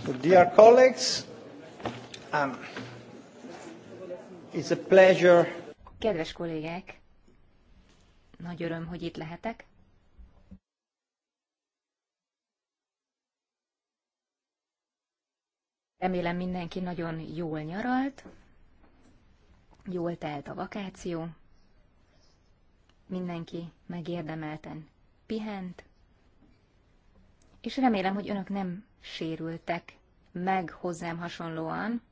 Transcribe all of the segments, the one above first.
Dear colleagues, um, it's a pleasure. Kedves kollégák, nagy öröm, hogy itt lehetek. Remélem mindenki nagyon jól nyaralt, jól telt a vakáció, mindenki megérdemelten pihent, és remélem, hogy önök nem sérültek meg hozzám hasonlóan,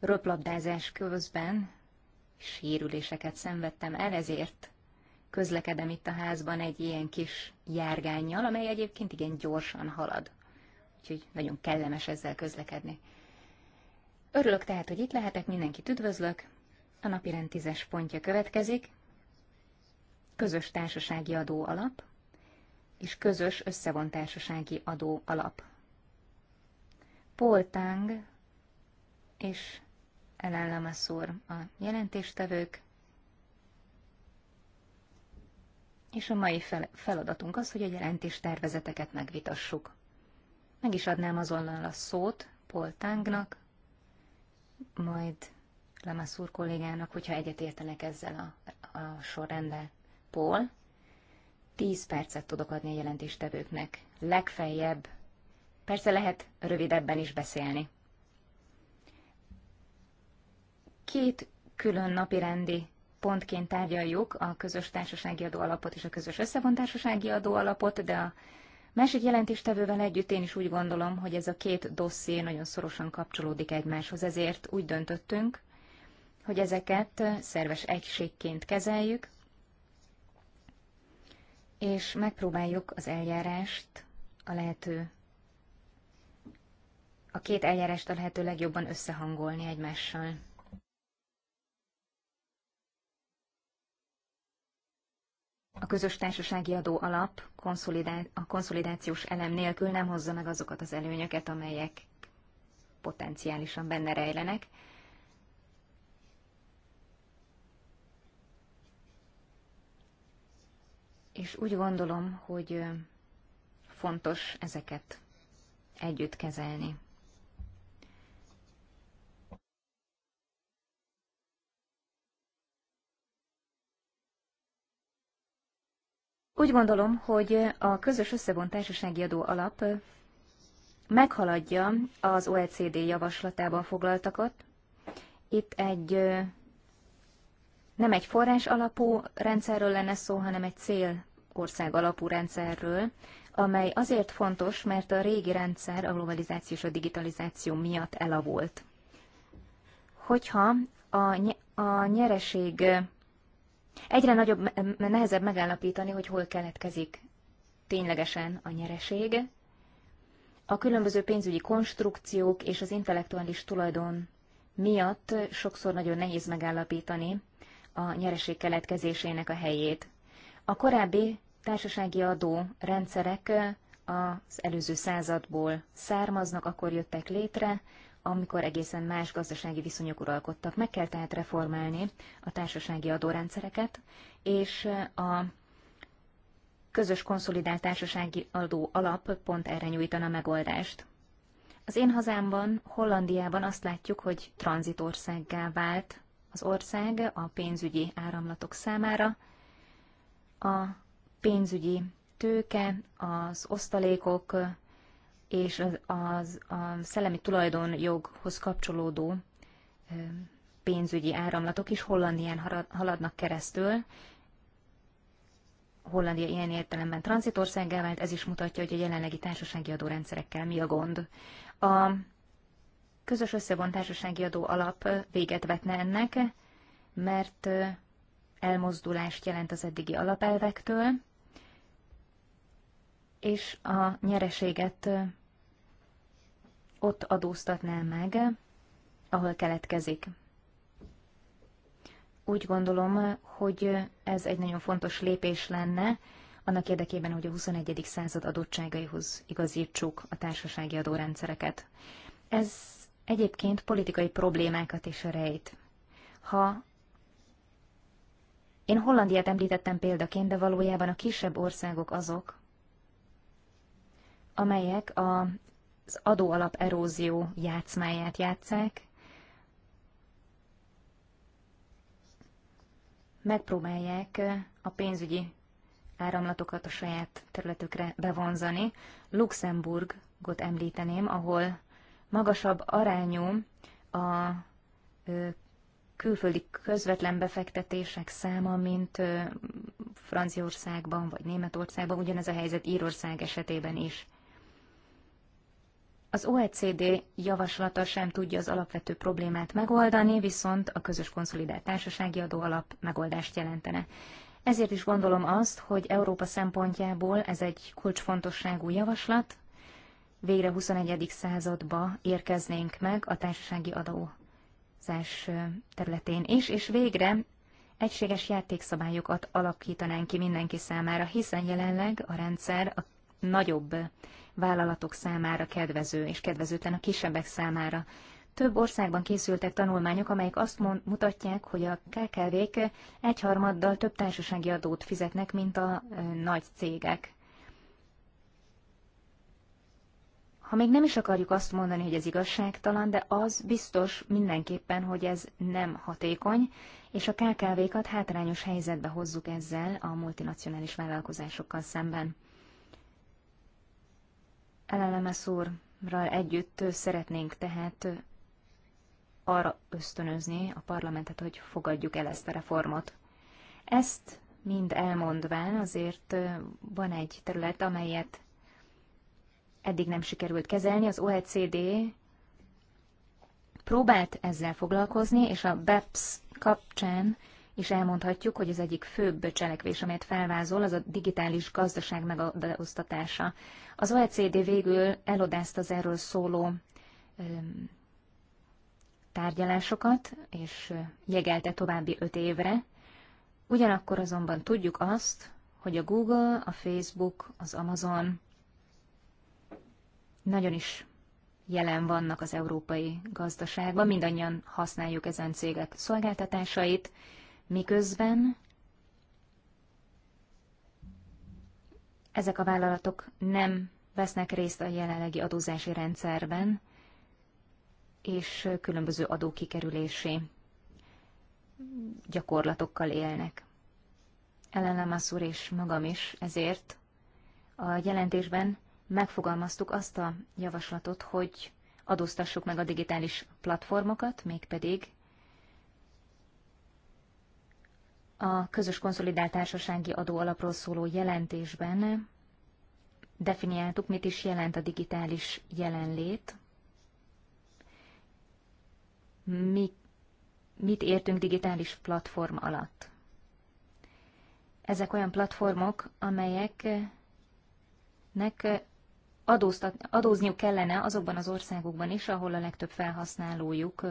röplabdázás közben sérüléseket szenvedtem el, ezért közlekedem itt a házban egy ilyen kis járgányjal, amely egyébként igen gyorsan halad. Úgyhogy nagyon kellemes ezzel közlekedni. Örülök tehát, hogy itt lehetek, mindenkit üdvözlök. A napirend tízes pontja következik. Közös társasági adó alap és közös összevontársasági adó alap. Tang és Elállamasszúr a jelentéstevők, és a mai fel- feladatunk az, hogy a jelentés tervezeteket megvitassuk. Meg is adnám azonnal a szót Tangnak, majd Lamassur kollégának, hogyha egyetértenek ezzel a, a sorrendel. Pol, 10 percet tudok adni a jelentéstevőknek. Legfeljebb Persze lehet rövidebben is beszélni. Két külön napirendi pontként tárgyaljuk a közös társasági adóalapot és a közös összevontársasági adóalapot, de a másik jelentéstevővel együtt én is úgy gondolom, hogy ez a két dosszié nagyon szorosan kapcsolódik egymáshoz, ezért úgy döntöttünk, hogy ezeket szerves egységként kezeljük, és megpróbáljuk az eljárást a lehető a két eljárást a lehető legjobban összehangolni egymással. A közös társasági adó alap a konszolidációs elem nélkül nem hozza meg azokat az előnyöket, amelyek potenciálisan benne rejlenek. És úgy gondolom, hogy fontos ezeket együtt kezelni. Úgy gondolom, hogy a közös összevont társasági adó alap meghaladja az OECD javaslatában foglaltakat. Itt egy nem egy forrás alapú rendszerről lenne szó, hanem egy cél ország alapú rendszerről, amely azért fontos, mert a régi rendszer a globalizáció és a digitalizáció miatt elavult. Hogyha a, ny- a nyereség Egyre nagyobb, nehezebb megállapítani, hogy hol keletkezik ténylegesen a nyereség. A különböző pénzügyi konstrukciók és az intellektuális tulajdon miatt sokszor nagyon nehéz megállapítani a nyereség keletkezésének a helyét. A korábbi társasági adó rendszerek az előző századból származnak, akkor jöttek létre, amikor egészen más gazdasági viszonyok uralkodtak. Meg kell tehát reformálni a társasági adórendszereket, és a közös konszolidált társasági adó alap pont erre nyújtana megoldást. Az én hazámban, Hollandiában azt látjuk, hogy tranzitországgá vált az ország a pénzügyi áramlatok számára. A pénzügyi tőke, az osztalékok, és az, az a szellemi tulajdonjoghoz kapcsolódó pénzügyi áramlatok is Hollandián haladnak keresztül. Hollandia ilyen értelemben tranzitországgá vált, ez is mutatja, hogy a jelenlegi társasági adórendszerekkel mi a gond. A közös összevont társasági adó alap véget vetne ennek, mert elmozdulást jelent az eddigi alapelvektől, és a nyereséget ott adóztatná meg, ahol keletkezik. Úgy gondolom, hogy ez egy nagyon fontos lépés lenne, annak érdekében, hogy a 21. század adottságaihoz igazítsuk a társasági adórendszereket. Ez egyébként politikai problémákat is rejt. Ha én Hollandiát említettem példaként, de valójában a kisebb országok azok, amelyek a az adóalap erózió játszmáját játszák, megpróbálják a pénzügyi áramlatokat a saját területükre bevonzani. Luxemburgot említeném, ahol magasabb arányú a külföldi közvetlen befektetések száma, mint Franciaországban vagy Németországban, ugyanez a helyzet Írország esetében is. Az OECD javaslata sem tudja az alapvető problémát megoldani, viszont a közös konszolidált társasági adóalap megoldást jelentene. Ezért is gondolom azt, hogy Európa szempontjából ez egy kulcsfontosságú javaslat. Végre 21. századba érkeznénk meg a társasági adózás területén is, és végre egységes játékszabályokat alakítanánk ki mindenki számára, hiszen jelenleg a rendszer a nagyobb vállalatok számára kedvező, és kedvezőtlen a kisebbek számára. Több országban készültek tanulmányok, amelyek azt mutatják, hogy a KKV-k egyharmaddal több társasági adót fizetnek, mint a nagy cégek. Ha még nem is akarjuk azt mondani, hogy ez igazságtalan, de az biztos mindenképpen, hogy ez nem hatékony, és a KKV-kat hátrányos helyzetbe hozzuk ezzel a multinacionális vállalkozásokkal szemben. Elelemes úrral együtt szeretnénk tehát arra ösztönözni a parlamentet, hogy fogadjuk el ezt a reformot. Ezt mind elmondván azért van egy terület, amelyet eddig nem sikerült kezelni. Az OECD próbált ezzel foglalkozni, és a BEPS kapcsán és elmondhatjuk, hogy az egyik főbb cselekvés, amelyet felvázol, az a digitális gazdaság megadóztatása. Az OECD végül elodázt az erről szóló öm, tárgyalásokat, és jegelte további öt évre. Ugyanakkor azonban tudjuk azt, hogy a Google, a Facebook, az Amazon nagyon is jelen vannak az európai gazdaságban, mindannyian használjuk ezen cégek szolgáltatásait, miközben ezek a vállalatok nem vesznek részt a jelenlegi adózási rendszerben, és különböző adókikerülési gyakorlatokkal élnek. Ellen Lamassur és magam is ezért a jelentésben megfogalmaztuk azt a javaslatot, hogy adóztassuk meg a digitális platformokat, mégpedig a közös konszolidált társasági adóalapról szóló jelentésben definiáltuk, mit is jelent a digitális jelenlét, mi, mit értünk digitális platform alatt. Ezek olyan platformok, amelyeknek adóztat, adózniuk kellene azokban az országokban is, ahol a legtöbb felhasználójuk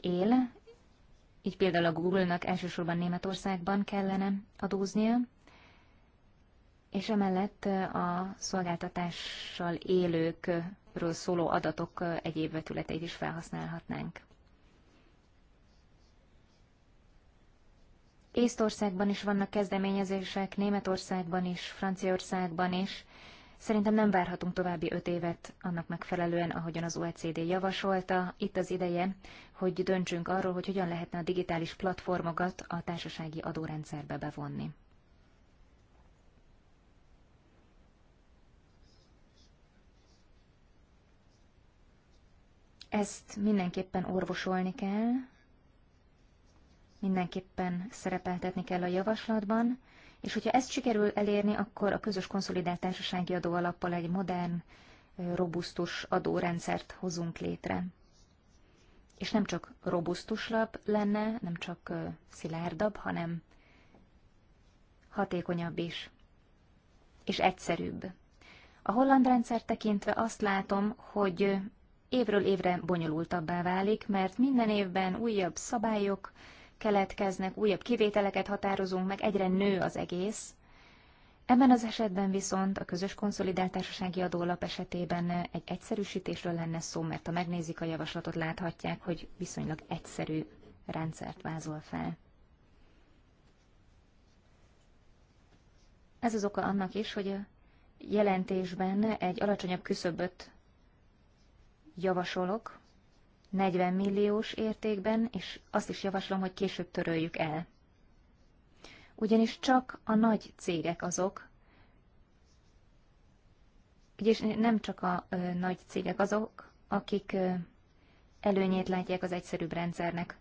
él, így például a Google-nak elsősorban Németországban kellene adóznia, és emellett a szolgáltatással élőkről szóló adatok egyéb vetületeit is felhasználhatnánk. Észtországban is vannak kezdeményezések, Németországban is, Franciaországban is, Szerintem nem várhatunk további öt évet annak megfelelően, ahogyan az OECD javasolta. Itt az ideje, hogy döntsünk arról, hogy hogyan lehetne a digitális platformokat a társasági adórendszerbe bevonni. Ezt mindenképpen orvosolni kell, mindenképpen szerepeltetni kell a javaslatban, és hogyha ezt sikerül elérni, akkor a közös konszolidált társasági adóalappal egy modern, robusztus adórendszert hozunk létre. És nem csak robusztusabb lenne, nem csak szilárdabb, hanem hatékonyabb is. És egyszerűbb. A holland rendszer tekintve azt látom, hogy évről évre bonyolultabbá válik, mert minden évben újabb szabályok, keletkeznek, újabb kivételeket határozunk meg, egyre nő az egész. Ebben az esetben viszont a közös konszolidált társasági adólap esetében egy egyszerűsítésről lenne szó, mert ha megnézik a javaslatot, láthatják, hogy viszonylag egyszerű rendszert vázol fel. Ez az oka annak is, hogy a jelentésben egy alacsonyabb küszöböt javasolok, 40 milliós értékben, és azt is javaslom, hogy később töröljük el. Ugyanis csak a nagy cégek azok, és nem csak a ö, nagy cégek azok, akik ö, előnyét látják az egyszerűbb rendszernek.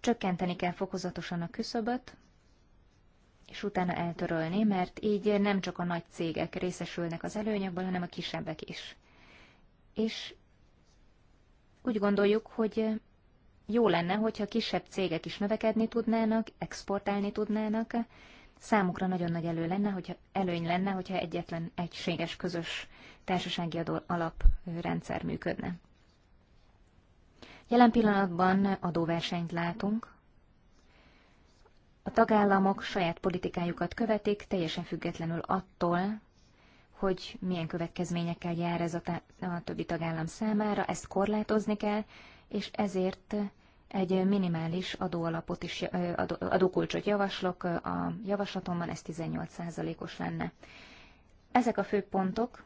Csökkenteni kell fokozatosan a küszöböt, és utána eltörölni, mert így nem csak a nagy cégek részesülnek az előnyökből, hanem a kisebbek is. És úgy gondoljuk, hogy jó lenne, hogyha kisebb cégek is növekedni tudnának, exportálni tudnának. Számukra nagyon nagy elő lenne, hogyha, előny lenne, hogyha egyetlen egységes, közös társasági adó alaprendszer működne. Jelen pillanatban adóversenyt látunk. A tagállamok saját politikájukat követik, teljesen függetlenül attól, hogy milyen következményekkel jár ez a, a többi tagállam számára, ezt korlátozni kell, és ezért egy minimális adóalapot is, adókulcsot javaslok, a javaslatomban ez 18%-os lenne. Ezek a fő pontok.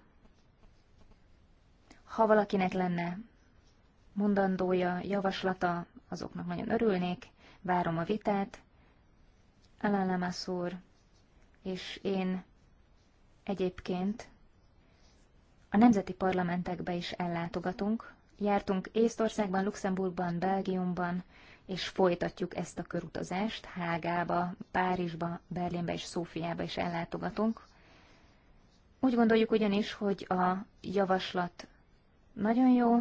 Ha valakinek lenne mondandója, javaslata, azoknak nagyon örülnék, várom a vitát. Alain Lamassur és én Egyébként a nemzeti parlamentekbe is ellátogatunk. Jártunk Észtországban, Luxemburgban, Belgiumban, és folytatjuk ezt a körutazást. Hágába, Párizsba, Berlinbe és Szófiába is ellátogatunk. Úgy gondoljuk ugyanis, hogy a javaslat nagyon jó,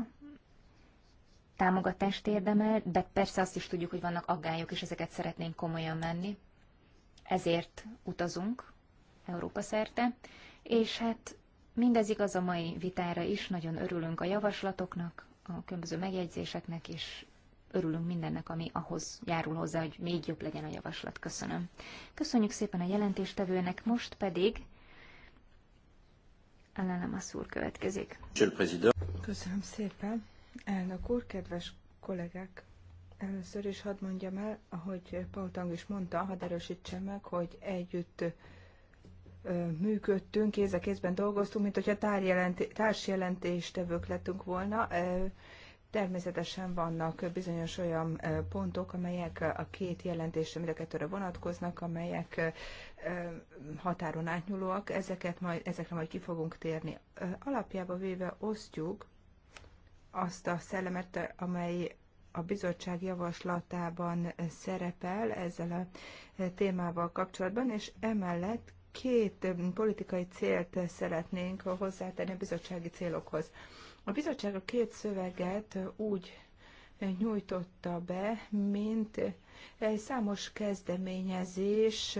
támogatást érdemel, de persze azt is tudjuk, hogy vannak aggályok, és ezeket szeretnénk komolyan menni. Ezért utazunk, Európa szerte, és hát mindez igaz a mai vitára is, nagyon örülünk a javaslatoknak, a különböző megjegyzéseknek, és örülünk mindennek, ami ahhoz járul hozzá, hogy még jobb legyen a javaslat. Köszönöm. Köszönjük szépen a jelentéstevőnek, most pedig ellenem a szúr következik. Köszönöm szépen. Elnök úr, kedves kollégák, először is hadd mondjam el, ahogy Paul is mondta, hadd erősítsem meg, hogy együtt működtünk, kéz a kézben dolgoztunk, mint hogyha társjelentéstevők lettünk volna. Természetesen vannak bizonyos olyan pontok, amelyek a két jelentésre, mind a kettőre vonatkoznak, amelyek határon átnyúlóak, ezeket majd, ezekre majd ki fogunk térni. Alapjába véve osztjuk azt a szellemet, amely a bizottság javaslatában szerepel ezzel a témával kapcsolatban, és emellett két politikai célt szeretnénk hozzátenni a bizottsági célokhoz. A bizottság a két szöveget úgy nyújtotta be, mint egy számos kezdeményezés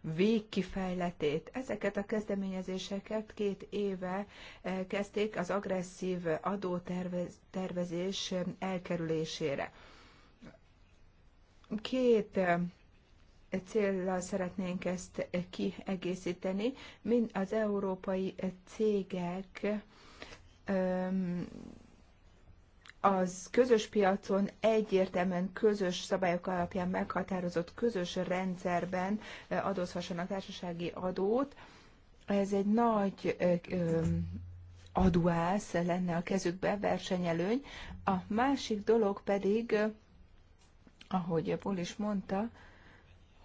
végkifejletét. Ezeket a kezdeményezéseket két éve eh, kezdték az agresszív adótervezés elkerülésére. Két célral szeretnénk ezt kiegészíteni. mint az európai cégek az közös piacon egyértelműen közös szabályok alapján meghatározott közös rendszerben adózhassanak társasági adót. Ez egy nagy adóász lenne a kezükbe, versenyelőny. A másik dolog pedig, ahogy Paul is mondta,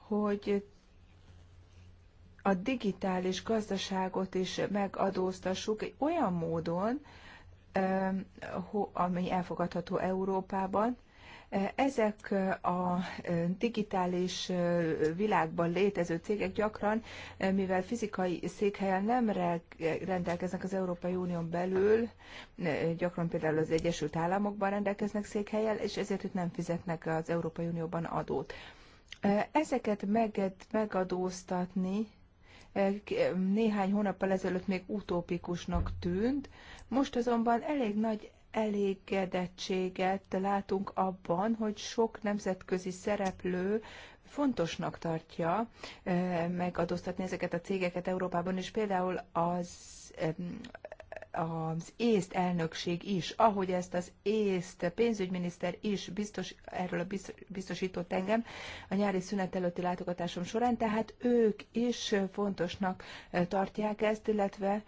hogy a digitális gazdaságot is megadóztassuk egy olyan módon, ami elfogadható Európában, ezek a digitális világban létező cégek gyakran, mivel fizikai székhelyen nem rendelkeznek az Európai Unión belül, gyakran például az Egyesült Államokban rendelkeznek székhelyen, és ezért itt nem fizetnek az Európai Unióban adót. Ezeket meged, megadóztatni néhány hónap ezelőtt még utópikusnak tűnt, most azonban elég nagy elégedettséget látunk abban, hogy sok nemzetközi szereplő fontosnak tartja megadóztatni ezeket a cégeket Európában, és például az az észt elnökség is, ahogy ezt az észt pénzügyminiszter is biztos, erről biztosított engem a nyári szünet előtti látogatásom során, tehát ők is fontosnak eh, tartják ezt, illetve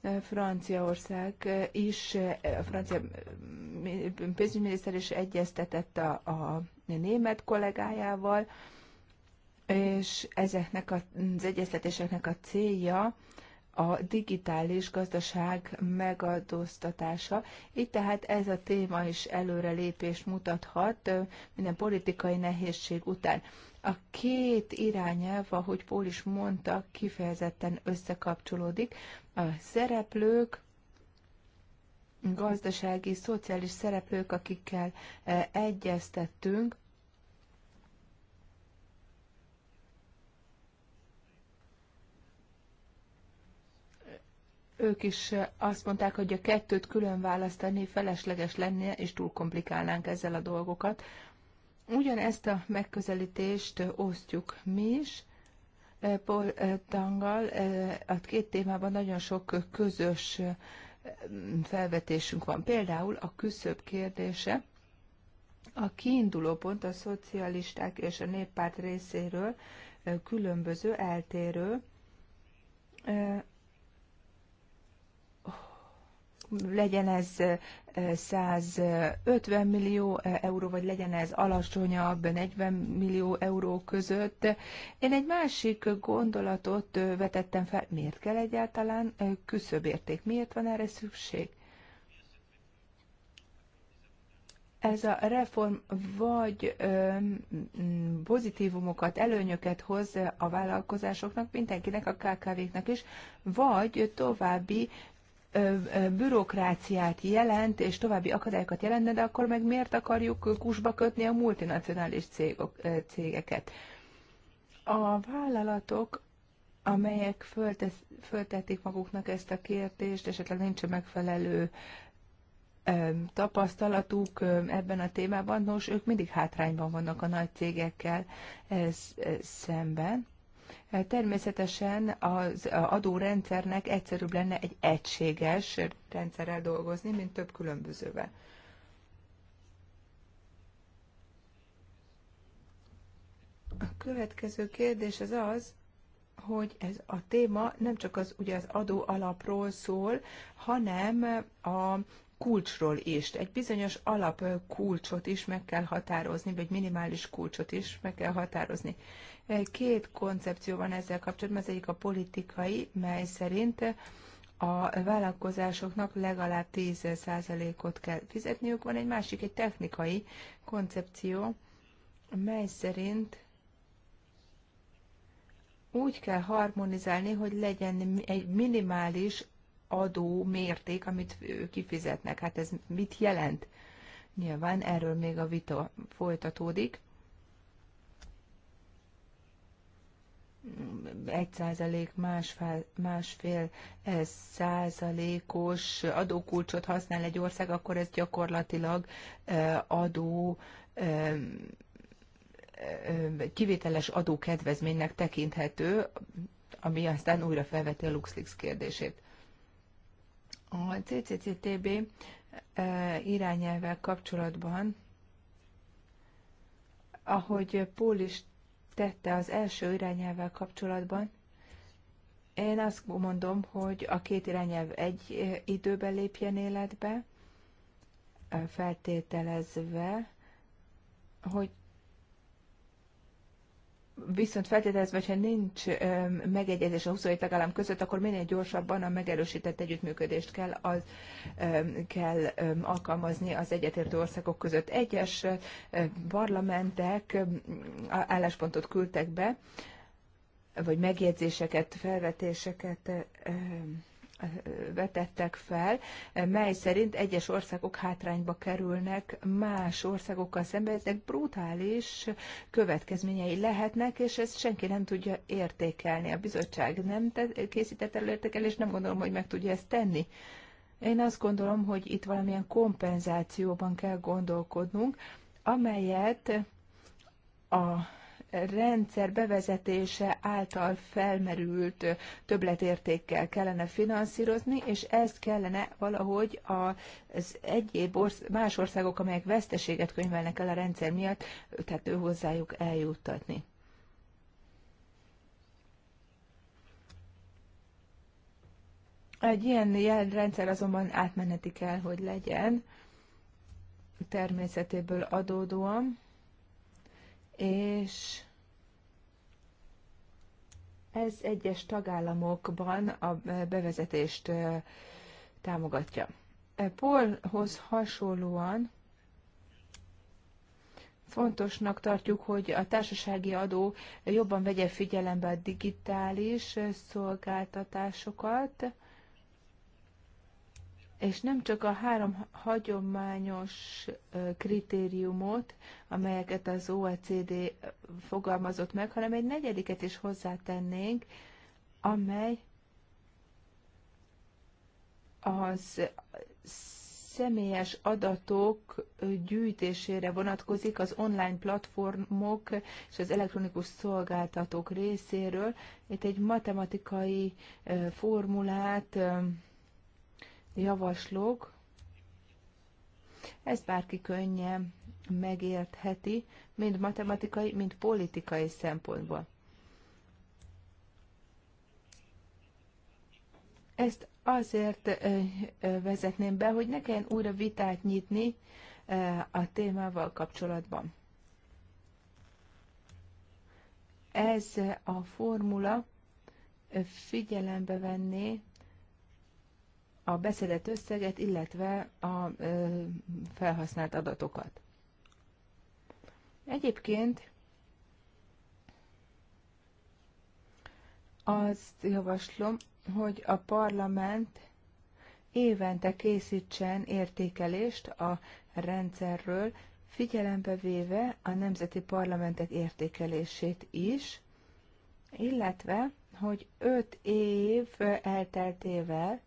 eh, Franciaország eh, is, a francia pénzügyminiszter is egyeztetett a, a német kollégájával, és ezeknek az egyeztetéseknek a célja, a digitális gazdaság megadóztatása. Itt tehát ez a téma is előrelépést mutathat minden politikai nehézség után. A két irányelv, ahogy Pól is mondta, kifejezetten összekapcsolódik. A szereplők, gazdasági, szociális szereplők, akikkel egyeztettünk, ők is azt mondták, hogy a kettőt külön választani felesleges lenne, és túl komplikálnánk ezzel a dolgokat. Ugyanezt a megközelítést osztjuk mi is. Eh, Paul eh, Tangal eh, a két témában nagyon sok közös felvetésünk van. Például a küszöb kérdése. A kiinduló pont a szocialisták és a néppárt részéről különböző, eltérő legyen ez 150 millió euró, vagy legyen ez alacsonyabb 40 millió euró között. Én egy másik gondolatot vetettem fel, miért kell egyáltalán küszöbérték, miért van erre szükség? ez a reform vagy ö, pozitívumokat, előnyöket hoz a vállalkozásoknak, mindenkinek, a KKV-knak is, vagy további bürokráciát jelent, és további akadályokat jelentne, de akkor meg miért akarjuk kusba kötni a multinacionális cégok, cégeket? A vállalatok, amelyek föltesz, maguknak ezt a kérdést, esetleg nincs megfelelő tapasztalatuk ebben a témában, nos, ők mindig hátrányban vannak a nagy cégekkel szemben. Természetesen az adórendszernek egyszerűbb lenne egy egységes rendszerrel dolgozni, mint több különbözővel. A következő kérdés az az, hogy ez a téma nem csak az, ugye az adó alapról szól, hanem a kulcsról is. Egy bizonyos alapkulcsot is meg kell határozni, vagy minimális kulcsot is meg kell határozni. Két koncepció van ezzel kapcsolatban, az egyik a politikai, mely szerint a vállalkozásoknak legalább 10%-ot kell fizetniük, van egy másik, egy technikai koncepció, mely szerint úgy kell harmonizálni, hogy legyen egy minimális adó mérték, amit kifizetnek. Hát ez mit jelent? Nyilván erről még a vita folytatódik. egy százalék, másfél, másfél százalékos adókulcsot használ egy ország, akkor ez gyakorlatilag adó kivételes adókedvezménynek tekinthető, ami aztán újra felveti a LuxLix kérdését. A CCCTB irányelvvel kapcsolatban, ahogy Pól is tette az első irányelvvel kapcsolatban, én azt mondom, hogy a két irányelv egy időben lépjen életbe, feltételezve, hogy Viszont feltételezve, hogyha nincs megegyezés a 27 tagállam között, akkor minél gyorsabban a megerősített együttműködést kell, az, kell alkalmazni az egyetértő országok között. Egyes parlamentek álláspontot küldtek be, vagy megjegyzéseket, felvetéseket vetettek fel, mely szerint egyes országok hátrányba kerülnek más országokkal szemben. Ezek brutális következményei lehetnek, és ezt senki nem tudja értékelni. A bizottság nem készített előértékelést, nem gondolom, hogy meg tudja ezt tenni. Én azt gondolom, hogy itt valamilyen kompenzációban kell gondolkodnunk, amelyet a rendszer bevezetése által felmerült többletértékkel kellene finanszírozni, és ezt kellene valahogy az egyéb orsz- más országok, amelyek veszteséget könyvelnek el a rendszer miatt, tehát ő hozzájuk eljuttatni. Egy ilyen, ilyen rendszer azonban átmeneti kell, hogy legyen természetéből adódóan és ez egyes tagállamokban a bevezetést támogatja. Polhoz hasonlóan fontosnak tartjuk, hogy a társasági adó jobban vegye figyelembe a digitális szolgáltatásokat, és nem csak a három hagyományos kritériumot, amelyeket az OECD fogalmazott meg, hanem egy negyediket is hozzátennénk, amely az személyes adatok gyűjtésére vonatkozik az online platformok és az elektronikus szolgáltatók részéről. Itt egy matematikai formulát javaslók, ezt bárki könnyen megértheti, mind matematikai, mind politikai szempontból. Ezt azért vezetném be, hogy ne kelljen újra vitát nyitni a témával kapcsolatban. Ez a formula figyelembe venné a beszedett összeget, illetve a felhasznált adatokat. Egyébként azt javaslom, hogy a parlament évente készítsen értékelést a rendszerről, figyelembe véve a nemzeti parlamentek értékelését is, illetve, hogy öt év elteltével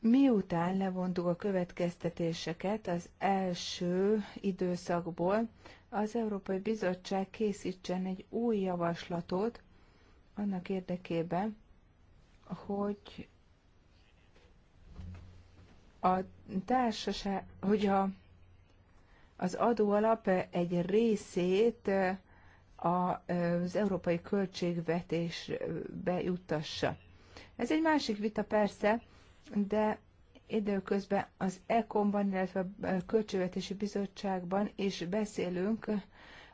Miután levontuk a következtetéseket az első időszakból, az Európai Bizottság készítsen egy új javaslatot annak érdekében, hogy a társaság, hogy a, az adóalap egy részét az európai költségvetésbe juttassa. Ez egy másik vita persze, de időközben az ECOM-ban, illetve a Költségvetési Bizottságban is beszélünk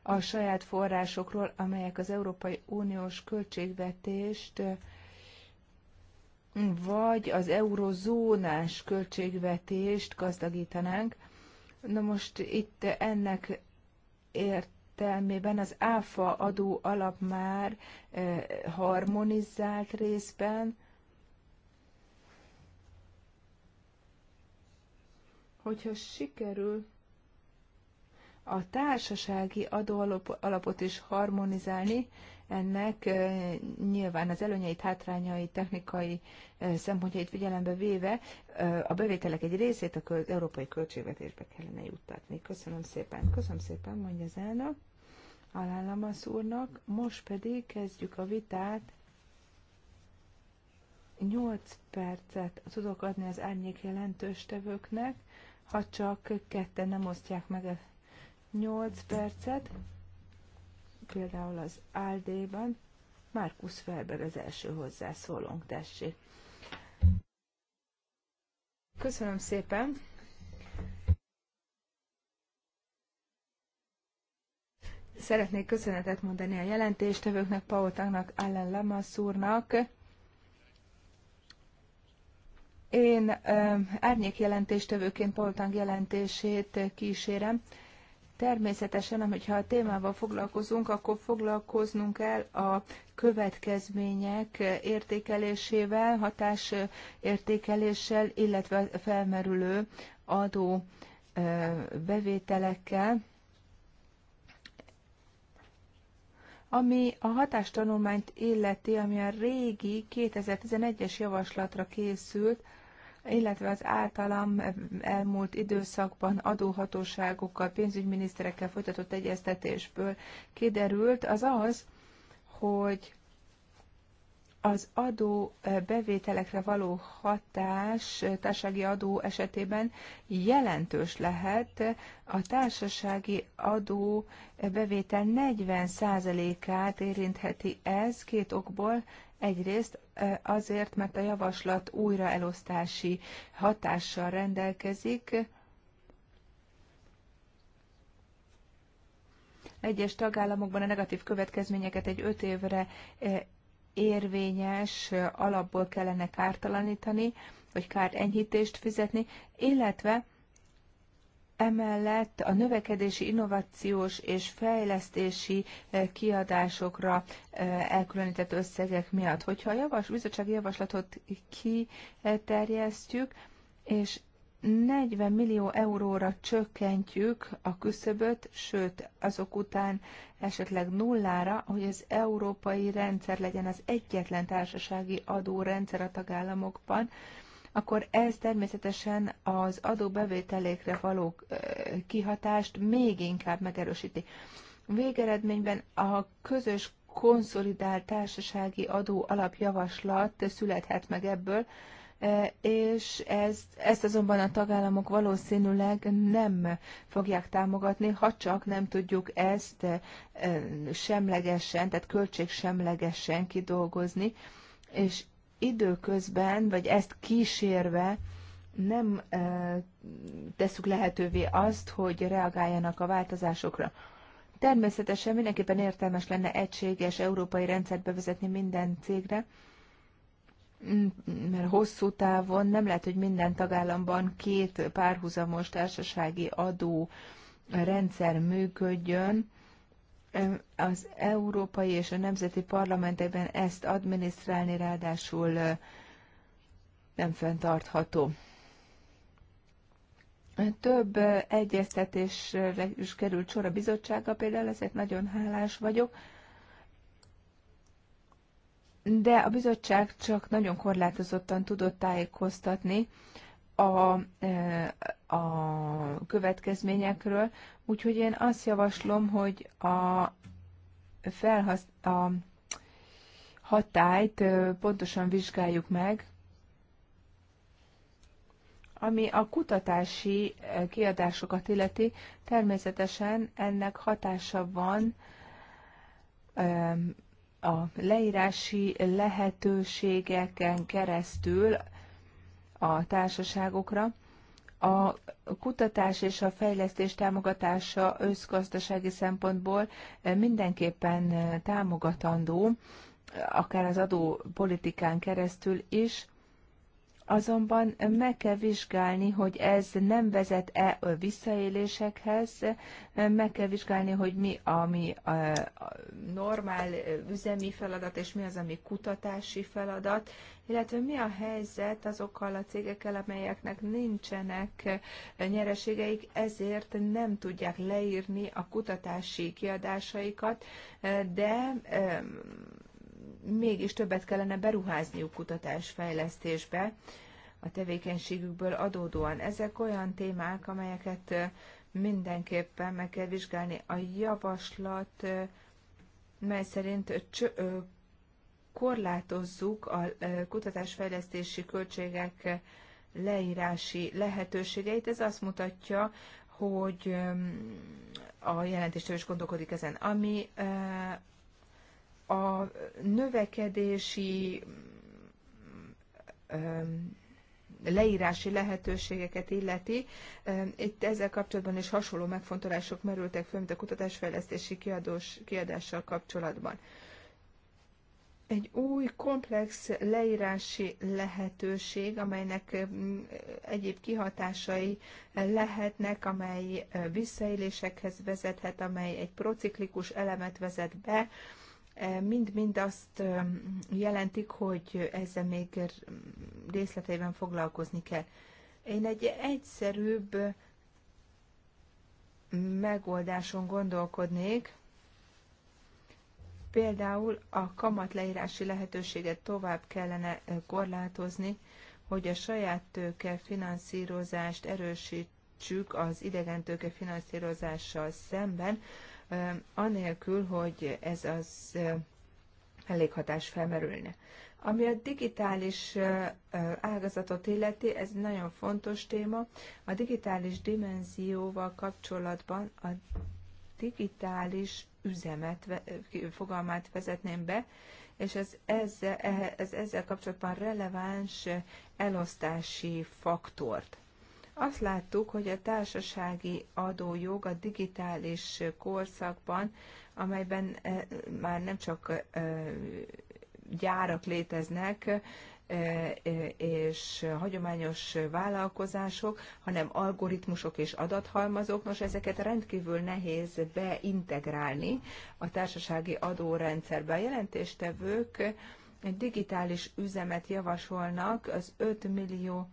a saját forrásokról, amelyek az Európai Uniós költségvetést vagy az eurozónás költségvetést gazdagítanánk. Na most itt ennek értelmében az ÁFA adó alap már eh, harmonizált részben, hogyha sikerül a társasági adóalapot is harmonizálni, ennek nyilván az előnyeit, hátrányai, technikai szempontjait figyelembe véve a bevételek egy részét az európai költségvetésbe kellene juttatni. Köszönöm szépen. Köszönöm szépen, mondja az elnök alállamasz úrnak. Most pedig kezdjük a vitát. 8 percet tudok adni az árnyék jelentős tevőknek, ha csak ketten nem osztják meg a 8 percet, például az áldéban ban Markus Felber az első hozzászólónk, tessék. Köszönöm szépen! Szeretnék köszönetet mondani a jelentéstevőknek, Pautangnak, Allen Lamassúrnak, én árnyék jelentéstevőként Poltang jelentését kísérem. Természetesen, hogyha a témával foglalkozunk, akkor foglalkoznunk kell a következmények értékelésével, hatás értékeléssel, illetve felmerülő adó bevételekkel. Ami a hatástanulmányt illeti, ami a régi 2011-es javaslatra készült, illetve az általam elmúlt időszakban adóhatóságokkal, pénzügyminiszterekkel folytatott egyeztetésből kiderült, az az, hogy az adó bevételekre való hatás társasági adó esetében jelentős lehet. A társasági adó bevétel 40%-át érintheti ez két okból. Egyrészt azért, mert a javaslat újraelosztási hatással rendelkezik, egyes tagállamokban a negatív következményeket egy öt évre érvényes alapból kellene kártalanítani, vagy kárt enyhítést fizetni, illetve Emellett a növekedési, innovációs és fejlesztési eh, kiadásokra eh, elkülönített összegek miatt. Hogyha a javas, bizottsági javaslatot kiterjesztjük, és 40 millió euróra csökkentjük a küszöböt, sőt, azok után esetleg nullára, hogy az európai rendszer legyen az egyetlen társasági adórendszer a tagállamokban, akkor ez természetesen az adóbevételékre való kihatást még inkább megerősíti. Végeredményben a közös konszolidált társasági adó alapjavaslat születhet meg ebből, és ez, ezt azonban a tagállamok valószínűleg nem fogják támogatni, ha csak nem tudjuk ezt semlegesen, tehát költségsemlegesen kidolgozni, és időközben, vagy ezt kísérve nem e, tesszük lehetővé azt, hogy reagáljanak a változásokra. Természetesen mindenképpen értelmes lenne egységes európai rendszert bevezetni minden cégre, mert hosszú távon nem lehet, hogy minden tagállamban két párhuzamos társasági adó rendszer működjön, az európai és a nemzeti parlamentekben ezt adminisztrálni ráadásul nem fenntartható. Több egyeztetésre is került sor a bizottsága, például ezért nagyon hálás vagyok, de a bizottság csak nagyon korlátozottan tudott tájékoztatni a, eh, a következményekről, úgyhogy én azt javaslom, hogy a, felhasz, a hatályt pontosan vizsgáljuk meg, ami a kutatási eh, kiadásokat illeti, természetesen ennek hatása van a leírási lehetőségeken keresztül a társaságokra. A kutatás és a fejlesztés támogatása összgazdasági szempontból eh, mindenképpen eh, támogatandó, akár az adópolitikán keresztül is, Azonban meg kell vizsgálni, hogy ez nem vezet-e visszaélésekhez, meg kell vizsgálni, hogy mi ami a normál üzemi feladat, és mi az, ami kutatási feladat, illetve mi a helyzet azokkal a cégekkel, amelyeknek nincsenek nyereségeik, ezért nem tudják leírni a kutatási kiadásaikat, de mégis többet kellene beruházniuk kutatásfejlesztésbe a tevékenységükből adódóan. Ezek olyan témák, amelyeket mindenképpen meg kell vizsgálni. A javaslat, mely szerint korlátozzuk a kutatásfejlesztési költségek leírási lehetőségeit. Ez azt mutatja, hogy a jelentéstől is gondolkodik ezen. Ami a növekedési leírási lehetőségeket illeti. Itt ezzel kapcsolatban is hasonló megfontolások merültek fel, mint a kutatásfejlesztési kiadós, kiadással kapcsolatban. Egy új, komplex leírási lehetőség, amelynek egyéb kihatásai lehetnek, amely visszaélésekhez vezethet, amely egy prociklikus elemet vezet be, mind-mind azt jelentik, hogy ezzel még részleteiben foglalkozni kell. Én egy egyszerűbb megoldáson gondolkodnék, például a kamat leírási lehetőséget tovább kellene korlátozni, hogy a saját tőke finanszírozást erősítsük az idegen tőke finanszírozással szemben, anélkül, hogy ez az elléghatás felmerülne. Ami a digitális ágazatot illeti, ez nagyon fontos téma. A digitális dimenzióval kapcsolatban a digitális üzemet, fogalmát vezetném be, és ez ezzel, e, ez ezzel kapcsolatban releváns elosztási faktort. Azt láttuk, hogy a társasági adójog a digitális korszakban, amelyben eh, már nem csak eh, gyárak léteznek, eh, és hagyományos vállalkozások, hanem algoritmusok és adathalmazok. Nos, ezeket rendkívül nehéz beintegrálni a társasági adórendszerbe. A jelentéstevők digitális üzemet javasolnak az 5 millió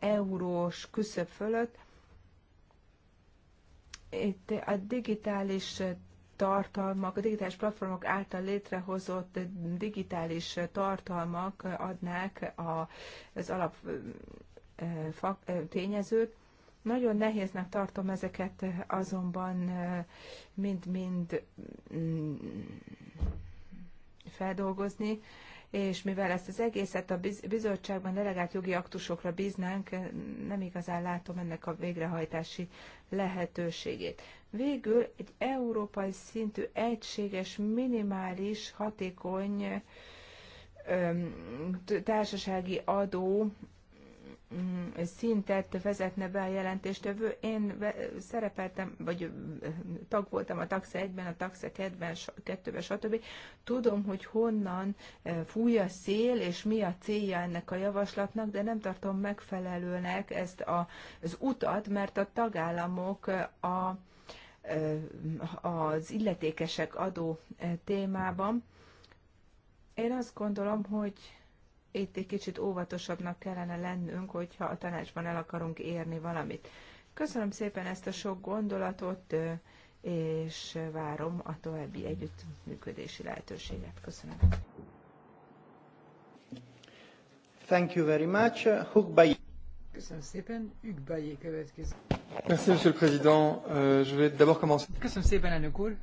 eurós küszöb fölött. Itt a digitális tartalmak, a digitális platformok által létrehozott digitális tartalmak adnák az alap tényezőt. Nagyon nehéznek tartom ezeket azonban mind-mind mm, feldolgozni és mivel ezt az egészet a bizottságban delegált jogi aktusokra bíznánk, nem igazán látom ennek a végrehajtási lehetőségét. Végül egy európai szintű egységes, minimális, hatékony társasági adó Mm, szintet vezetne be a jelentéstevő. Én szerepeltem, vagy tag voltam a taxa egyben, a taxa 2 kettőben, stb. Tudom, hogy honnan fúj a szél, és mi a célja ennek a javaslatnak, de nem tartom megfelelőnek ezt a, az utat, mert a tagállamok a, az illetékesek adó témában. Én azt gondolom, hogy itt egy kicsit óvatosabbnak kellene lennünk, hogyha a tanácsban el akarunk érni valamit. Köszönöm szépen ezt a sok gondolatot, és várom a további együttműködési lehetőséget. Köszönöm. Thank you very much. Hukbai. Köszönöm szépen. Hukbai következik. Merci, monsieur le président. Euh, je vais d'abord commencer. Köszönöm szépen, elnök úr.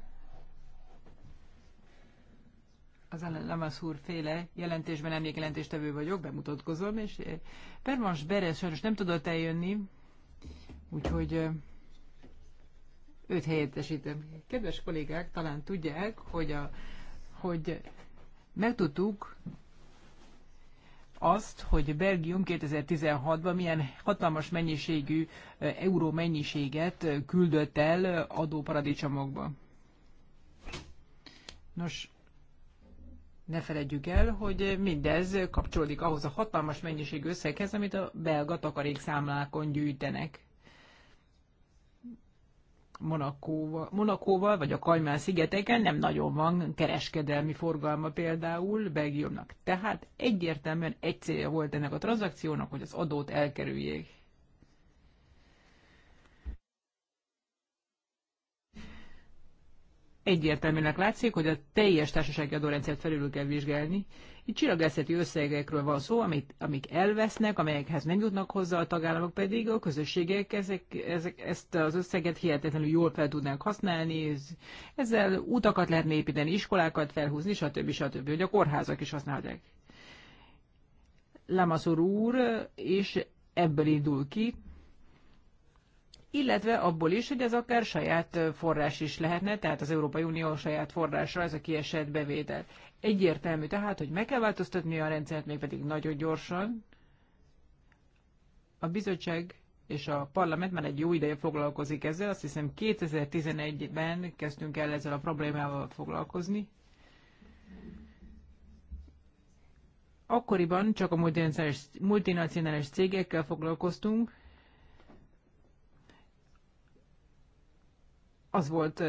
az Lamas úr féle jelentésben emlék jelentéstevő vagyok, bemutatkozom, és eh, Permans Beres sajnos nem tudott eljönni, úgyhogy eh, őt helyettesítem. Kedves kollégák, talán tudják, hogy, a, hogy megtudtuk azt, hogy Belgium 2016-ban milyen hatalmas mennyiségű eh, euró mennyiséget küldött el adóparadicsomokba. Nos, ne feledjük el, hogy mindez kapcsolódik ahhoz a hatalmas mennyiség összeghez, amit a belga takarékszámlákon gyűjtenek. Monakóval, Monakóval vagy a Kajmán szigeteken nem nagyon van kereskedelmi forgalma például Belgiumnak. Tehát egyértelműen egy célja volt ennek a tranzakciónak, hogy az adót elkerüljék. egyértelműnek látszik, hogy a teljes társasági adórendszert felül kell vizsgálni. Itt csillagászati összegekről van szó, amit, amik elvesznek, amelyekhez nem jutnak hozzá a tagállamok, pedig a közösségek ezek, ezek, ezt az összeget hihetetlenül jól fel tudnánk használni, ezzel utakat lehetne építeni, iskolákat felhúzni, stb. stb. hogy a kórházak is használják. Lamaszor úr, és ebből indul ki, illetve abból is, hogy ez akár saját forrás is lehetne, tehát az Európai Unió saját forrásra ez a kiesett bevétel. Egyértelmű tehát, hogy meg kell változtatni a rendszert, mégpedig nagyon gyorsan. A bizottság és a parlament már egy jó ideje foglalkozik ezzel, azt hiszem 2011-ben kezdtünk el ezzel a problémával foglalkozni. Akkoriban csak a multinacionális cégekkel foglalkoztunk, az volt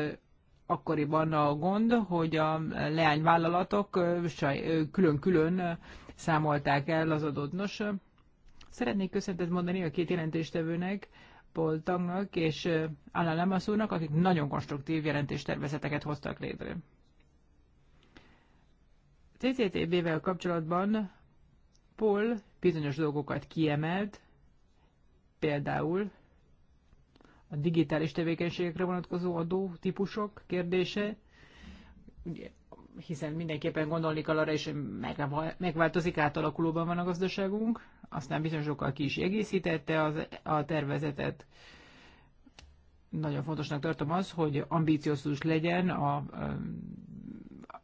akkoriban a gond, hogy a leányvállalatok külön-külön számolták el az adót. Nos, szeretnék köszöntet mondani a két jelentéstevőnek, Paul Tangnak és Anna Lemaszúrnak, akik nagyon konstruktív jelentéstervezeteket hoztak létre. CCTB-vel kapcsolatban Paul bizonyos dolgokat kiemelt, például a digitális tevékenységekre vonatkozó adó típusok kérdése, ugye, hiszen mindenképpen gondolni kell arra is, hogy megváltozik, átalakulóban van a gazdaságunk, aztán bizonyos sokkal ki is egészítette az, a tervezetet. Nagyon fontosnak tartom az, hogy ambíciózus legyen a,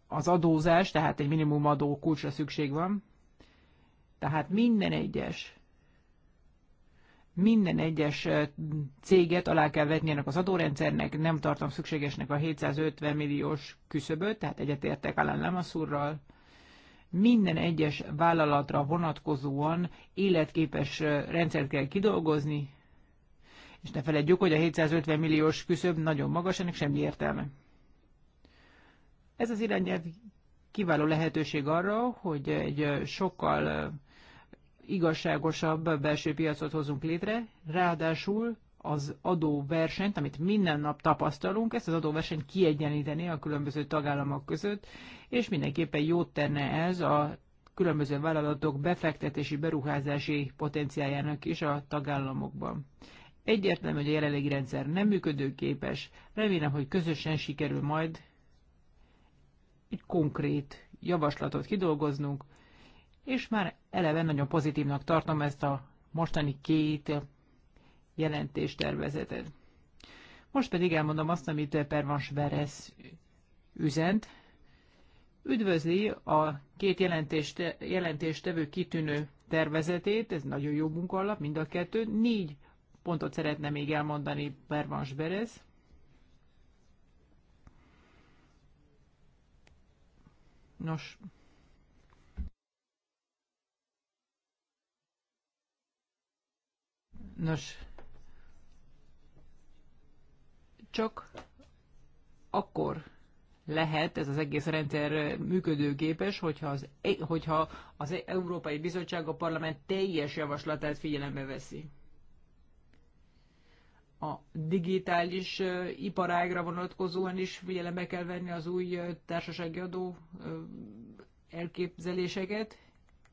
az adózás, tehát egy minimumadó kulcsra szükség van. Tehát minden egyes minden egyes céget alá kell vetni ennek az adórendszernek, nem tartom szükségesnek a 750 milliós küszöböt, tehát egyetértek Alan Lemaszurral. Minden egyes vállalatra vonatkozóan életképes rendszert kell kidolgozni, és ne feledjük, hogy a 750 milliós küszöb nagyon magas, ennek semmi értelme. Ez az irányelv kiváló lehetőség arra, hogy egy sokkal igazságosabb belső piacot hozunk létre, ráadásul az adóversenyt, amit minden nap tapasztalunk, ezt az adóversenyt kiegyenlíteni a különböző tagállamok között, és mindenképpen jót tenne ez a különböző vállalatok befektetési, beruházási potenciájának is a tagállamokban. Egyértelmű, hogy a jelenlegi rendszer nem működőképes, remélem, hogy közösen sikerül majd egy konkrét javaslatot kidolgoznunk, és már eleve nagyon pozitívnak tartom ezt a mostani két jelentéstervezetet. Most pedig elmondom azt, amit Pervans Veres üzent. Üdvözli a két jelentést, jelentéstevő kitűnő tervezetét, ez nagyon jó munkalap, mind a kettő. Négy pontot szeretne még elmondani Pervans Veres. Nos, Nos, csak akkor lehet ez az egész rendszer működőképes, hogyha az, e, hogyha az e, Európai Bizottság a parlament teljes javaslatát figyelembe veszi. A digitális iparágra vonatkozóan is figyelembe kell venni az új társasági adó elképzeléseket,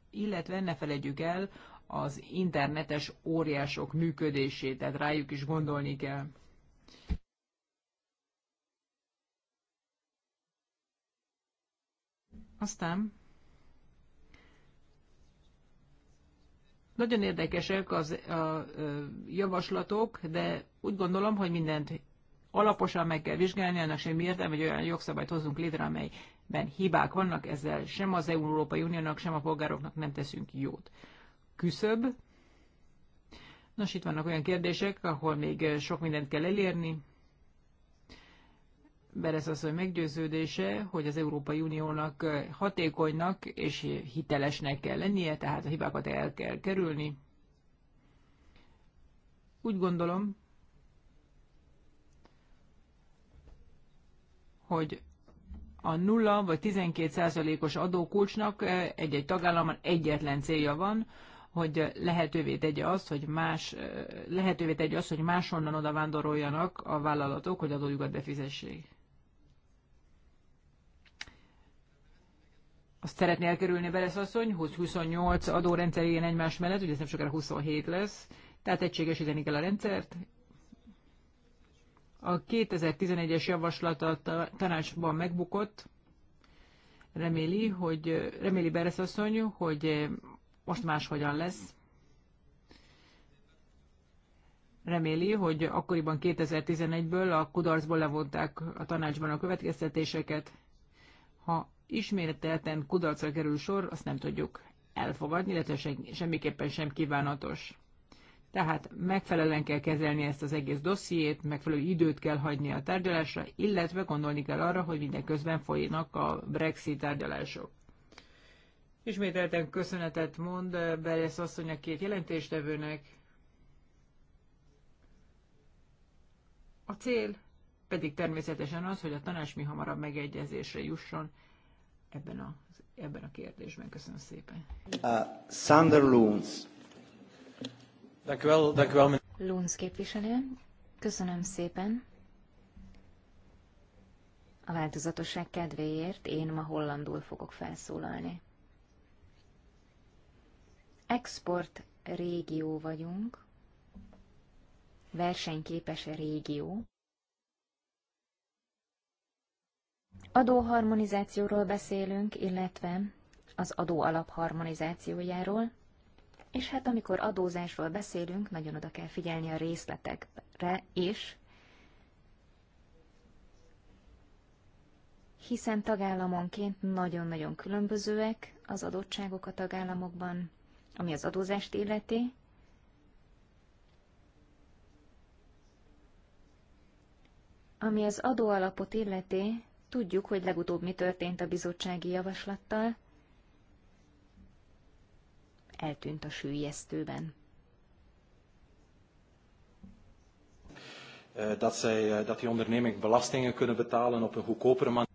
illetve ne felejtjük el az internetes óriások működését, tehát rájuk is gondolni kell. Aztán nagyon érdekesek az a, a, javaslatok, de úgy gondolom, hogy mindent alaposan meg kell vizsgálni, annak semmi értelme, hogy olyan jogszabályt hozzunk létre, amelyben hibák vannak, ezzel sem az Európai Uniónak, sem a polgároknak nem teszünk jót küszöb. Nos, itt vannak olyan kérdések, ahol még eh, sok mindent kell elérni. Beres az, hogy meggyőződése, hogy az Európai Uniónak eh, hatékonynak és hitelesnek kell lennie, tehát a hibákat el kell kerülni. Úgy gondolom, hogy a nulla vagy 12 százalékos adókulcsnak eh, egy-egy tagállamban egyetlen célja van, hogy lehetővé tegye azt, hogy más, lehetővé tegye azt, hogy máshonnan oda vándoroljanak a vállalatok, hogy adójukat befizessék. Azt szeretné elkerülni a asszony, hogy 28 adórendszer ilyen egymás mellett, ugye ez nem sokára 27 lesz, tehát egységesíteni kell a rendszert. A 2011-es javaslat a tanácsban megbukott, reméli, hogy reméli Beres asszony, hogy most máshogyan lesz. Reméli, hogy akkoriban 2011-ből a kudarcból levonták a tanácsban a következtetéseket. Ha ismételten kudarcra kerül sor, azt nem tudjuk elfogadni, illetve semmiképpen sem kívánatos. Tehát megfelelően kell kezelni ezt az egész dossziét, megfelelő időt kell hagyni a tárgyalásra, illetve gondolni kell arra, hogy mindeközben folynak a Brexit tárgyalások. Ismételten köszönetet mond eh, Beres asszony a két jelentéstevőnek. A cél pedig természetesen az, hogy a tanács mi hamarabb megegyezésre jusson ebben a, ebben a kérdésben. Köszönöm szépen. Uh, Sander Lunds. Lunds képviselő, köszönöm szépen. A változatosság kedvéért én ma hollandul fogok felszólalni export régió vagyunk, versenyképes régió. Adóharmonizációról beszélünk, illetve az adó alapharmonizációjáról, és hát amikor adózásról beszélünk, nagyon oda kell figyelni a részletekre is, hiszen tagállamonként nagyon-nagyon különbözőek az adottságok a tagállamokban, ami az adózást illeti. Ami az adóalapot illeti, tudjuk, hogy legutóbb mi történt a bizottsági javaslattal. Eltűnt a sűjesztőben. Eh, dat, zij, eh, dat die onderneming belastingen kunnen betalen op een goedkopere manier.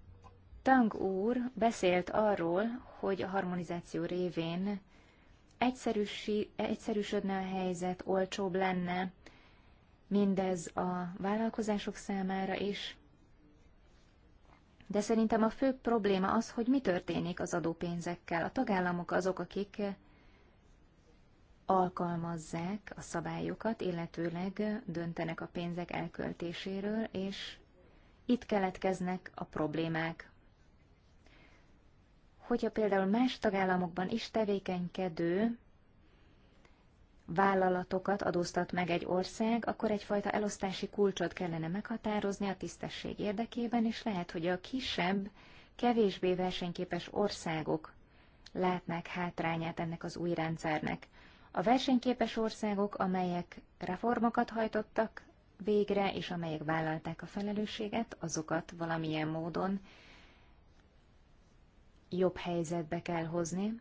Tang úr beszélt arról, hogy a harmonizáció révén egyszerűsödne a helyzet, olcsóbb lenne mindez a vállalkozások számára is. De szerintem a fő probléma az, hogy mi történik az adópénzekkel. A tagállamok azok, akik alkalmazzák a szabályokat, illetőleg döntenek a pénzek elköltéséről, és itt keletkeznek a problémák hogyha például más tagállamokban is tevékenykedő vállalatokat adóztat meg egy ország, akkor egyfajta elosztási kulcsot kellene meghatározni a tisztesség érdekében, és lehet, hogy a kisebb, kevésbé versenyképes országok látnák hátrányát ennek az új rendszernek. A versenyképes országok, amelyek reformokat hajtottak végre, és amelyek vállalták a felelősséget, azokat valamilyen módon jobb helyzetbe kell hozni,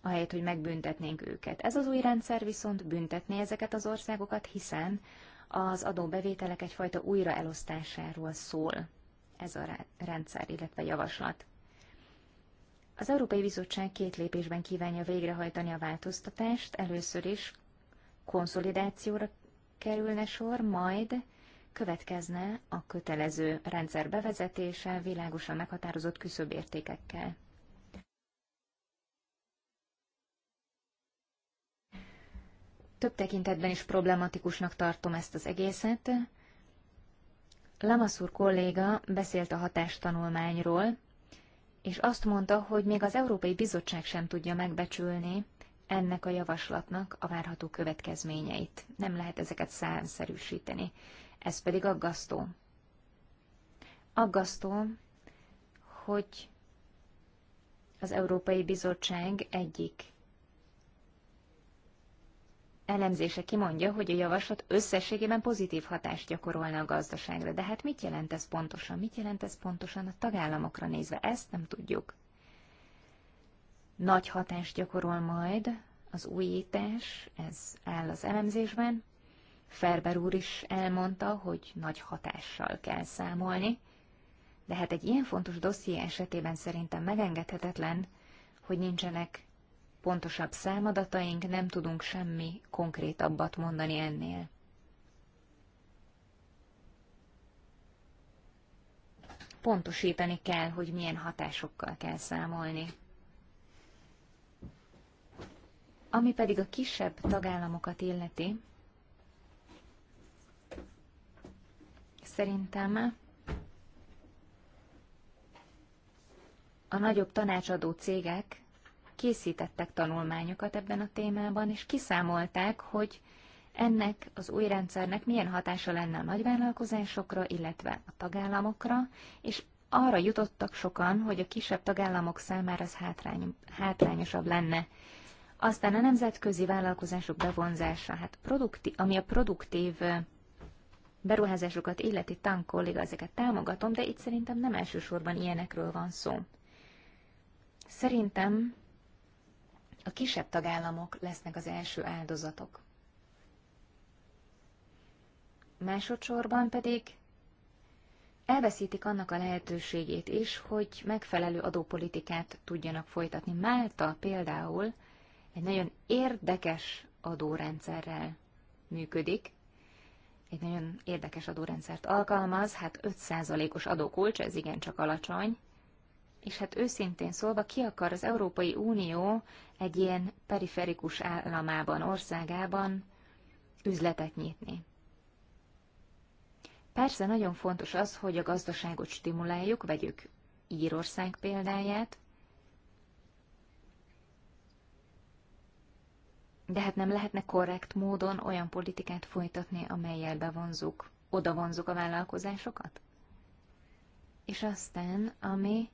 ahelyett, hogy megbüntetnénk őket. Ez az új rendszer viszont büntetné ezeket az országokat, hiszen az adóbevételek egyfajta újraelosztásáról szól ez a rendszer, illetve javaslat. Az Európai Bizottság két lépésben kívánja végrehajtani a változtatást, először is konszolidációra kerülne sor, majd következne a kötelező rendszer bevezetése világosan meghatározott küszöbértékekkel. több tekintetben is problematikusnak tartom ezt az egészet. Lamassur kolléga beszélt a hatástanulmányról, és azt mondta, hogy még az Európai Bizottság sem tudja megbecsülni ennek a javaslatnak a várható következményeit. Nem lehet ezeket szánszerűsíteni. Ez pedig aggasztó. Aggasztó, hogy az Európai Bizottság egyik elemzése kimondja, hogy a javaslat összességében pozitív hatást gyakorolna a gazdaságra. De hát mit jelent ez pontosan? Mit jelent ez pontosan a tagállamokra nézve? Ezt nem tudjuk. Nagy hatást gyakorol majd az újítás, ez áll az elemzésben. Ferber úr is elmondta, hogy nagy hatással kell számolni, de hát egy ilyen fontos dosszié esetében szerintem megengedhetetlen, hogy nincsenek pontosabb számadataink, nem tudunk semmi konkrétabbat mondani ennél. Pontosítani kell, hogy milyen hatásokkal kell számolni. Ami pedig a kisebb tagállamokat illeti, szerintem a nagyobb tanácsadó cégek készítettek tanulmányokat ebben a témában, és kiszámolták, hogy ennek az új rendszernek milyen hatása lenne a nagyvállalkozásokra, illetve a tagállamokra, és arra jutottak sokan, hogy a kisebb tagállamok számára ez hátrány, hátrányosabb lenne. Aztán a nemzetközi vállalkozások bevonzása, hát produkti, ami a produktív beruházásokat illeti tank kolléga, ezeket támogatom, de itt szerintem nem elsősorban ilyenekről van szó. Szerintem a kisebb tagállamok lesznek az első áldozatok. Másodszorban pedig elveszítik annak a lehetőségét is, hogy megfelelő adópolitikát tudjanak folytatni. Málta például egy nagyon érdekes adórendszerrel működik, egy nagyon érdekes adórendszert alkalmaz, hát 5%-os adókulcs, ez igencsak alacsony, és hát őszintén szólva, ki akar az Európai Unió egy ilyen periferikus államában, országában üzletet nyitni? Persze nagyon fontos az, hogy a gazdaságot stimuláljuk, vegyük Írország példáját, de hát nem lehetne korrekt módon olyan politikát folytatni, amelyel bevonzuk, odavonzuk a vállalkozásokat? És aztán, ami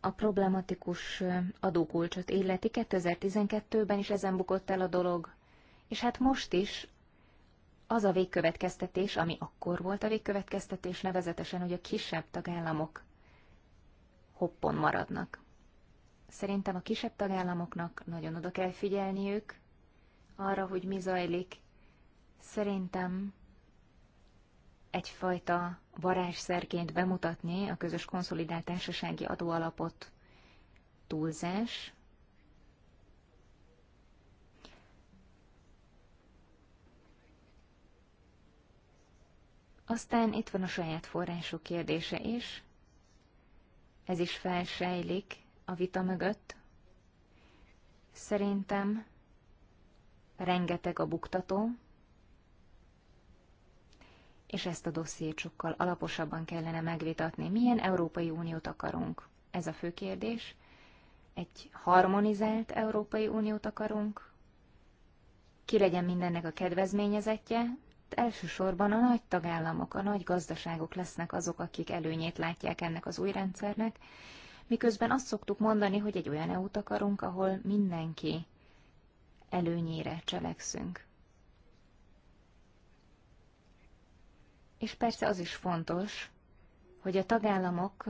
a problematikus adókulcsot illeti. 2012-ben is ezen bukott el a dolog, és hát most is az a végkövetkeztetés, ami akkor volt a végkövetkeztetés, nevezetesen, hogy a kisebb tagállamok hoppon maradnak. Szerintem a kisebb tagállamoknak nagyon oda kell figyelniük arra, hogy mi zajlik. Szerintem egyfajta varázsszerként bemutatni a közös konszolidált társasági adóalapot túlzás. Aztán itt van a saját források kérdése is. Ez is felsejlik a vita mögött. Szerintem rengeteg a buktató, és ezt a dossziét sokkal alaposabban kellene megvitatni. Milyen Európai Uniót akarunk? Ez a fő kérdés. Egy harmonizált Európai Uniót akarunk? Ki legyen mindennek a kedvezményezetje? Elsősorban a nagy tagállamok, a nagy gazdaságok lesznek azok, akik előnyét látják ennek az új rendszernek, miközben azt szoktuk mondani, hogy egy olyan EU-t akarunk, ahol mindenki előnyére cselekszünk. És persze az is fontos, hogy a tagállamok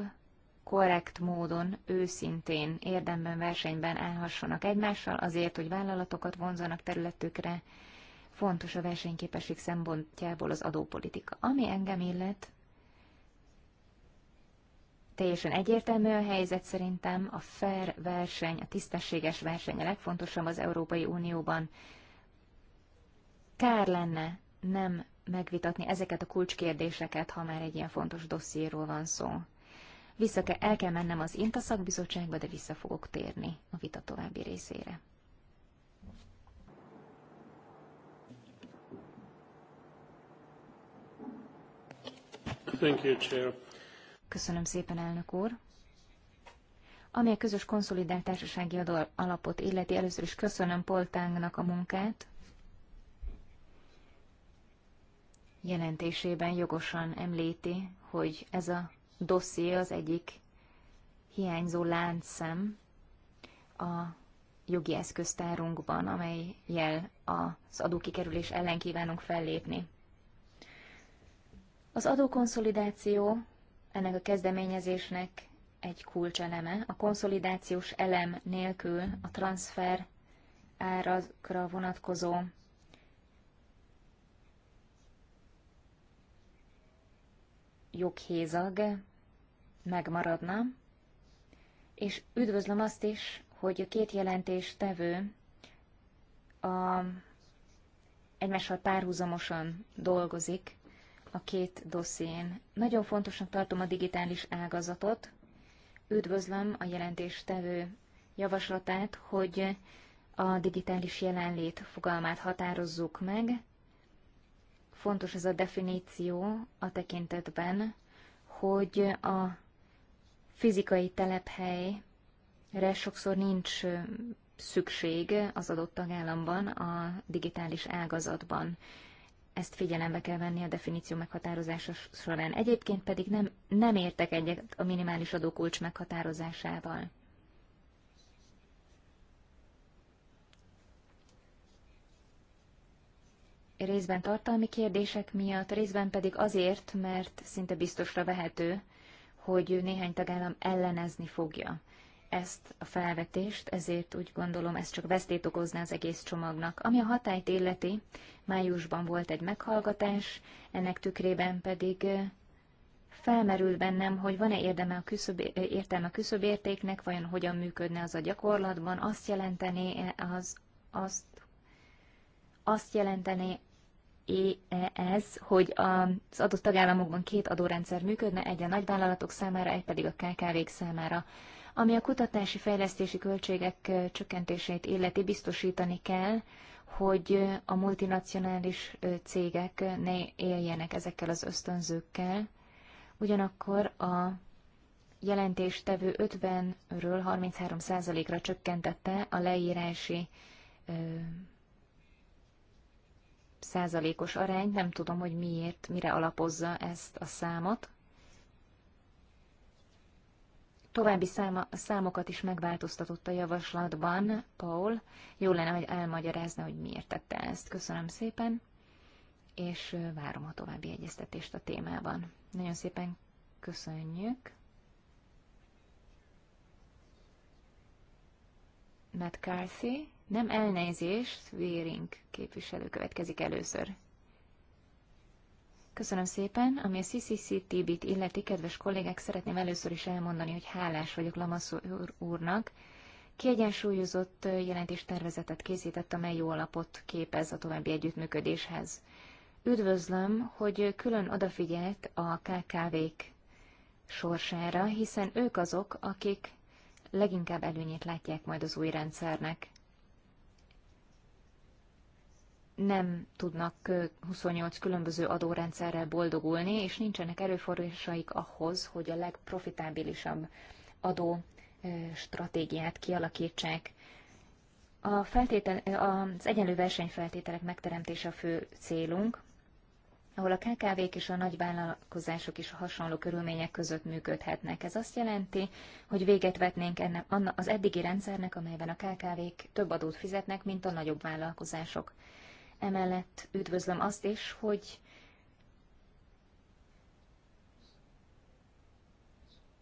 korrekt módon, őszintén, érdemben, versenyben állhassanak egymással azért, hogy vállalatokat vonzanak területükre. Fontos a versenyképesség szempontjából az adópolitika. Ami engem illet, teljesen egyértelmű a helyzet szerintem, a fair verseny, a tisztességes verseny a legfontosabb az Európai Unióban. Kár lenne nem megvitatni ezeket a kulcskérdéseket, ha már egy ilyen fontos dossziéról van szó. Vissza kell, el kell mennem az INTA szakbizottságba, de vissza fogok térni a vita további részére. Thank you, Chair. Köszönöm szépen, elnök úr. Ami a közös konszolidált társasági alapot illeti, először is köszönöm Poltánknak a munkát, jelentésében jogosan említi, hogy ez a dosszié az egyik hiányzó láncszem a jogi eszköztárunkban, amelyel az adókikerülés ellen kívánunk fellépni. Az adókonszolidáció ennek a kezdeményezésnek egy kulcseleme. A konszolidációs elem nélkül a transfer árakra vonatkozó joghézag megmaradna, és üdvözlöm azt is, hogy a két tevő a, egymással párhuzamosan dolgozik a két dosszén. Nagyon fontosnak tartom a digitális ágazatot. Üdvözlöm a jelentés tevő javaslatát, hogy a digitális jelenlét fogalmát határozzuk meg, Fontos ez a definíció a tekintetben, hogy a fizikai telephelyre sokszor nincs szükség az adott tagállamban, a digitális ágazatban. Ezt figyelembe kell venni a definíció meghatározása során. Egyébként pedig nem, nem értek egyet a minimális adókulcs meghatározásával. részben tartalmi kérdések miatt, részben pedig azért, mert szinte biztosra vehető, hogy néhány tagállam ellenezni fogja ezt a felvetést, ezért úgy gondolom, ez csak vesztét okozna az egész csomagnak. Ami a hatályt illeti, májusban volt egy meghallgatás, ennek tükrében pedig felmerül bennem, hogy van-e érdeme a küszöb, értelme a küszöbértéknek, vajon hogyan működne az a gyakorlatban, azt jelentené az, azt, azt jelentené EES, hogy az adott tagállamokban két adórendszer működne, egy a nagyvállalatok számára, egy pedig a KKV-k számára. Ami a kutatási fejlesztési költségek csökkentését illeti, biztosítani kell, hogy a multinacionális cégek ne éljenek ezekkel az ösztönzőkkel. Ugyanakkor a jelentéstevő 50-ről 33%-ra csökkentette a leírási százalékos arány, nem tudom, hogy miért, mire alapozza ezt a számot. További száma, számokat is megváltoztatott a javaslatban, Paul. Jó lenne, hogy elmagyarázna, hogy miért tette ezt. Köszönöm szépen, és várom a további egyeztetést a témában. Nagyon szépen köszönjük. Matt Carthy, nem elnézés, Véring képviselő következik először. Köszönöm szépen, ami a CCCTB-t illeti, kedves kollégák, szeretném először is elmondani, hogy hálás vagyok Lamassu úr, úrnak. Kiegyensúlyozott jelentéstervezetet készített, amely jó alapot képez a további együttműködéshez. Üdvözlöm, hogy külön odafigyelt a KKV-k sorsára, hiszen ők azok, akik leginkább előnyét látják majd az új rendszernek nem tudnak 28 különböző adórendszerrel boldogulni, és nincsenek erőforrásaik ahhoz, hogy a legprofitábilisabb adó stratégiát kialakítsák. A feltétel, az egyenlő versenyfeltételek megteremtése a fő célunk, ahol a KKV-k és a nagyvállalkozások is a hasonló körülmények között működhetnek. Ez azt jelenti, hogy véget vetnénk ennek, az eddigi rendszernek, amelyben a KKV-k több adót fizetnek, mint a nagyobb vállalkozások. Emellett üdvözlöm azt is, hogy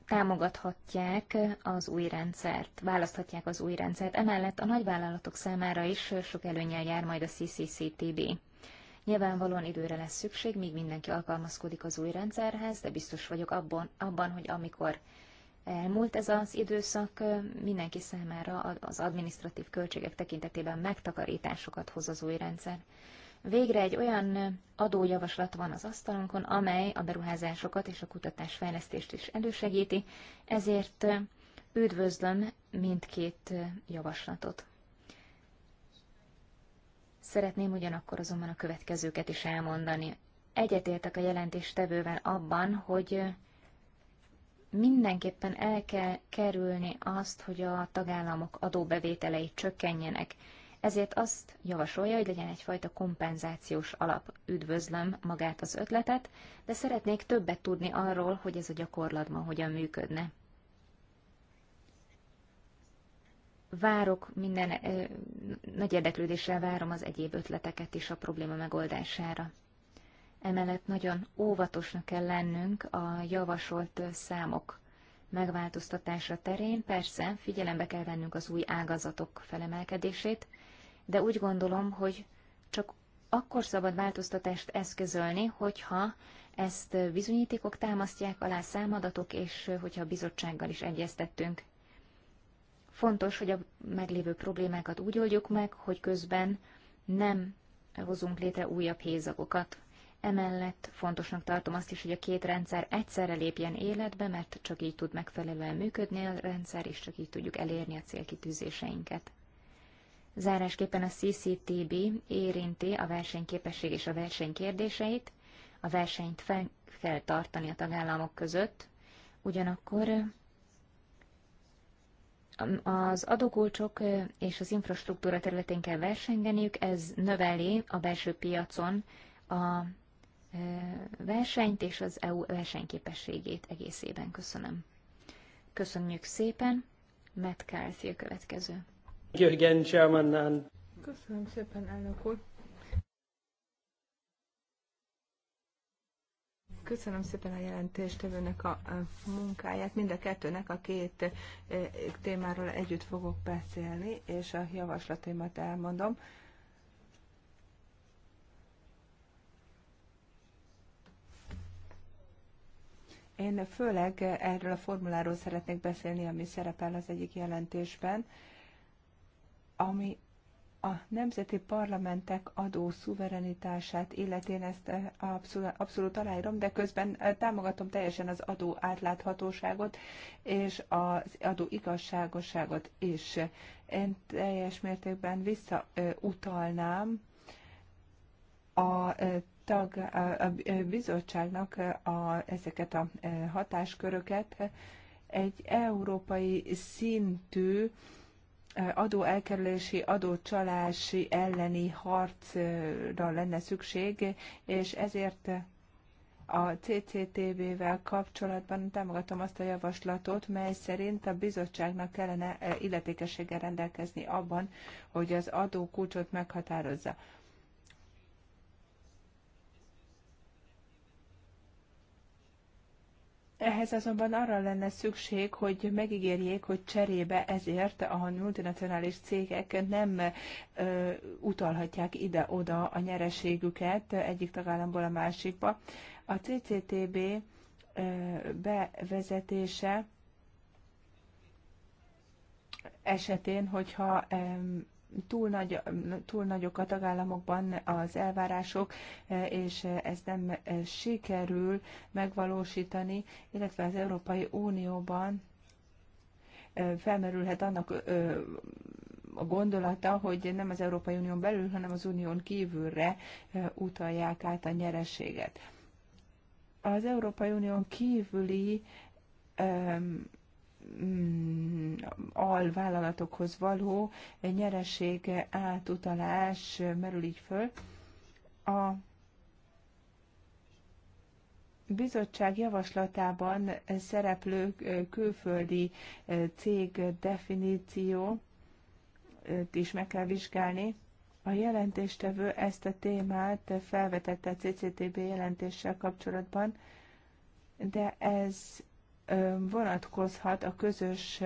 támogathatják az új rendszert, választhatják az új rendszert. Emellett a nagyvállalatok számára is sok előnyel jár majd a CCCTB. Nyilvánvalóan időre lesz szükség, míg mindenki alkalmazkodik az új rendszerhez, de biztos vagyok abban, abban hogy amikor elmúlt ez az időszak, mindenki számára az administratív költségek tekintetében megtakarításokat hoz az új rendszer. Végre egy olyan adójavaslat van az asztalunkon, amely a beruházásokat és a kutatásfejlesztést is elősegíti, ezért üdvözlöm mindkét javaslatot. Szeretném ugyanakkor azonban a következőket is elmondani. Egyetértek a jelentéstevővel abban, hogy mindenképpen el kell kerülni azt, hogy a tagállamok adóbevételei csökkenjenek. Ezért azt javasolja, hogy legyen egyfajta kompenzációs alap. Üdvözlöm magát az ötletet, de szeretnék többet tudni arról, hogy ez a gyakorlatban hogyan működne. Várok minden, ö, nagy érdeklődéssel várom az egyéb ötleteket is a probléma megoldására. Emellett nagyon óvatosnak kell lennünk a javasolt számok megváltoztatása terén. Persze figyelembe kell vennünk az új ágazatok felemelkedését, de úgy gondolom, hogy csak akkor szabad változtatást eszközölni, hogyha ezt bizonyítékok támasztják alá számadatok, és hogyha a bizottsággal is egyeztettünk. Fontos, hogy a meglévő problémákat úgy oldjuk meg, hogy közben nem hozunk létre újabb hézagokat. Emellett fontosnak tartom azt is, hogy a két rendszer egyszerre lépjen életbe, mert csak így tud megfelelően működni a rendszer, és csak így tudjuk elérni a célkitűzéseinket. Zárásképpen a CCTB érinti a versenyképesség és a verseny kérdéseit, a versenyt fel kell tartani a tagállamok között, ugyanakkor um, az adókulcsok és az infrastruktúra területén kell versengeniük, ez növeli a belső piacon a versenyt és az EU versenyképességét egészében. Köszönöm. Köszönjük szépen. Matt Carthy a következő. Köszönöm szépen, elnök úr. Köszönöm szépen a jelentéstevőnek a munkáját. Mind a kettőnek a két témáról együtt fogok beszélni, és a javaslataimat elmondom. Én főleg erről a formuláról szeretnék beszélni, ami szerepel az egyik jelentésben, ami a nemzeti parlamentek adó szuverenitását, illetén ezt eh, abszolút, abszolút aláírom, de közben eh, támogatom teljesen az adó átláthatóságot és az adó igazságosságot is. Én teljes mértékben visszautalnám a eh, tag, a bizottságnak a, ezeket a e, hatásköröket egy európai szintű e, adóelkerülési, adócsalási elleni harcra lenne szükség, és ezért a CCTV-vel kapcsolatban támogatom azt a javaslatot, mely szerint a bizottságnak kellene e, illetékességgel rendelkezni abban, hogy az adókulcsot meghatározza. Ehhez azonban arra lenne szükség, hogy megígérjék, hogy cserébe ezért a multinacionális cégek nem ö, utalhatják ide-oda a nyereségüket egyik tagállamból a másikba. A CCTB ö, bevezetése esetén, hogyha túl, nagy, túl nagyok a tagállamokban az elvárások, és ez nem sikerül megvalósítani, illetve az Európai Unióban felmerülhet annak a gondolata, hogy nem az Európai Unión belül, hanem az Unión kívülre utalják át a nyereséget. Az Európai Unión kívüli Mm, alvállalatokhoz való nyereség átutalás merül így föl. A bizottság javaslatában szereplő külföldi eh, cég definíció eh, is meg kell vizsgálni. A jelentéstevő ezt a témát felvetette a CCTB jelentéssel kapcsolatban, de ez vonatkozhat a közös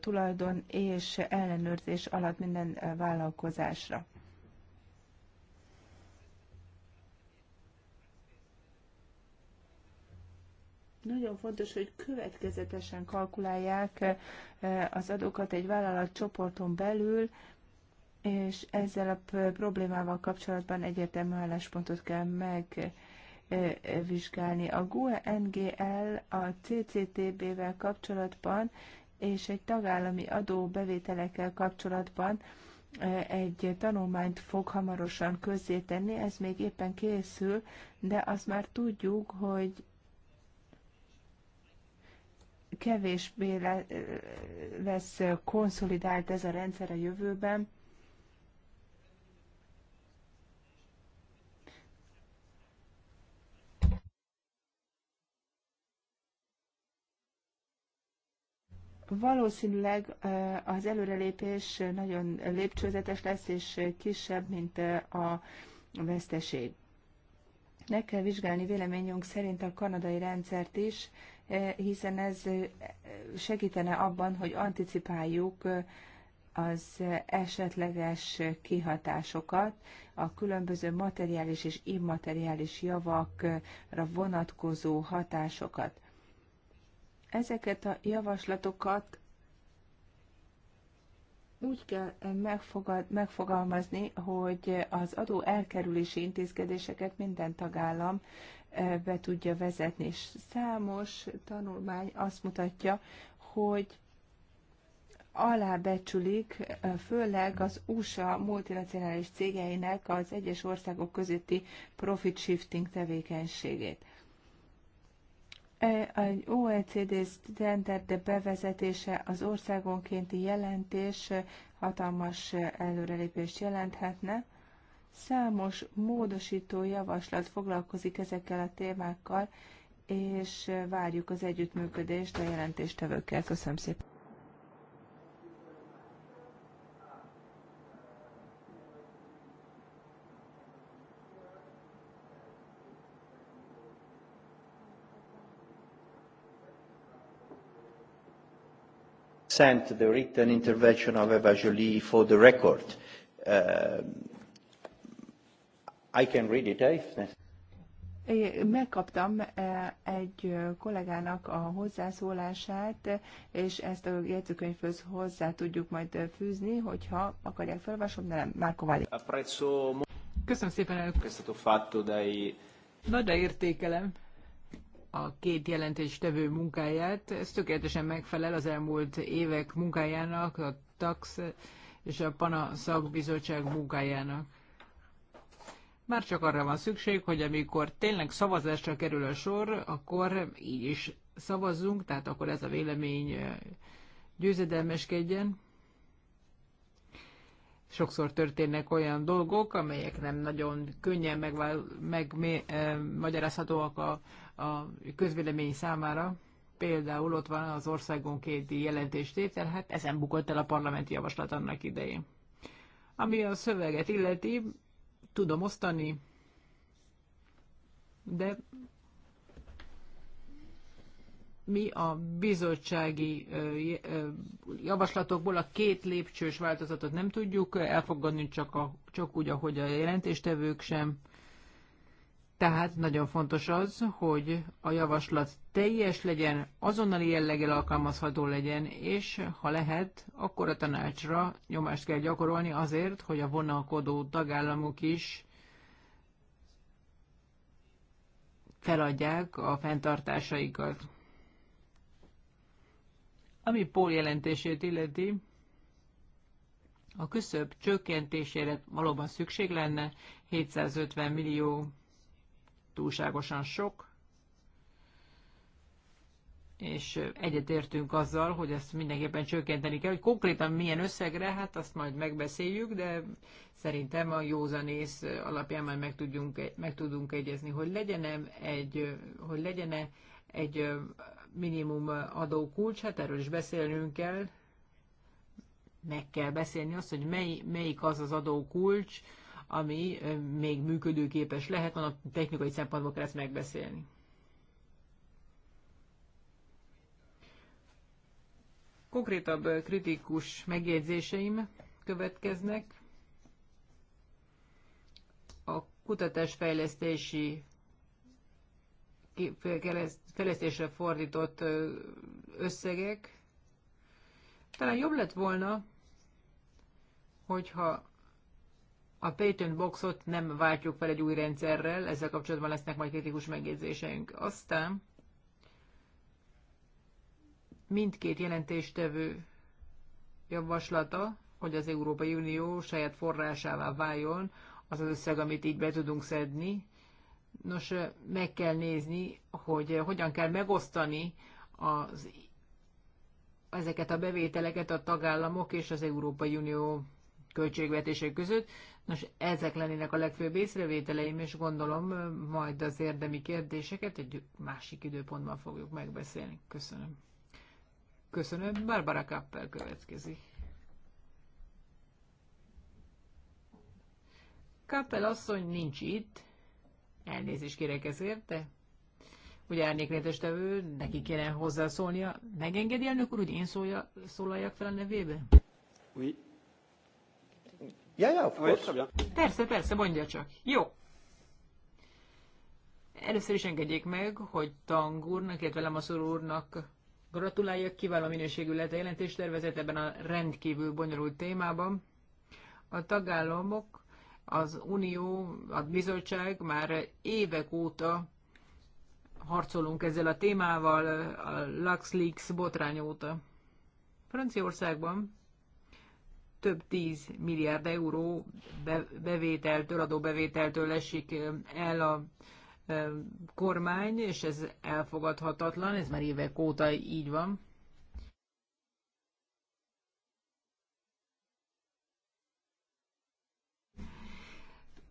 tulajdon és ellenőrzés alatt minden vállalkozásra. Nagyon fontos, hogy következetesen kalkulálják az adókat egy vállalat csoporton belül, és ezzel a problémával kapcsolatban egyértelmű álláspontot kell meg vizsgálni. A GUE-NGL a CCTB-vel kapcsolatban és egy tagállami adóbevételekkel kapcsolatban egy tanulmányt fog hamarosan közzétenni, ez még éppen készül, de azt már tudjuk, hogy kevésbé lesz konszolidált ez a rendszer a jövőben, Valószínűleg az előrelépés nagyon lépcsőzetes lesz, és kisebb, mint a veszteség. Meg kell vizsgálni véleményünk szerint a kanadai rendszert is, hiszen ez segítene abban, hogy anticipáljuk az esetleges kihatásokat a különböző materiális és immateriális javakra vonatkozó hatásokat ezeket a javaslatokat úgy kell megfogad, megfogalmazni, hogy az adó elkerülési intézkedéseket minden tagállam eh, be tudja vezetni. És számos tanulmány azt mutatja, hogy alábecsülik, eh, főleg az USA multinacionális cégeinek az egyes országok közötti profit shifting tevékenységét. E, egy OECD standard bevezetése az országonkénti jelentés hatalmas előrelépést jelenthetne. Számos módosító javaslat foglalkozik ezekkel a témákkal, és várjuk az együttműködést a jelentéstevőkkel. Köszönöm szépen! sent the written intervention of Eva Jolie for the record. Uh, I can read it, eh? Megkaptam eh, egy kollégának a hozzászólását, és ezt a jegyzőkönyvhöz hozzá tudjuk majd fűzni, hogyha akarják felolvasom, de nem, már Váli. Köszönöm szépen, elnök. Nagyra értékelem a két jelentéstevő munkáját. Ez tökéletesen megfelel az elmúlt évek munkájának, a TAX és a PANA szakbizottság munkájának. Már csak arra van szükség, hogy amikor tényleg szavazásra kerül a sor, akkor így is szavazzunk, tehát akkor ez a vélemény győzedelmeskedjen sokszor történnek olyan dolgok, amelyek nem nagyon könnyen megmagyarázhatóak eh, a, a közvélemény számára. Például ott van az országonkénti jelentéstétel, hát ezen bukott el a parlamenti javaslat annak idején. Ami a szöveget illeti, tudom osztani, de mi a bizottsági javaslatokból a két lépcsős változatot nem tudjuk elfogadni, csak, a, csak úgy, ahogy a jelentéstevők sem. Tehát nagyon fontos az, hogy a javaslat teljes legyen, azonnali jelleggel alkalmazható legyen, és ha lehet, akkor a tanácsra nyomást kell gyakorolni azért, hogy a vonalkodó tagállamok is feladják a fenntartásaikat. Ami Pól jelentését illeti, a küszöb csökkentésére valóban szükség lenne, 750 millió túlságosan sok, és egyetértünk azzal, hogy ezt mindenképpen csökkenteni kell, hogy konkrétan milyen összegre, hát azt majd megbeszéljük, de szerintem a józanész alapján majd meg, tudjunk, meg tudunk egyezni, hogy legyen -e egy, hogy legyen -e egy minimum adókulcs, hát erről is beszélnünk kell, meg kell beszélni azt, hogy mely, melyik az az adókulcs, ami még működőképes lehet, van a technikai szempontból kell ezt megbeszélni. Konkrétabb kritikus megjegyzéseim következnek. A kutatásfejlesztési fejlesztésre fordított összegek. Talán jobb lett volna, hogyha a patent boxot nem váltjuk fel egy új rendszerrel, ezzel kapcsolatban lesznek majd kritikus megjegyzéseink. Aztán mindkét jelentéstevő javaslata, hogy az Európai Unió saját forrásává váljon az az összeg, amit így be tudunk szedni, Nos, meg kell nézni, hogy hogyan kell megosztani az, ezeket a bevételeket a tagállamok és az Európai Unió költségvetések között. Nos, ezek lennének a legfőbb észrevételeim, és gondolom majd az érdemi kérdéseket egy másik időpontban fogjuk megbeszélni. Köszönöm. Köszönöm. Barbara Kappel következik. Kappel asszony nincs itt, Elnézést kérek ezért, de ugye tevő, neki kéne hozzászólnia. Megengedi elnök úr, hogy én szólja, szólaljak fel a nevébe? Oui. Ja, ja, persze. Persze, persze, mondja csak. Jó. Először is engedjék meg, hogy Tang úrnak, illetve Lemaszor úrnak gratuláljak, kiváló minőségű lett a jelentéstervezet ebben a rendkívül bonyolult témában. A tagállamok az Unió, a bizottság már évek óta harcolunk ezzel a témával, a LuxLeaks botrány óta. Franciaországban több tíz milliárd euró bevételtől, adóbevételtől esik el a kormány, és ez elfogadhatatlan, ez már évek óta így van.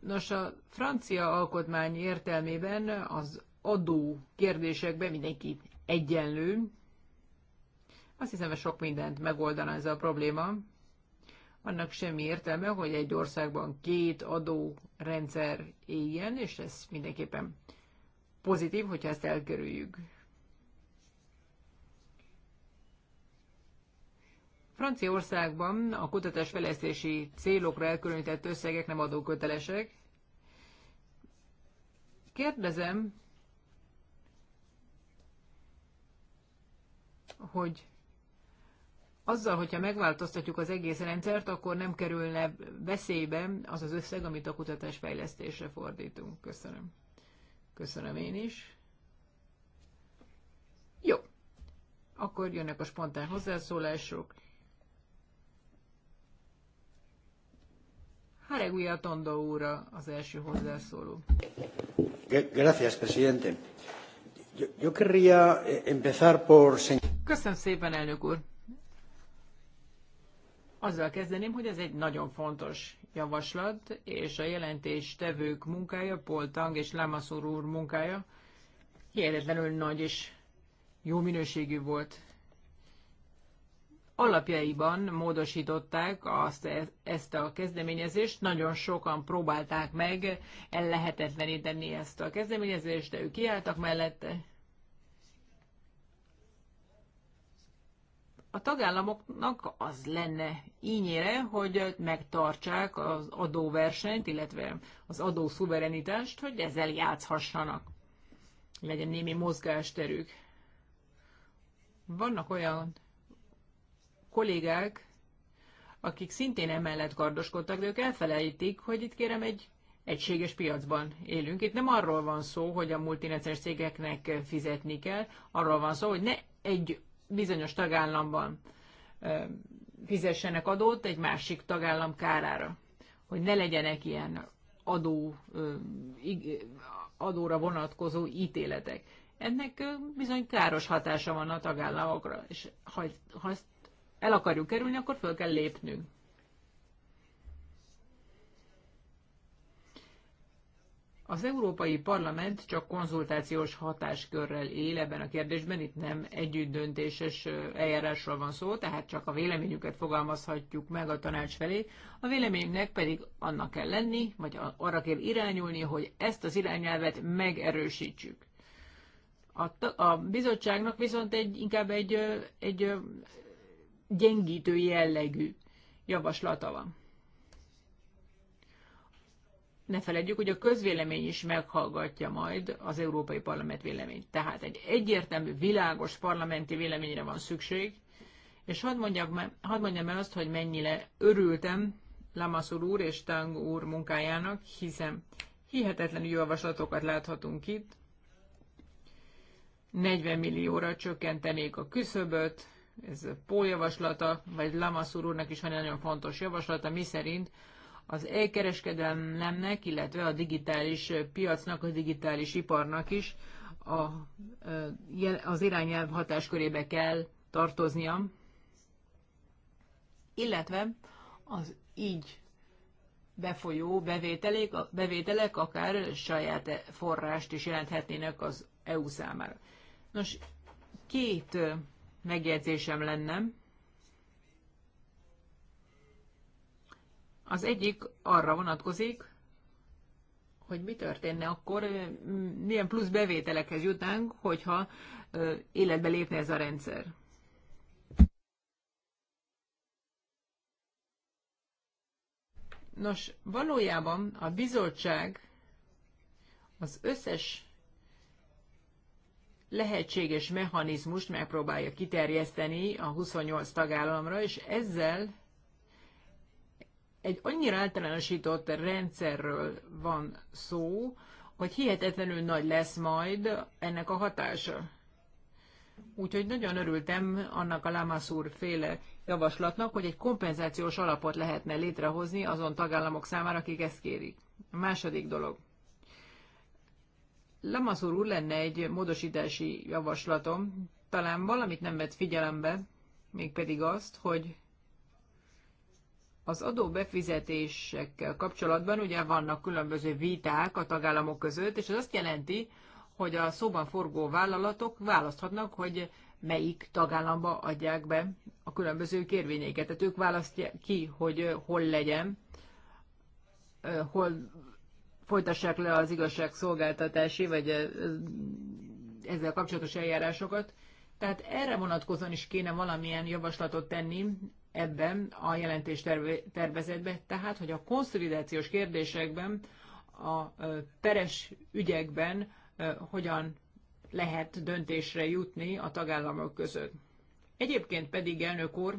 Nos, a francia alkotmány értelmében az adó kérdésekben mindenki egyenlő. Azt hiszem, hogy sok mindent megoldana ez a probléma. Annak semmi értelme, hogy egy országban két adórendszer éljen, és ez mindenképpen pozitív, hogyha ezt elkerüljük. Franciaországban a kutatásfejlesztési célokra elkülönített összegek nem adókötelesek. Kérdezem, hogy azzal, hogyha megváltoztatjuk az egész rendszert, akkor nem kerülne veszélybe az az összeg, amit a kutatásfejlesztésre fordítunk. Köszönöm. Köszönöm én is. Jó. Akkor jönnek a spontán hozzászólások. úr az első hozzászóló. Gracias, presidente. Yo, querría eh, empezar por... Köszönöm szépen, elnök úr. Azzal kezdeném, hogy ez egy nagyon fontos javaslat, és a jelentés tevők munkája, Poltang és Lamaszor úr munkája hihetetlenül nagy és jó minőségű volt alapjaiban módosították azt, ezt a kezdeményezést. Nagyon sokan próbálták meg ellehetetleníteni ezt a kezdeményezést, de ők kiálltak mellette. A tagállamoknak az lenne ínyére, hogy megtartsák az adóversenyt, illetve az adószuverenitást, hogy ezzel játszhassanak. Legyen némi mozgásterük. Vannak olyan kollégák, akik szintén emellett kardoskodtak, de ők elfelejtik, hogy itt kérem egy egységes piacban élünk. Itt nem arról van szó, hogy a multinacionalis cégeknek fizetni kell, arról van szó, hogy ne egy bizonyos tagállamban fizessenek adót egy másik tagállam kárára, hogy ne legyenek ilyen adó, adóra vonatkozó ítéletek. Ennek bizony káros hatása van a tagállamokra, és ha, ha ezt el akarjuk kerülni, akkor föl kell lépnünk. Az Európai Parlament csak konzultációs hatáskörrel él ebben a kérdésben, itt nem együttdöntéses eljárásról van szó, tehát csak a véleményüket fogalmazhatjuk meg a tanács felé, a véleménynek pedig annak kell lenni, vagy arra kell irányulni, hogy ezt az irányelvet megerősítsük. A, a bizottságnak viszont egy, inkább egy, egy gyengítő jellegű javaslata van. Ne feledjük, hogy a közvélemény is meghallgatja majd az Európai Parlament véleményt. Tehát egy egyértelmű, világos parlamenti véleményre van szükség, és hadd mondjam, hadd mondjam el azt, hogy mennyire örültem Lamaszul úr és Tang úr munkájának, hiszen hihetetlenül javaslatokat láthatunk itt. 40 millióra csökkentenék a küszöböt, ez Pól javaslata, vagy Lamaszúr úrnak is van egy nagyon fontos javaslata, mi szerint az e-kereskedelemnek, illetve a digitális piacnak, a digitális iparnak is a, e, az irányelv hatáskörébe kell tartoznia, illetve az így befolyó bevételek, bevételek akár saját forrást is jelenthetnének az EU számára. Nos, két megjegyzésem lenne. Az egyik arra vonatkozik, hogy mi történne akkor, milyen plusz bevételekhez jutnánk, hogyha életbe lépne ez a rendszer. Nos, valójában a bizottság az összes lehetséges mechanizmust megpróbálja kiterjeszteni a 28 tagállamra, és ezzel egy annyira általánosított rendszerről van szó, hogy hihetetlenül nagy lesz majd ennek a hatása. Úgyhogy nagyon örültem annak a Lamassur féle javaslatnak, hogy egy kompenzációs alapot lehetne létrehozni azon tagállamok számára, akik ezt kérik. A második dolog. Lamaszúr úr lenne egy módosítási javaslatom, talán valamit nem vett figyelembe, mégpedig azt, hogy az befizetésekkel kapcsolatban ugye vannak különböző viták a tagállamok között, és ez azt jelenti, hogy a szóban forgó vállalatok választhatnak, hogy melyik tagállamba adják be a különböző kérvényeiket. Tehát ők választják ki, hogy hol legyen, hol folytassák le az igazságszolgáltatási, vagy ezzel kapcsolatos eljárásokat. Tehát erre vonatkozóan is kéne valamilyen javaslatot tenni ebben a jelentés tervezetben, tehát hogy a konszolidációs kérdésekben, a peres ügyekben hogyan lehet döntésre jutni a tagállamok között. Egyébként pedig, elnök úr,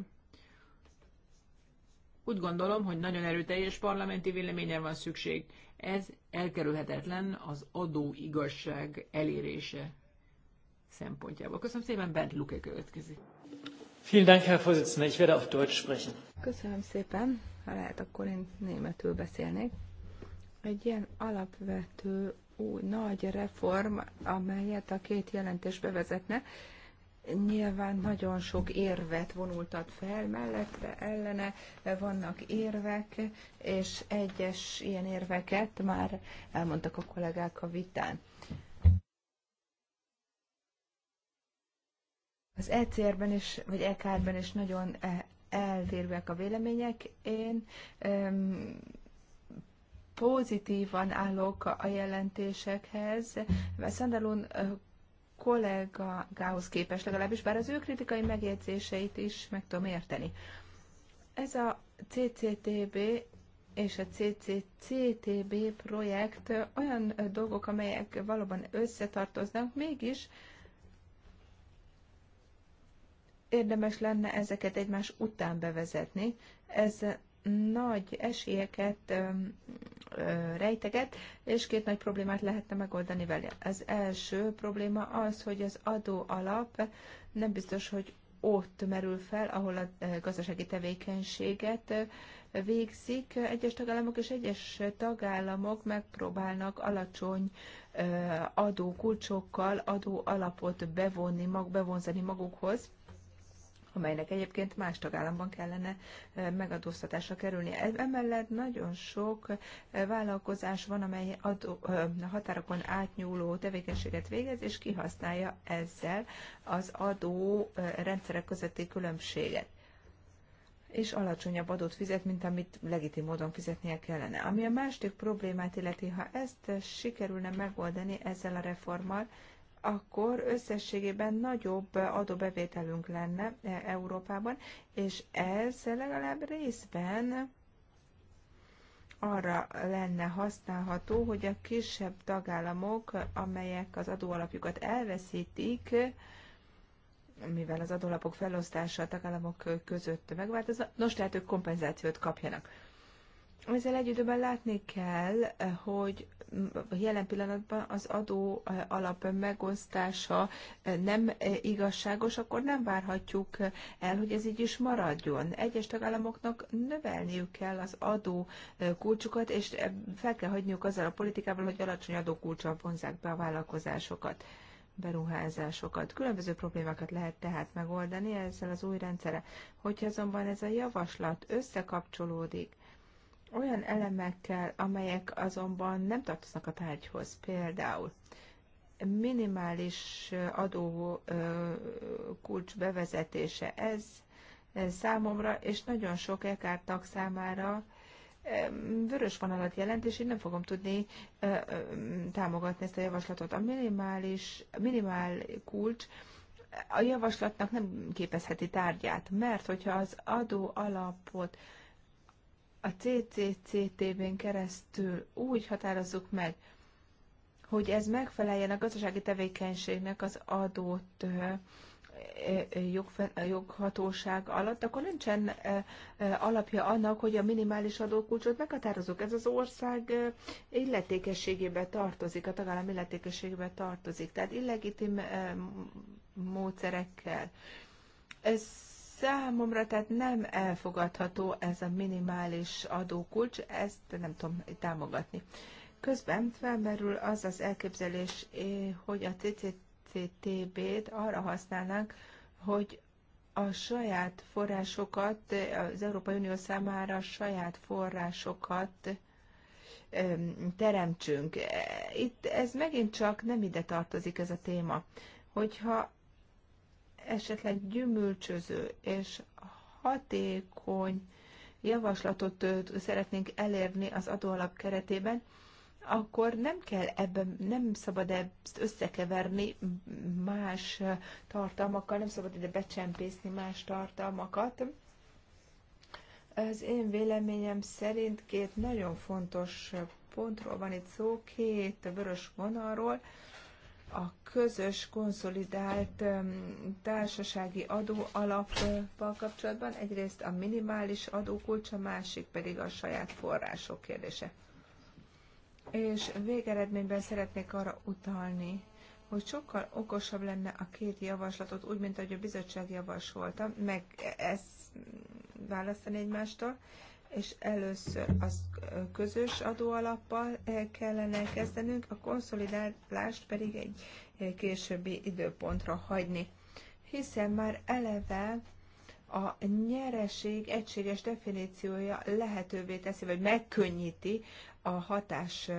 úgy gondolom, hogy nagyon erőteljes parlamenti véleményen van szükség. Ez elkerülhetetlen az adó igazság elérése szempontjából. Köszönöm szépen, Bent Luke következik. Vielen Dank, Herr Vorsitzender. Ich werde auf Deutsch sprechen. Köszönöm szépen. Ha lehet, akkor én németül beszélnék. Egy ilyen alapvető új nagy reform, amelyet a két jelentés bevezetne, nyilván nagyon sok érvet vonultat fel mellette, ellene vannak érvek, és egyes ilyen érveket már elmondtak a kollégák a vitán. Az ECR-ben is, vagy EKR-ben is nagyon eh, eltérőek a vélemények. Én öm, pozitívan állok a jelentésekhez. Szandalón eh, kollégához képest legalábbis, bár az ő kritikai megjegyzéseit is meg tudom érteni. Ez a CCTB és a CCCTB projekt olyan dolgok, amelyek valóban összetartoznak, mégis érdemes lenne ezeket egymás után bevezetni. Ez nagy esélyeket rejteget, és két nagy problémát lehetne megoldani vele. Az első probléma az, hogy az adó alap nem biztos, hogy ott merül fel, ahol a gazdasági tevékenységet végzik. Egyes tagállamok és egyes tagállamok megpróbálnak alacsony adókulcsokkal adó alapot bevonni, mag, bevonzani magukhoz amelynek egyébként más tagállamban kellene megadóztatásra kerülnie. Emellett nagyon sok vállalkozás van, amely adó, határokon átnyúló tevékenységet végez, és kihasználja ezzel az adó rendszerek közötti különbséget és alacsonyabb adót fizet, mint amit legitim módon fizetnie kellene. Ami a másik problémát illeti, ha ezt sikerülne megoldani ezzel a reformmal, akkor összességében nagyobb adóbevételünk lenne e, Európában, és ez legalább részben arra lenne használható, hogy a kisebb tagállamok, amelyek az adóalapjukat elveszítik, mivel az adólapok felosztása a tagállamok között megváltozna, nos, tehát ők kompenzációt kapjanak. Ezzel egy időben látni kell, hogy jelen pillanatban az adó alap megosztása nem igazságos, akkor nem várhatjuk el, hogy ez így is maradjon. Egyes tagállamoknak növelniük kell az adó kulcsukat, és fel kell hagyniuk azzal a politikával, hogy alacsony adókulcsal vonzák be a vállalkozásokat beruházásokat. Különböző problémákat lehet tehát megoldani ezzel az új rendszere. Hogyha azonban ez a javaslat összekapcsolódik olyan elemekkel, amelyek azonban nem tartoznak a tárgyhoz, például minimális adó kulcs bevezetése ez számomra, és nagyon sok ekártak számára vörös vonalat jelent, és én nem fogom tudni támogatni ezt a javaslatot. A minimális, minimál kulcs a javaslatnak nem képezheti tárgyát, mert hogyha az adó alapot a CCCTV-n keresztül úgy határozzuk meg, hogy ez megfeleljen a gazdasági tevékenységnek az adott joghatóság alatt, akkor nincsen alapja annak, hogy a minimális adókulcsot meghatározunk. Ez az ország illetékességébe tartozik, a tagállam illetékességébe tartozik. Tehát illegitim módszerekkel. Ez Számomra tehát nem elfogadható ez a minimális adókulcs, ezt nem tudom támogatni. Közben felmerül az az elképzelés, eh, hogy a cctb t arra használnánk, hogy a saját forrásokat, az Európai Unió számára a saját forrásokat teremtsünk. Itt ez megint csak nem ide tartozik ez a téma. Hogyha esetleg gyümölcsöző és hatékony javaslatot szeretnénk elérni az adóalap keretében, akkor nem kell ebben, nem szabad e ezt összekeverni más tartalmakkal, nem szabad ide becsempészni más tartalmakat. Az én véleményem szerint két nagyon fontos pontról van itt szó, két vörös vonalról, a közös konszolidált társasági adó alappal kapcsolatban. Egyrészt a minimális adókulcs, a másik pedig a saját források kérdése. És végeredményben szeretnék arra utalni, hogy sokkal okosabb lenne a két javaslatot, úgy, mint ahogy a bizottság javasolta, meg e-, ezt választani egymástól, és először az közös adóalappal kellene kezdenünk, a konszolidálást pedig egy későbbi időpontra hagyni. Hiszen már eleve a nyereség egységes definíciója lehetővé teszi, vagy megkönnyíti a hatás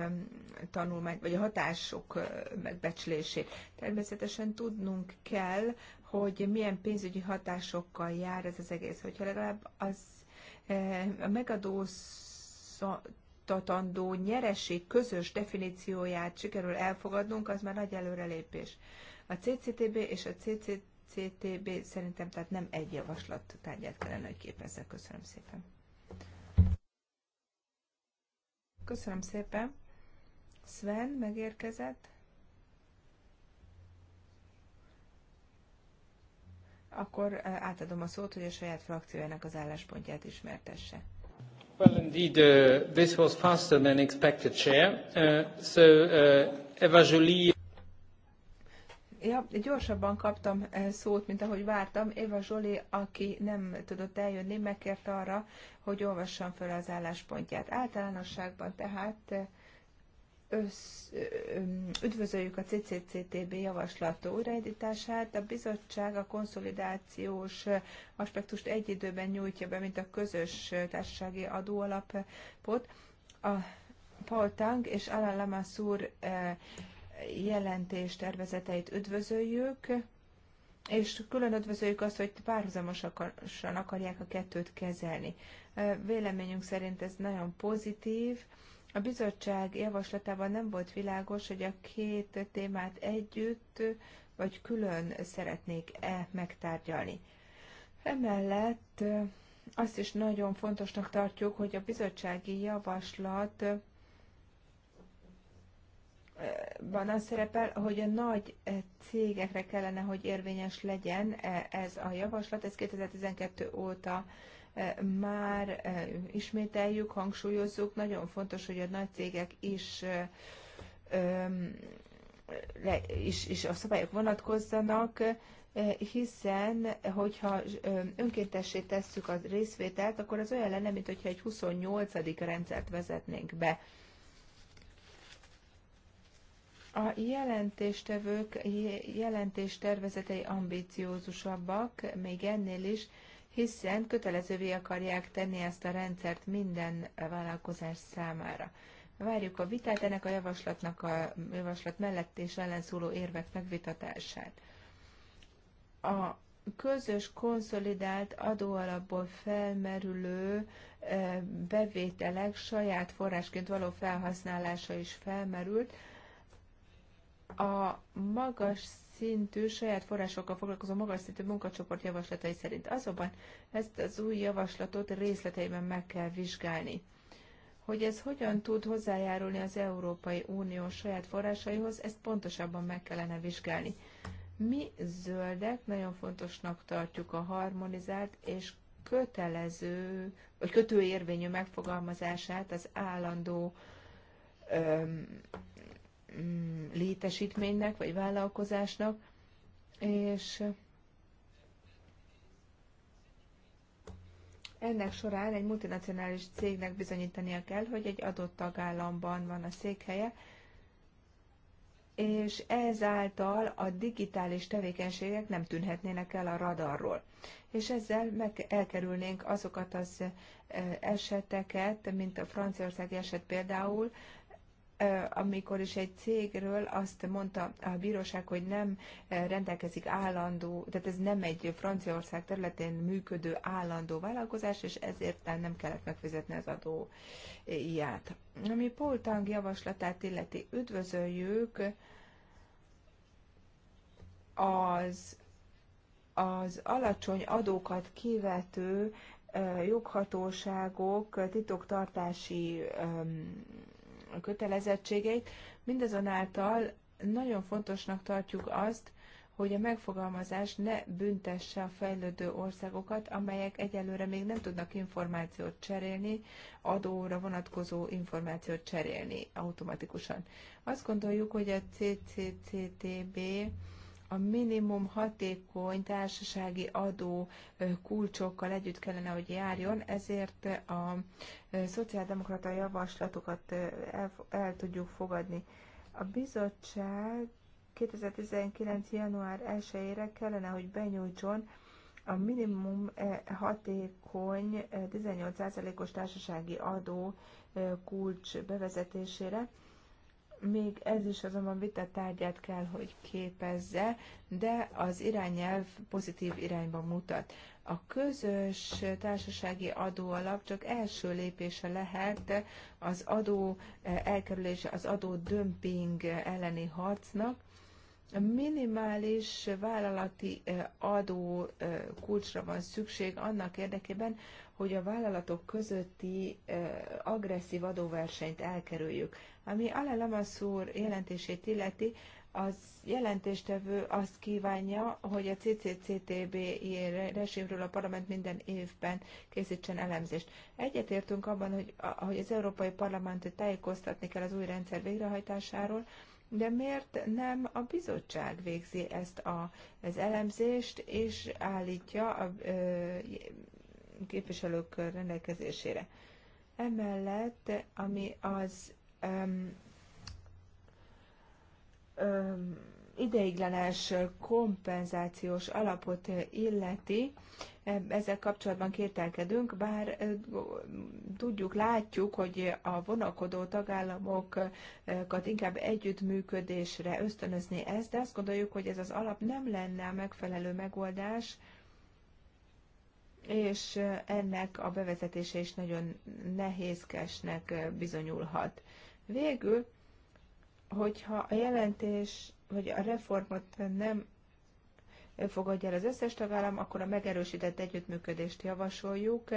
tanulmány, vagy a hatások megbecslését. Természetesen tudnunk kell, hogy milyen pénzügyi hatásokkal jár ez az egész. Hogyha legalább az a eh, megadóztatandó nyereség közös definícióját sikerül elfogadnunk, az már nagy előrelépés. A CCTB és a CCCTB szerintem tehát nem egy javaslat tárgyát kellene, hogy képezze. Köszönöm szépen. Köszönöm szépen. Sven megérkezett. akkor eh, átadom a szót, hogy a saját frakciójának az álláspontját ismertesse. Well, indeed, uh, this was faster than expected, Chair. Uh, so, uh, Eva Jolie... Ja, gyorsabban kaptam eh, szót, mint ahogy vártam. Eva Zsoli, aki nem tudott eljönni, megkért arra, hogy olvassam fel az álláspontját. Általánosságban tehát eh, össz, üdvözöljük a CCCTB javaslat újraindítását. A bizottság a konszolidációs aspektust egy időben nyújtja be, mint a közös társasági adóalapot. A Paul Tang és Alain Lamassur jelentés tervezeteit üdvözöljük, és külön üdvözöljük azt, hogy párhuzamosan akarják a kettőt kezelni. Véleményünk szerint ez nagyon pozitív, a bizottság javaslatában nem volt világos, hogy a két témát együtt vagy külön szeretnék-e megtárgyalni. Emellett azt is nagyon fontosnak tartjuk, hogy a bizottsági javaslat eh, van az szerepel, hogy a nagy eh, cégekre kellene, hogy érvényes legyen eh, ez a javaslat. Ez 2012 óta E, már e, ismételjük, hangsúlyozzuk, nagyon fontos, hogy a nagy cégek is e, is, is a szabályok vonatkozzanak, hiszen hogyha önkéntessé tesszük a részvételt, akkor az olyan lenne, mint hogyha egy 28. rendszert vezetnénk be. A jelentéstevők jelentés tervezetei ambíciózusabbak, még ennél is, hiszen kötelezővé akarják tenni ezt a rendszert minden vállalkozás számára. Várjuk a vitát ennek a javaslatnak a javaslat mellett és ellenszóló érvek megvitatását. A közös konszolidált adóalapból felmerülő e, bevételek saját forrásként való felhasználása is felmerült. A magas szintű, saját forrásokkal foglalkozó magas szintű munkacsoport javaslatai szerint. Azonban ezt az új javaslatot részleteiben meg kell vizsgálni. Hogy ez hogyan tud hozzájárulni az Európai Unió saját forrásaihoz, ezt pontosabban meg kellene vizsgálni. Mi zöldek nagyon fontosnak tartjuk a harmonizált és kötelező, vagy kötőérvényű megfogalmazását az állandó öm, Mm, létesítménynek vagy vállalkozásnak, és ennek során egy multinacionális cégnek bizonyítania kell, hogy egy adott tagállamban van a székhelye, és ezáltal a digitális tevékenységek nem tűnhetnének el a radarról. És ezzel meg elkerülnénk azokat az eh, eseteket, mint a franciaországi eset például, amikor is egy cégről azt mondta a bíróság, hogy nem rendelkezik állandó, tehát ez nem egy Franciaország területén működő állandó vállalkozás, és ezért nem kellett megfizetni az adó ját. Ami Paul javaslatát illeti, üdvözöljük az, az alacsony adókat kivető joghatóságok titoktartási a kötelezettségeit. Mindazonáltal nagyon fontosnak tartjuk azt, hogy a megfogalmazás ne büntesse a fejlődő országokat, amelyek egyelőre még nem tudnak információt cserélni, adóra vonatkozó információt cserélni automatikusan. Azt gondoljuk, hogy a CCCTB a minimum hatékony társasági adó kulcsokkal együtt kellene, hogy járjon, ezért a szociáldemokrata javaslatokat el, el tudjuk fogadni. A bizottság 2019. január 1-ére kellene, hogy benyújtson a minimum hatékony 18%-os társasági adó kulcs bevezetésére, még ez is azonban vita tárgyát kell, hogy képezze, de az irányelv pozitív irányba mutat. A közös társasági adóalap csak első lépése lehet az adó eh, elkerülése, az adó dömping elleni harcnak. Minimális vállalati eh, adó eh, kulcsra van szükség annak érdekében, hogy a vállalatok közötti agresszív adóversenyt elkerüljük. Ami Alain Lamassur jelentését illeti, az jelentéstevő azt kívánja, hogy a CCCTB rezsimről a parlament minden évben készítsen elemzést. Egyetértünk abban, hogy, hogy az Európai Parlamentet tájékoztatni kell az új rendszer végrehajtásáról, de miért nem a bizottság végzi ezt a, az elemzést, és állítja a ö, képviselők rendelkezésére? Emellett, ami az um, um, ideiglenes kompenzációs alapot illeti, ezzel kapcsolatban kételkedünk, bár tudjuk, látjuk, hogy a vonakodó tagállamokat inkább együttműködésre ösztönözni ezt, de azt gondoljuk, hogy ez az alap nem lenne a megfelelő megoldás, és ennek a bevezetése is nagyon nehézkesnek bizonyulhat. Végül, hogyha a jelentés vagy a reformot nem fogadja el az összes tagállam, akkor a megerősített együttműködést javasoljuk.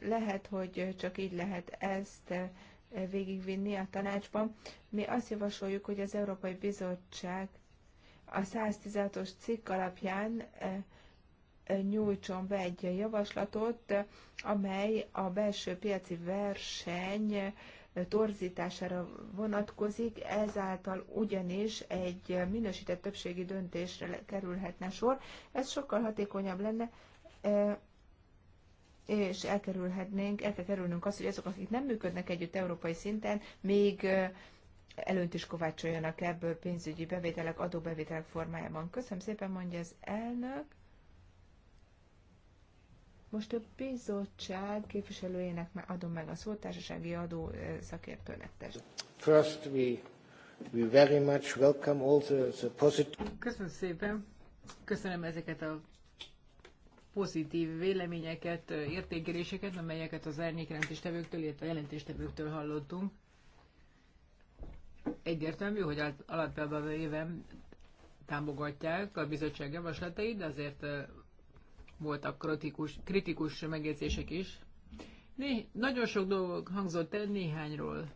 Lehet, hogy csak így lehet ezt végigvinni a tanácsban. Mi azt javasoljuk, hogy az Európai Bizottság a 116-os cikk alapján e, e, nyújtson be egy javaslatot, amely a belső piaci verseny torzítására vonatkozik, ezáltal ugyanis egy minősített többségi döntésre kerülhetne sor. Ez sokkal hatékonyabb lenne, e, és elkerülhetnénk, el kell kerülnünk azt, hogy azok, akik nem működnek együtt európai szinten, még e, előnt is kovácsoljanak ebből pénzügyi bevételek, adóbevételek formájában. Köszönöm szépen, mondja az elnök. Most a bizottság képviselőjének adom meg a szót, társasági adó szakértőnek. First we, we very much welcome all the, the positive... Köszönöm szépen, köszönöm ezeket a pozitív véleményeket, értékeléseket, amelyeket az árnyékjelentéstevőktől, illetve jelentéstevőktől hallottunk. Egyértelmű, hogy alapjában éven támogatják a bizottság javaslatait, de azért voltak kritikus, kritikus megjegyzések is. Né, nagyon sok dolog hangzott el, néhányról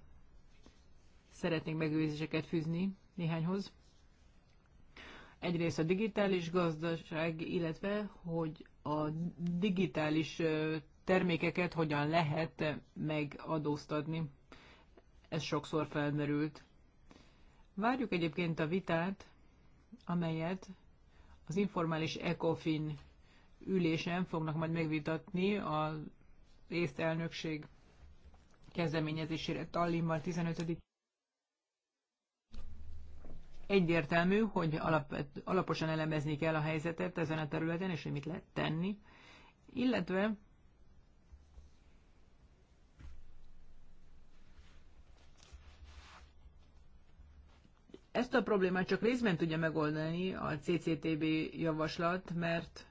szeretnék megjegyzéseket fűzni néhányhoz. Egyrészt a digitális gazdaság, illetve hogy a digitális termékeket hogyan lehet megadóztatni. Ez sokszor felmerült. Várjuk egyébként a vitát, amelyet az informális ECOFIN ülésen fognak majd megvitatni az észt elnökség kezdeményezésére Tallinnban 15 egyértelmű, hogy alap alaposan elemezni kell a helyzetet ezen a területen, és hogy mit lehet tenni, illetve ezt a problémát csak részben tudja megoldani a CCTB javaslat, mert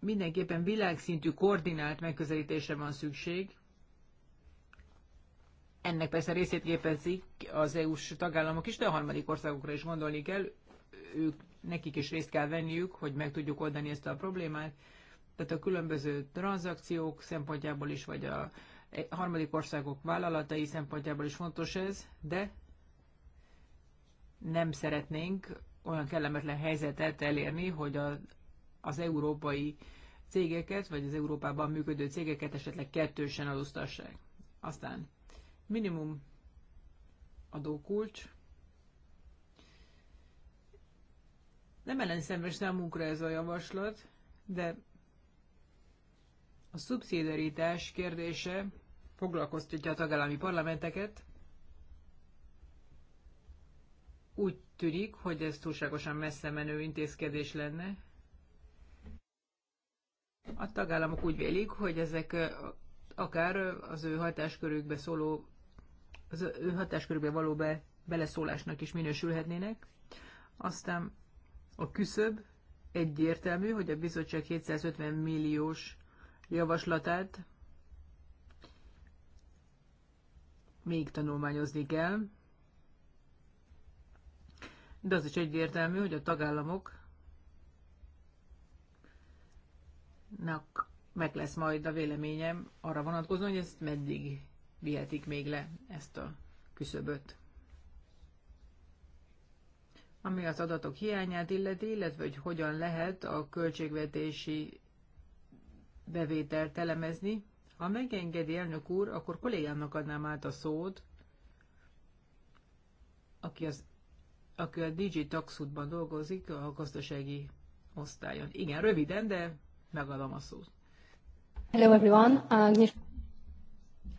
mindenképpen világszintű koordinált megközelítésre van szükség. Ennek persze részét képezik az EU-s tagállamok is, de a harmadik országokra is gondolni kell. Ők, nekik is részt kell venniük, hogy meg tudjuk oldani ezt a problémát. Tehát a különböző tranzakciók szempontjából is, vagy a harmadik országok vállalatai szempontjából is fontos ez, de nem szeretnénk olyan kellemetlen helyzetet elérni, hogy a az európai cégeket, vagy az Európában működő cégeket esetleg kettősen adóztassák. Aztán minimum adókulcs. Nem ellenszemes számunkra ez a javaslat, de a szubszidiaritás kérdése foglalkoztatja a tagállami parlamenteket. Úgy tűnik, hogy ez túlságosan messze menő intézkedés lenne, a tagállamok úgy vélik, hogy ezek akár az ő hatáskörükbe szóló, az ő hatáskörükbe való be, beleszólásnak is minősülhetnének. Aztán a küszöb egyértelmű, hogy a bizottság 750 milliós javaslatát még tanulmányozni kell, de az is egyértelmű, hogy a tagállamok nak meg lesz majd a véleményem arra vonatkozóan, hogy ezt meddig vihetik még le ezt a küszöböt. Ami az adatok hiányát illeti, illetve hogy hogyan lehet a költségvetési bevételt elemezni, ha megengedi elnök úr, akkor kollégámnak adnám át a szót, aki, az, aki a Digitaxutban dolgozik, a gazdasági osztályon. Igen, röviden, de megadom a szót. Hello everyone, Agnes.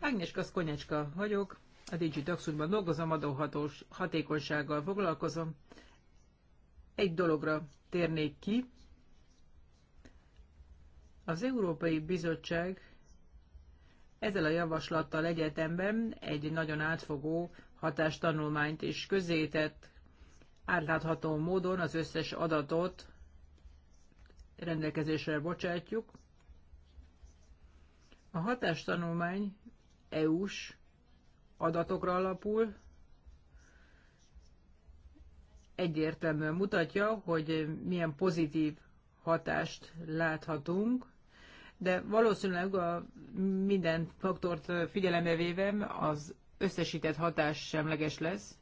Agnieszka Kaszkonyecska vagyok, a Digi Taxusban dolgozom, adóhatós hatékonysággal foglalkozom. Egy dologra térnék ki. Az Európai Bizottság ezzel a javaslattal egyetemben egy nagyon átfogó hatástanulmányt is közzétett átlátható módon az összes adatot rendelkezésre bocsátjuk. A hatástanulmány EU-s adatokra alapul, egyértelműen mutatja, hogy milyen pozitív hatást láthatunk, de valószínűleg a minden faktort figyelembe véve az összesített hatás semleges lesz.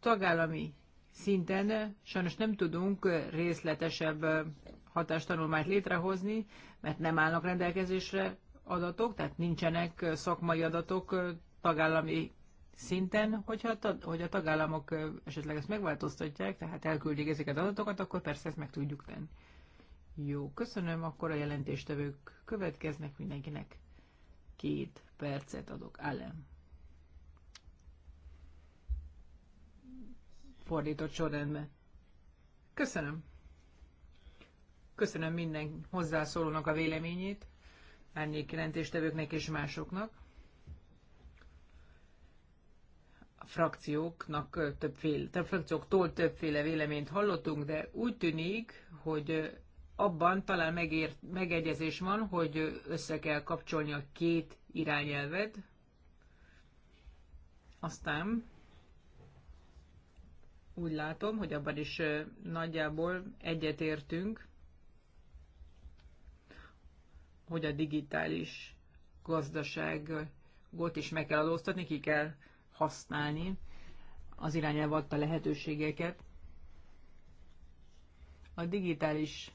Tagállami szinten sajnos nem tudunk részletesebb hatástanulmányt létrehozni, mert nem állnak rendelkezésre adatok, tehát nincsenek szakmai adatok tagállami szinten, hogyha hogy a tagállamok esetleg ezt megváltoztatják, tehát elküldik ezeket az adatokat, akkor persze ezt meg tudjuk tenni. Jó, köszönöm, akkor a jelentéstevők következnek mindenkinek. Két percet adok, Alem. fordított sorrendben. Köszönöm. Köszönöm minden hozzászólónak a véleményét, árnyék jelentéstevőknek és másoknak. A frakcióknak többféle, több frakcióktól többféle véleményt hallottunk, de úgy tűnik, hogy abban talán megért, megegyezés van, hogy össze kell kapcsolni a két irányelved. Aztán úgy látom, hogy abban is nagyjából egyetértünk, hogy a digitális gazdaságot is meg kell adóztatni, ki kell használni az irányába adta lehetőségeket. A digitális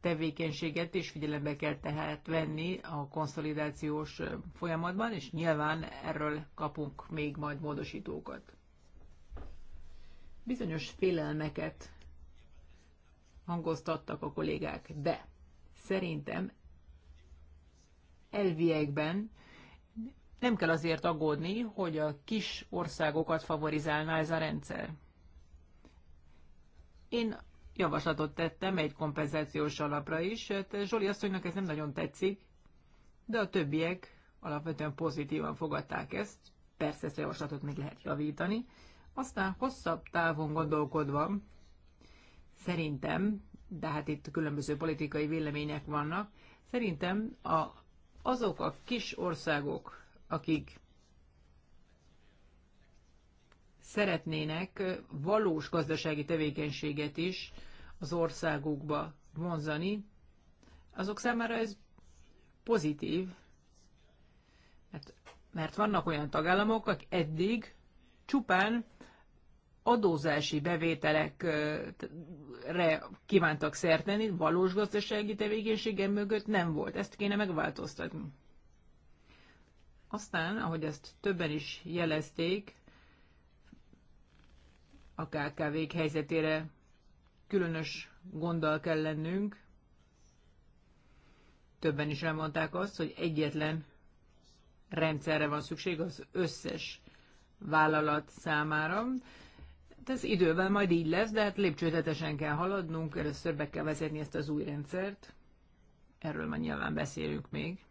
tevékenységet is figyelembe kell tehát venni a konszolidációs folyamatban, és nyilván erről kapunk még majd módosítókat. Bizonyos félelmeket hangoztattak a kollégák, de szerintem elviekben nem kell azért aggódni, hogy a kis országokat favorizálná ez a rendszer. Én javaslatot tettem egy kompenzációs alapra is. Hát Zsoli asszonynak ez nem nagyon tetszik, de a többiek alapvetően pozitívan fogadták ezt. Persze ezt a javaslatot még lehet javítani, aztán hosszabb távon gondolkodva, szerintem, de hát itt különböző politikai vélemények vannak, szerintem a, azok a kis országok, akik szeretnének valós gazdasági tevékenységet is az országukba vonzani, azok számára ez pozitív, mert, mert vannak olyan tagállamok, akik eddig csupán adózási bevételekre kívántak szerteni, valós gazdasági tevékenységem mögött nem volt. Ezt kéne megváltoztatni. Aztán, ahogy ezt többen is jelezték, a kkv helyzetére különös gonddal kell lennünk. Többen is elmondták azt, hogy egyetlen rendszerre van szükség az összes vállalat számára. Hát ez idővel majd így lesz, de hát lépcsőzetesen kell haladnunk, először be kell vezetni ezt az új rendszert. Erről már nyilván beszélünk még.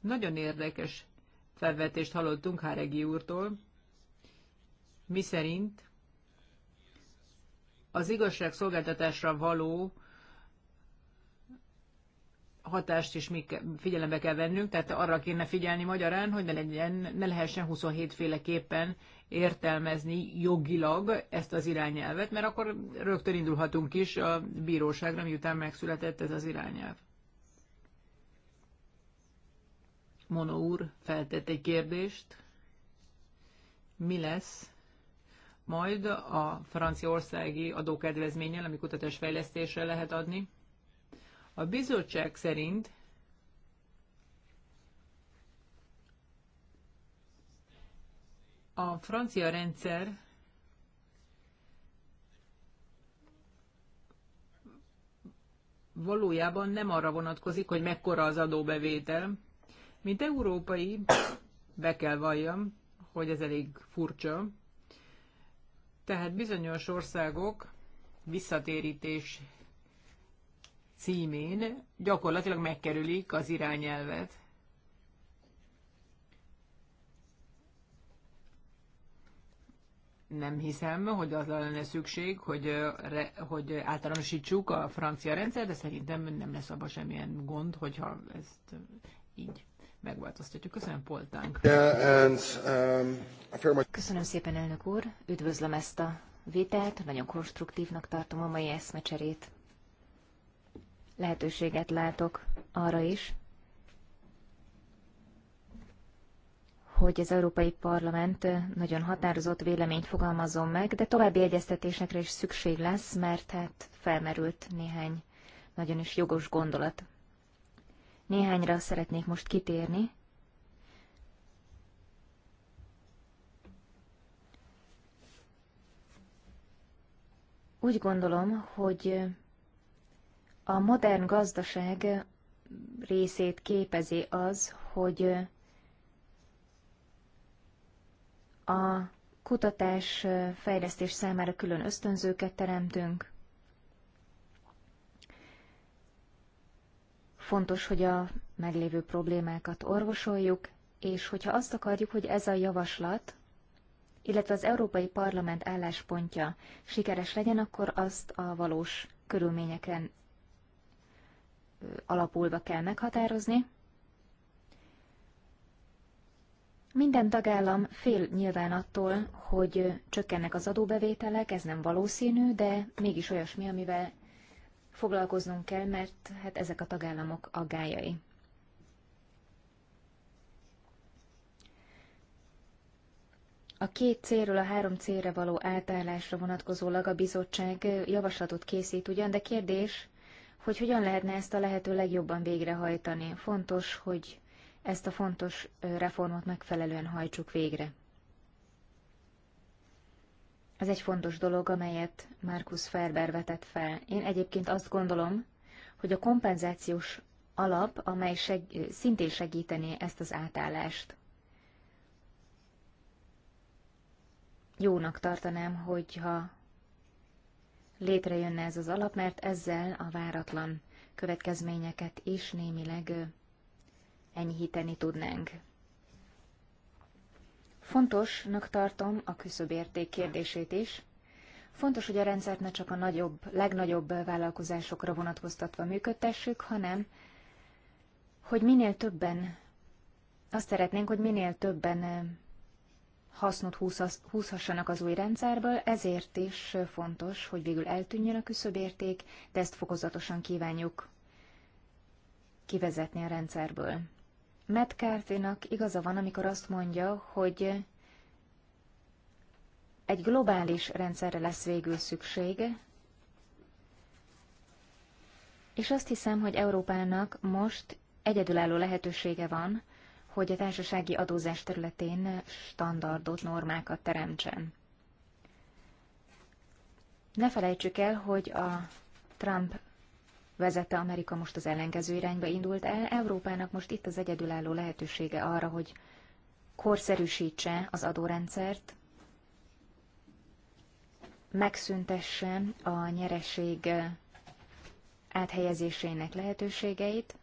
Nagyon érdekes felvetést hallottunk Háregi úrtól, mi szerint az igazságszolgáltatásra való hatást is mi figyelembe kell vennünk, tehát arra kéne figyelni magyarán, hogy ne, legyen, ne lehessen 27 féleképpen értelmezni jogilag ezt az irányelvet, mert akkor rögtön indulhatunk is a bíróságra, miután megszületett ez az irányelv. Mono úr feltett egy kérdést. Mi lesz majd a franciaországi adókedvezménnyel, ami kutatásfejlesztésre lehet adni? A bizottság szerint a francia rendszer valójában nem arra vonatkozik, hogy mekkora az adóbevétel. Mint európai, be kell valljam, hogy ez elég furcsa. Tehát bizonyos országok visszatérítés címén gyakorlatilag megkerülik az irányelvet. Nem hiszem, hogy az lenne szükség, hogy, hogy általánosítsuk a francia rendszer, de szerintem nem lesz abban semmilyen gond, hogyha ezt így megváltoztatjuk. Köszönöm, Poltánk. Um, Köszönöm szépen, elnök úr. Üdvözlöm ezt a vételt, nagyon konstruktívnak tartom a mai eszmecserét lehetőséget látok arra is, hogy az Európai Parlament nagyon határozott véleményt fogalmazzon meg, de további egyeztetésekre is szükség lesz, mert hát felmerült néhány nagyon is jogos gondolat. Néhányra szeretnék most kitérni. Úgy gondolom, hogy a modern gazdaság részét képezi az, hogy a kutatás fejlesztés számára külön ösztönzőket teremtünk. Fontos, hogy a meglévő problémákat orvosoljuk, és hogyha azt akarjuk, hogy ez a javaslat, illetve az Európai Parlament álláspontja sikeres legyen, akkor azt a valós körülményeken alapulva kell meghatározni. Minden tagállam fél nyilván attól, hogy csökkennek az adóbevételek, ez nem valószínű, de mégis olyasmi, amivel foglalkoznunk kell, mert hát ezek a tagállamok aggájai. A két célról a három célra való átállásra vonatkozólag a bizottság javaslatot készít ugyan, de kérdés, hogy hogyan lehetne ezt a lehető legjobban végrehajtani. Fontos, hogy ezt a fontos reformot megfelelően hajtsuk végre. Ez egy fontos dolog, amelyet Markus Ferber vetett fel. Én egyébként azt gondolom, hogy a kompenzációs alap, amely seg- szintén segítené ezt az átállást. Jónak tartanám, hogyha létrejönne ez az alap, mert ezzel a váratlan következményeket is némileg enyhíteni tudnánk. Fontosnak tartom a küszöbérték kérdését is. Fontos, hogy a rendszert ne csak a nagyobb, legnagyobb vállalkozásokra vonatkoztatva működtessük, hanem hogy minél többen, azt szeretnénk, hogy minél többen hasznot húzhassanak az új rendszerből, ezért is fontos, hogy végül eltűnjön a küszöbérték, de ezt fokozatosan kívánjuk kivezetni a rendszerből. Matt carthy igaza van, amikor azt mondja, hogy egy globális rendszerre lesz végül szüksége, és azt hiszem, hogy Európának most egyedülálló lehetősége van, hogy a társasági adózás területén standardot, normákat teremtsen. Ne felejtsük el, hogy a Trump vezette Amerika most az ellenkező irányba indult el. Európának most itt az egyedülálló lehetősége arra, hogy korszerűsítse az adórendszert, megszüntesse a nyereség áthelyezésének lehetőségeit,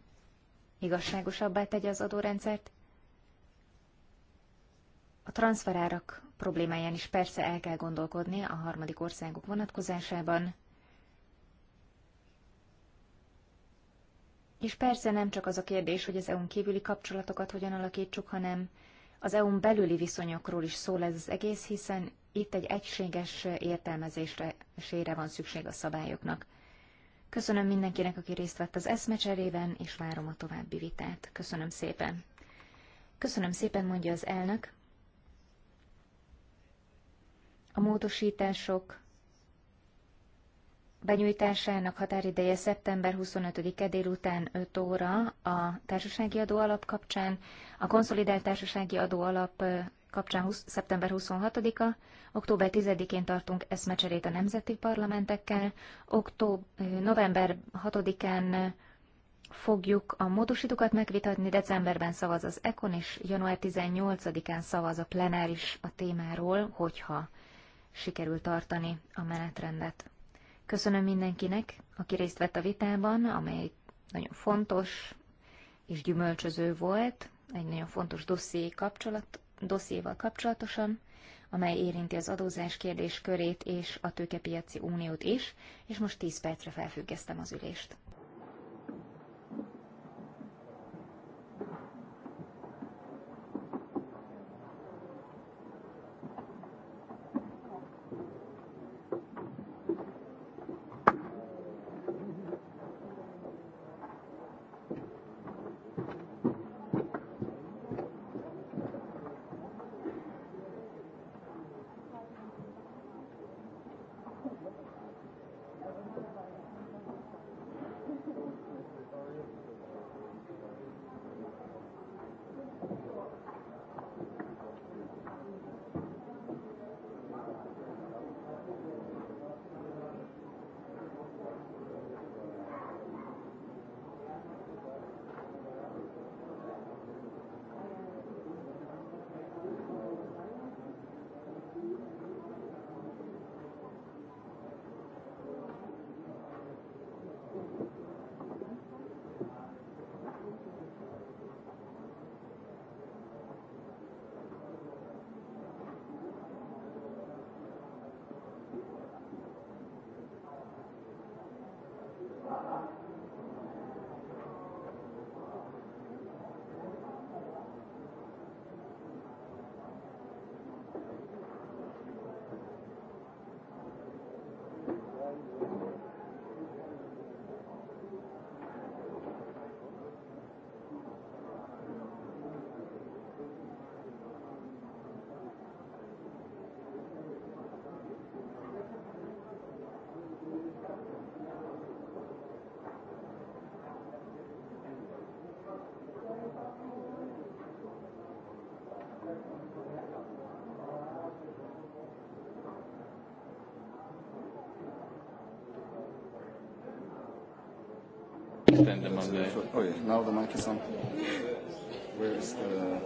igazságosabbá tegye az adórendszert, a transferárak problémáján is persze el kell gondolkodni a harmadik országok vonatkozásában, És persze nem csak az a kérdés, hogy az EU-n kívüli kapcsolatokat hogyan alakítsuk, hanem az EU-n belüli viszonyokról is szól ez az egész, hiszen itt egy egységes értelmezésre van szükség a szabályoknak. Köszönöm mindenkinek, aki részt vett az eszmecserében, és várom a további vitát. Köszönöm szépen. Köszönöm szépen, mondja az elnök. A módosítások benyújtásának határideje szeptember 25-e délután 5 óra a társasági adóalap kapcsán, a konszolidált társasági adóalap kapcsán 20, szeptember 26-a, október 10-én tartunk eszmecserét a nemzeti parlamentekkel, október, november 6-án fogjuk a módosítókat megvitatni, decemberben szavaz az ECON, és január 18-án szavaz a plenáris a témáról, hogyha sikerül tartani a menetrendet. Köszönöm mindenkinek, aki részt vett a vitában, amely nagyon fontos és gyümölcsöző volt, egy nagyon fontos dosszié kapcsolat, dossziéval kapcsolatosan, amely érinti az adózás kérdéskörét és a tőkepiaci uniót is, és most 10 percre felfüggesztem az ülést. extend them on the... Oh yeah, now the mic is on. Where is the...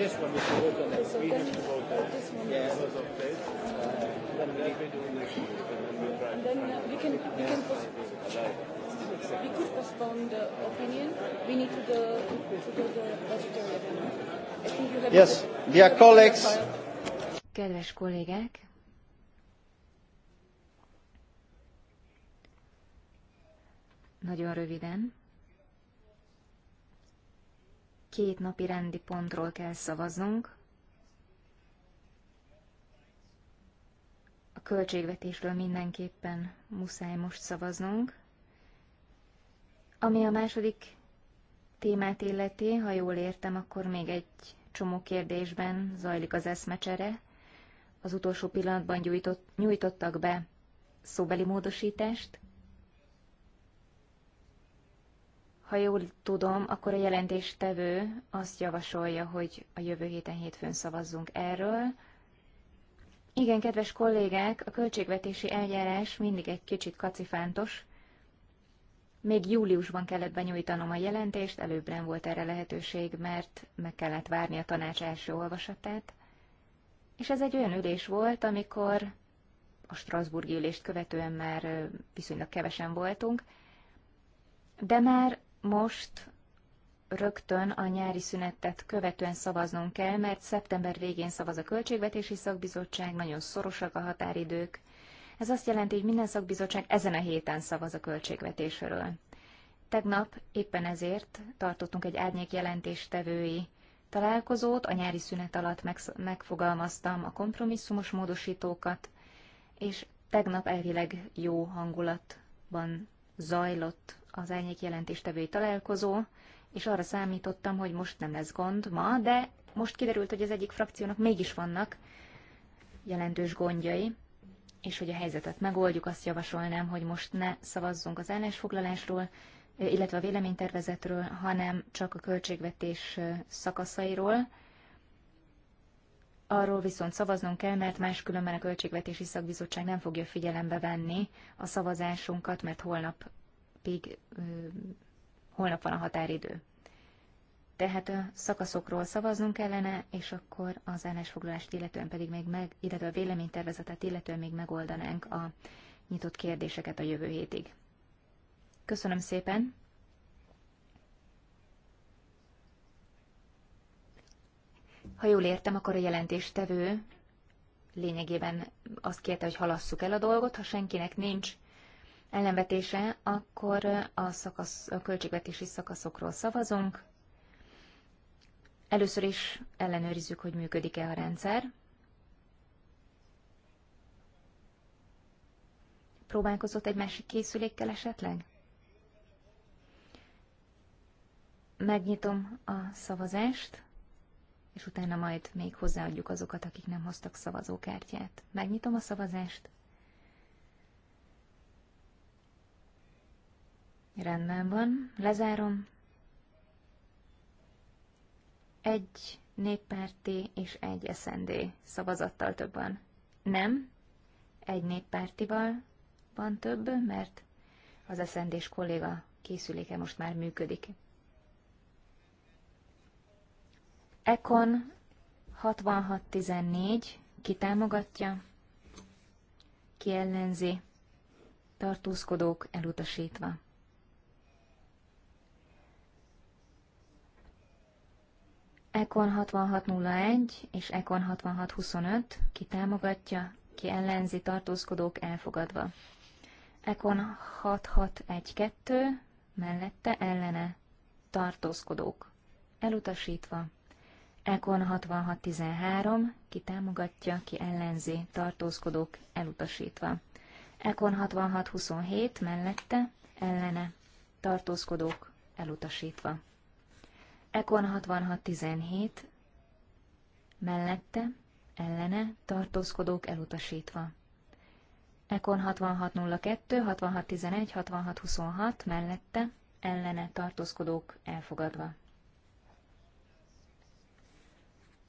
this one is can vote on We have to vote on it. Yeah. Uh, next and then And then we can we can postpone. We could postpone the opinion. We need to the to the, the budgetary Yes, dear colleagues. Kedves kollégák, nagyon röviden két napi rendi pontról kell szavaznunk. A költségvetésről mindenképpen muszáj most szavaznunk. Ami a második témát illeti, ha jól értem, akkor még egy csomó kérdésben zajlik az eszmecsere. Az utolsó pillanatban gyújtott, nyújtottak be szóbeli módosítást, Ha jól tudom, akkor a jelentéstevő azt javasolja, hogy a jövő héten hétfőn szavazzunk erről. Igen, kedves kollégák, a költségvetési eljárás mindig egy kicsit kacifántos. Még júliusban kellett benyújtanom a jelentést, előbb nem volt erre lehetőség, mert meg kellett várni a tanács első olvasatát. És ez egy olyan ülés volt, amikor a Strasburgi ülést követően már viszonylag kevesen voltunk, de már most rögtön a nyári szünetet követően szavaznunk kell, mert szeptember végén szavaz a Költségvetési Szakbizottság, nagyon szorosak a határidők. Ez azt jelenti, hogy minden szakbizottság ezen a héten szavaz a költségvetésről. Tegnap éppen ezért tartottunk egy árnyék jelentéstevői találkozót, a nyári szünet alatt megfogalmaztam a kompromisszumos módosítókat, és tegnap elvileg jó hangulatban zajlott az elnyék jelentéstevői találkozó, és arra számítottam, hogy most nem lesz gond ma, de most kiderült, hogy az egyik frakciónak mégis vannak jelentős gondjai, és hogy a helyzetet megoldjuk, azt javasolnám, hogy most ne szavazzunk az ellensfoglalásról, illetve a véleménytervezetről, hanem csak a költségvetés szakaszairól. Arról viszont szavaznunk kell, mert máskülönben a Költségvetési Szakbizottság nem fogja figyelembe venni a szavazásunkat, mert holnap holnapig, holnap van a határidő. Tehát a szakaszokról szavaznunk kellene, és akkor az állásfoglalást illetően pedig még meg, illetve a véleménytervezetet illetően még megoldanánk a nyitott kérdéseket a jövő hétig. Köszönöm szépen! Ha jól értem, akkor a jelentéstevő lényegében azt kérte, hogy halasszuk el a dolgot, ha senkinek nincs ellenvetése, akkor a, szakasz, a költségvetési szakaszokról szavazunk. Először is ellenőrizzük, hogy működik-e a rendszer. Próbálkozott egy másik készülékkel esetleg? Megnyitom a szavazást, és utána majd még hozzáadjuk azokat, akik nem hoztak szavazókártyát. Megnyitom a szavazást. Rendben van, lezárom. Egy néppárti és egy SND szavazattal több van. Nem, egy néppártival van több, mert az snd kolléga készüléke most már működik. Ekon 6614 kitámogatja, kiellenzi, tartózkodók elutasítva. Ekon 6601 és Ekon 6625, ki támogatja, ki ellenzi tartózkodók elfogadva. Ekon 6612, mellette ellene tartózkodók elutasítva. Ekon 6613, ki támogatja, ki ellenzi tartózkodók elutasítva. Ekon 6627, mellette ellene tartózkodók elutasítva. Ekon 6617 mellette, ellene, tartózkodók elutasítva. Ekon 6602, 6611, 6626 mellette, ellene, tartózkodók elfogadva.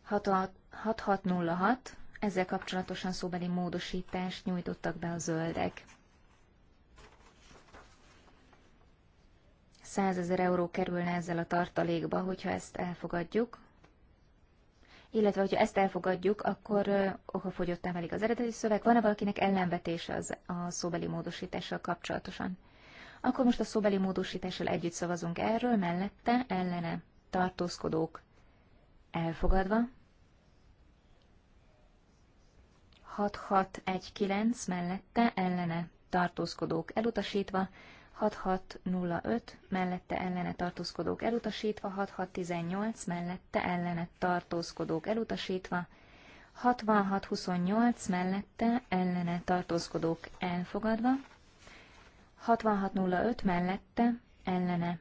6606, ezzel kapcsolatosan szóbeli módosítást nyújtottak be a zöldek. 100 ezer euró kerülne ezzel a tartalékba, hogyha ezt elfogadjuk. Illetve, hogyha ezt elfogadjuk, akkor fogyott emelik az eredeti szöveg. Van-e valakinek ellenvetése az, a szóbeli módosítással kapcsolatosan? Akkor most a szóbeli módosítással együtt szavazunk erről, mellette, ellene, tartózkodók elfogadva. 6619 mellette, ellene, tartózkodók elutasítva, 6605 mellette ellene tartózkodók elutasítva, 6618 mellette ellene tartózkodók elutasítva, 6628 mellette ellene tartózkodók elfogadva, 6605 mellette ellene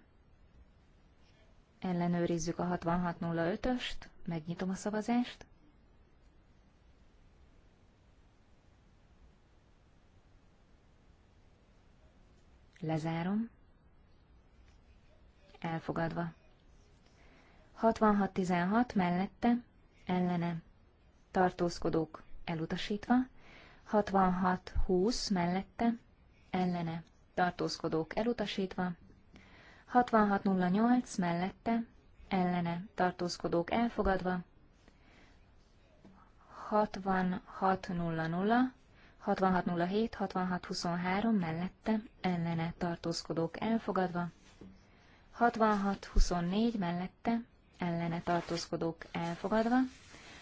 ellenőrizzük a 6605-öst, megnyitom a szavazást, Lezárom. Elfogadva. 6616 mellette, ellene. Tartózkodók elutasítva. 6620 mellette, ellene. Tartózkodók elutasítva. 6608 mellette, ellene. Tartózkodók elfogadva. 6600 6607, 6623 mellette, ellene tartózkodók elfogadva, 6624 mellette, ellene tartózkodók elfogadva,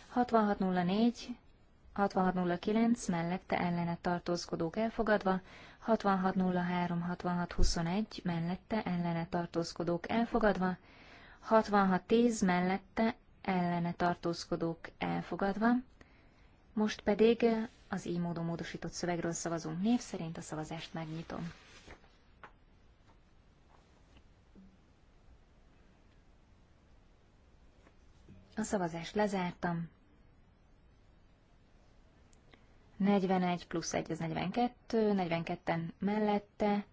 6604, 6609 mellette ellene tartózkodók elfogadva, 6603, 6621 mellette ellene tartózkodók elfogadva, 6610 mellette ellene tartózkodók elfogadva, most pedig az így módon módosított szövegről szavazunk név szerint, a szavazást megnyitom. A szavazást lezártam. 41 plusz 1, az 42, 42-en mellette,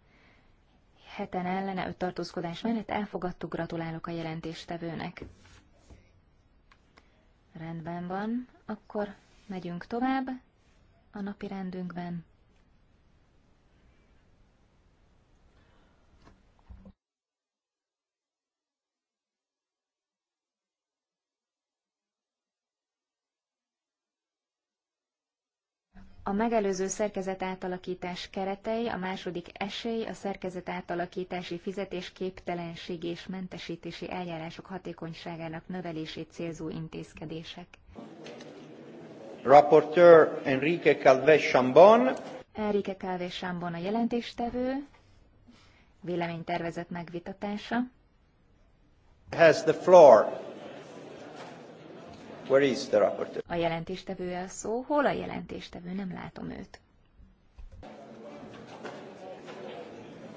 heten ellene, öt tartózkodás mellett elfogadtuk, gratulálok a jelentéstevőnek. Rendben van, akkor Megyünk tovább a napi rendünkben. A megelőző szerkezet átalakítás keretei, a második esély, a szerkezet átalakítási fizetés képtelenség és mentesítési eljárások hatékonyságának növelését célzó intézkedések. Rapporteur Enrique Calves Chambon. Enrique Calves Chambon a jelentéstevő. Véleménytervezet megvitatása. Has the floor. Where is the rapporteur? A jelentéstevő a szó. Hol a jelentéstevő? Nem látom őt.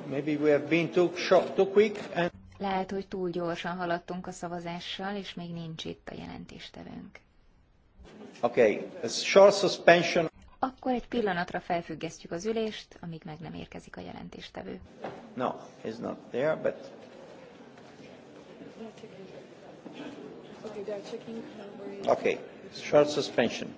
Maybe we have been too, short, too quick and... Lehet, hogy túl gyorsan haladtunk a szavazással, és még nincs itt a jelentéstevőnk. Okay, a short suspension. Akkor egy pillanatra felfüggesztjük az ülést, amíg meg nem érkezik a jelentéstevő. No, he's not there, but... Okay, short suspension.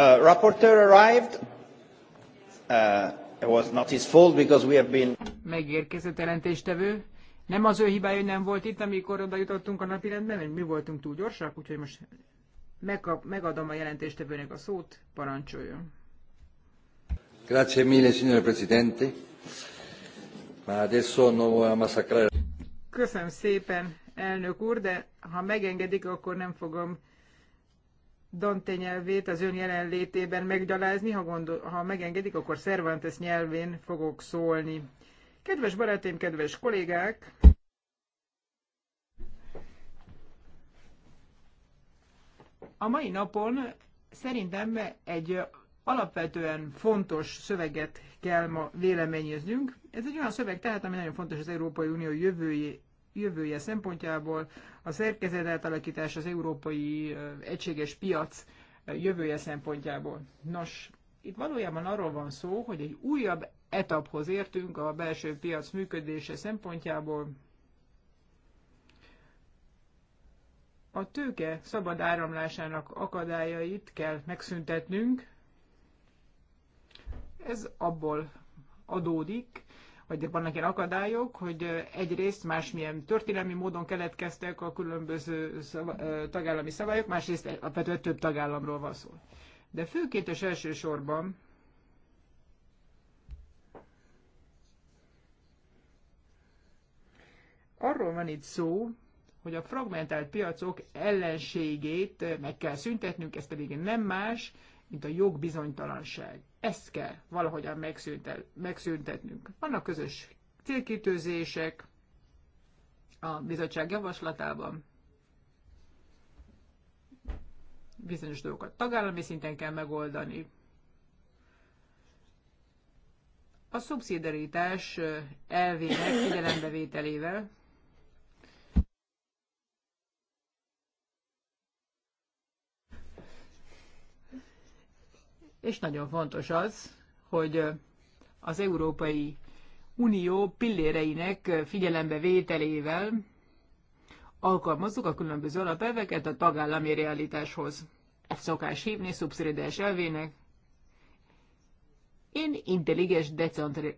Uh, rapporteur arrived. Uh, it was not his fault because we have been... Megérkezett jelentéstevő. Nem az ő hibája, hogy nem volt itt, amikor oda jutottunk a napirendben, mert mi voltunk túl gyorsak, úgyhogy most megkap, megadom a jelentéstevőnek a szót, parancsoljon. Grazie mille, signor Presidente. Ma adesso non voglio massacrare... Köszönöm szépen, elnök úr, de ha megengedik, akkor nem fogom Dante nyelvét az ön jelenlétében meggyalázni, ha, gondol, ha megengedik, akkor Cervantes nyelvén fogok szólni. Kedves barátaim, kedves kollégák! A mai napon szerintem egy alapvetően fontos szöveget kell ma véleményeznünk. Ez egy olyan szöveg tehát, ami nagyon fontos az Európai Unió jövői, jövője szempontjából, a szerkezet átalakítás az európai egységes piac jövője szempontjából. Nos, itt valójában arról van szó, hogy egy újabb etaphoz értünk a belső piac működése szempontjából. A tőke szabad áramlásának akadályait kell megszüntetnünk. Ez abból adódik, vagy vannak ilyen akadályok, hogy egyrészt másmilyen történelmi módon keletkeztek a különböző szava, tagállami szabályok, másrészt a több tagállamról van szó. De főként és elsősorban arról van itt szó, hogy a fragmentált piacok ellenségét meg kell szüntetnünk, ez pedig nem más, mint a jogbizonytalanság. Ezt kell valahogyan megszüntetnünk. Vannak közös célkítőzések a bizottság javaslatában, bizonyos dolgokat tagállami szinten kell megoldani. A szubszidaritás elvének figyelembevételével és nagyon fontos az, hogy az Európai Unió pilléreinek figyelembe vételével alkalmazzuk a különböző alapelveket a tagállami realitáshoz. Ezt szokás hívni szubszidiás elvének. Én intelligens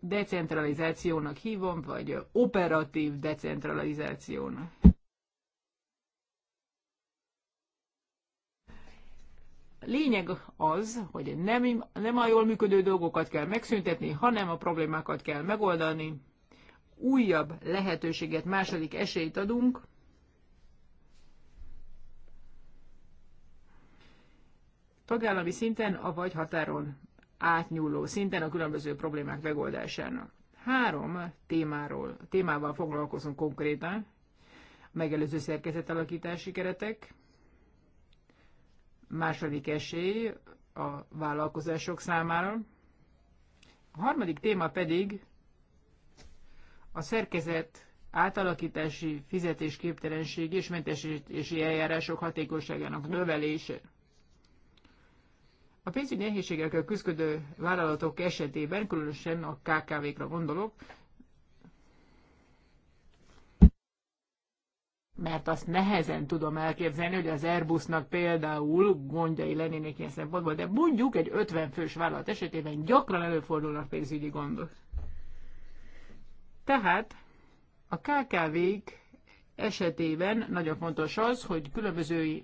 decentralizációnak hívom, vagy operatív decentralizációnak. lényeg az, hogy nem, nem a jól működő dolgokat kell megszüntetni, hanem a problémákat kell megoldani. Újabb lehetőséget, második esélyt adunk. Tagállami szinten, vagy határon átnyúló szinten a különböző problémák megoldásának. Három témáról, témával foglalkozunk konkrétan. megelőző szerkezetalakítási keretek, második esély a vállalkozások számára. A harmadik téma pedig a szerkezet átalakítási fizetésképtelenség és mentesítési eljárások hatékonyságának növelése. A pénzügyi nehézségekkel küzdő vállalatok esetében, különösen a KKV-kra gondolok, mert azt nehezen tudom elképzelni, hogy az Airbusnak például gondjai lennének ilyen szempontból, de mondjuk egy 50 fős vállalat esetében gyakran előfordulnak pénzügyi gondok. Tehát a KKV-k esetében nagyon fontos az, hogy különböző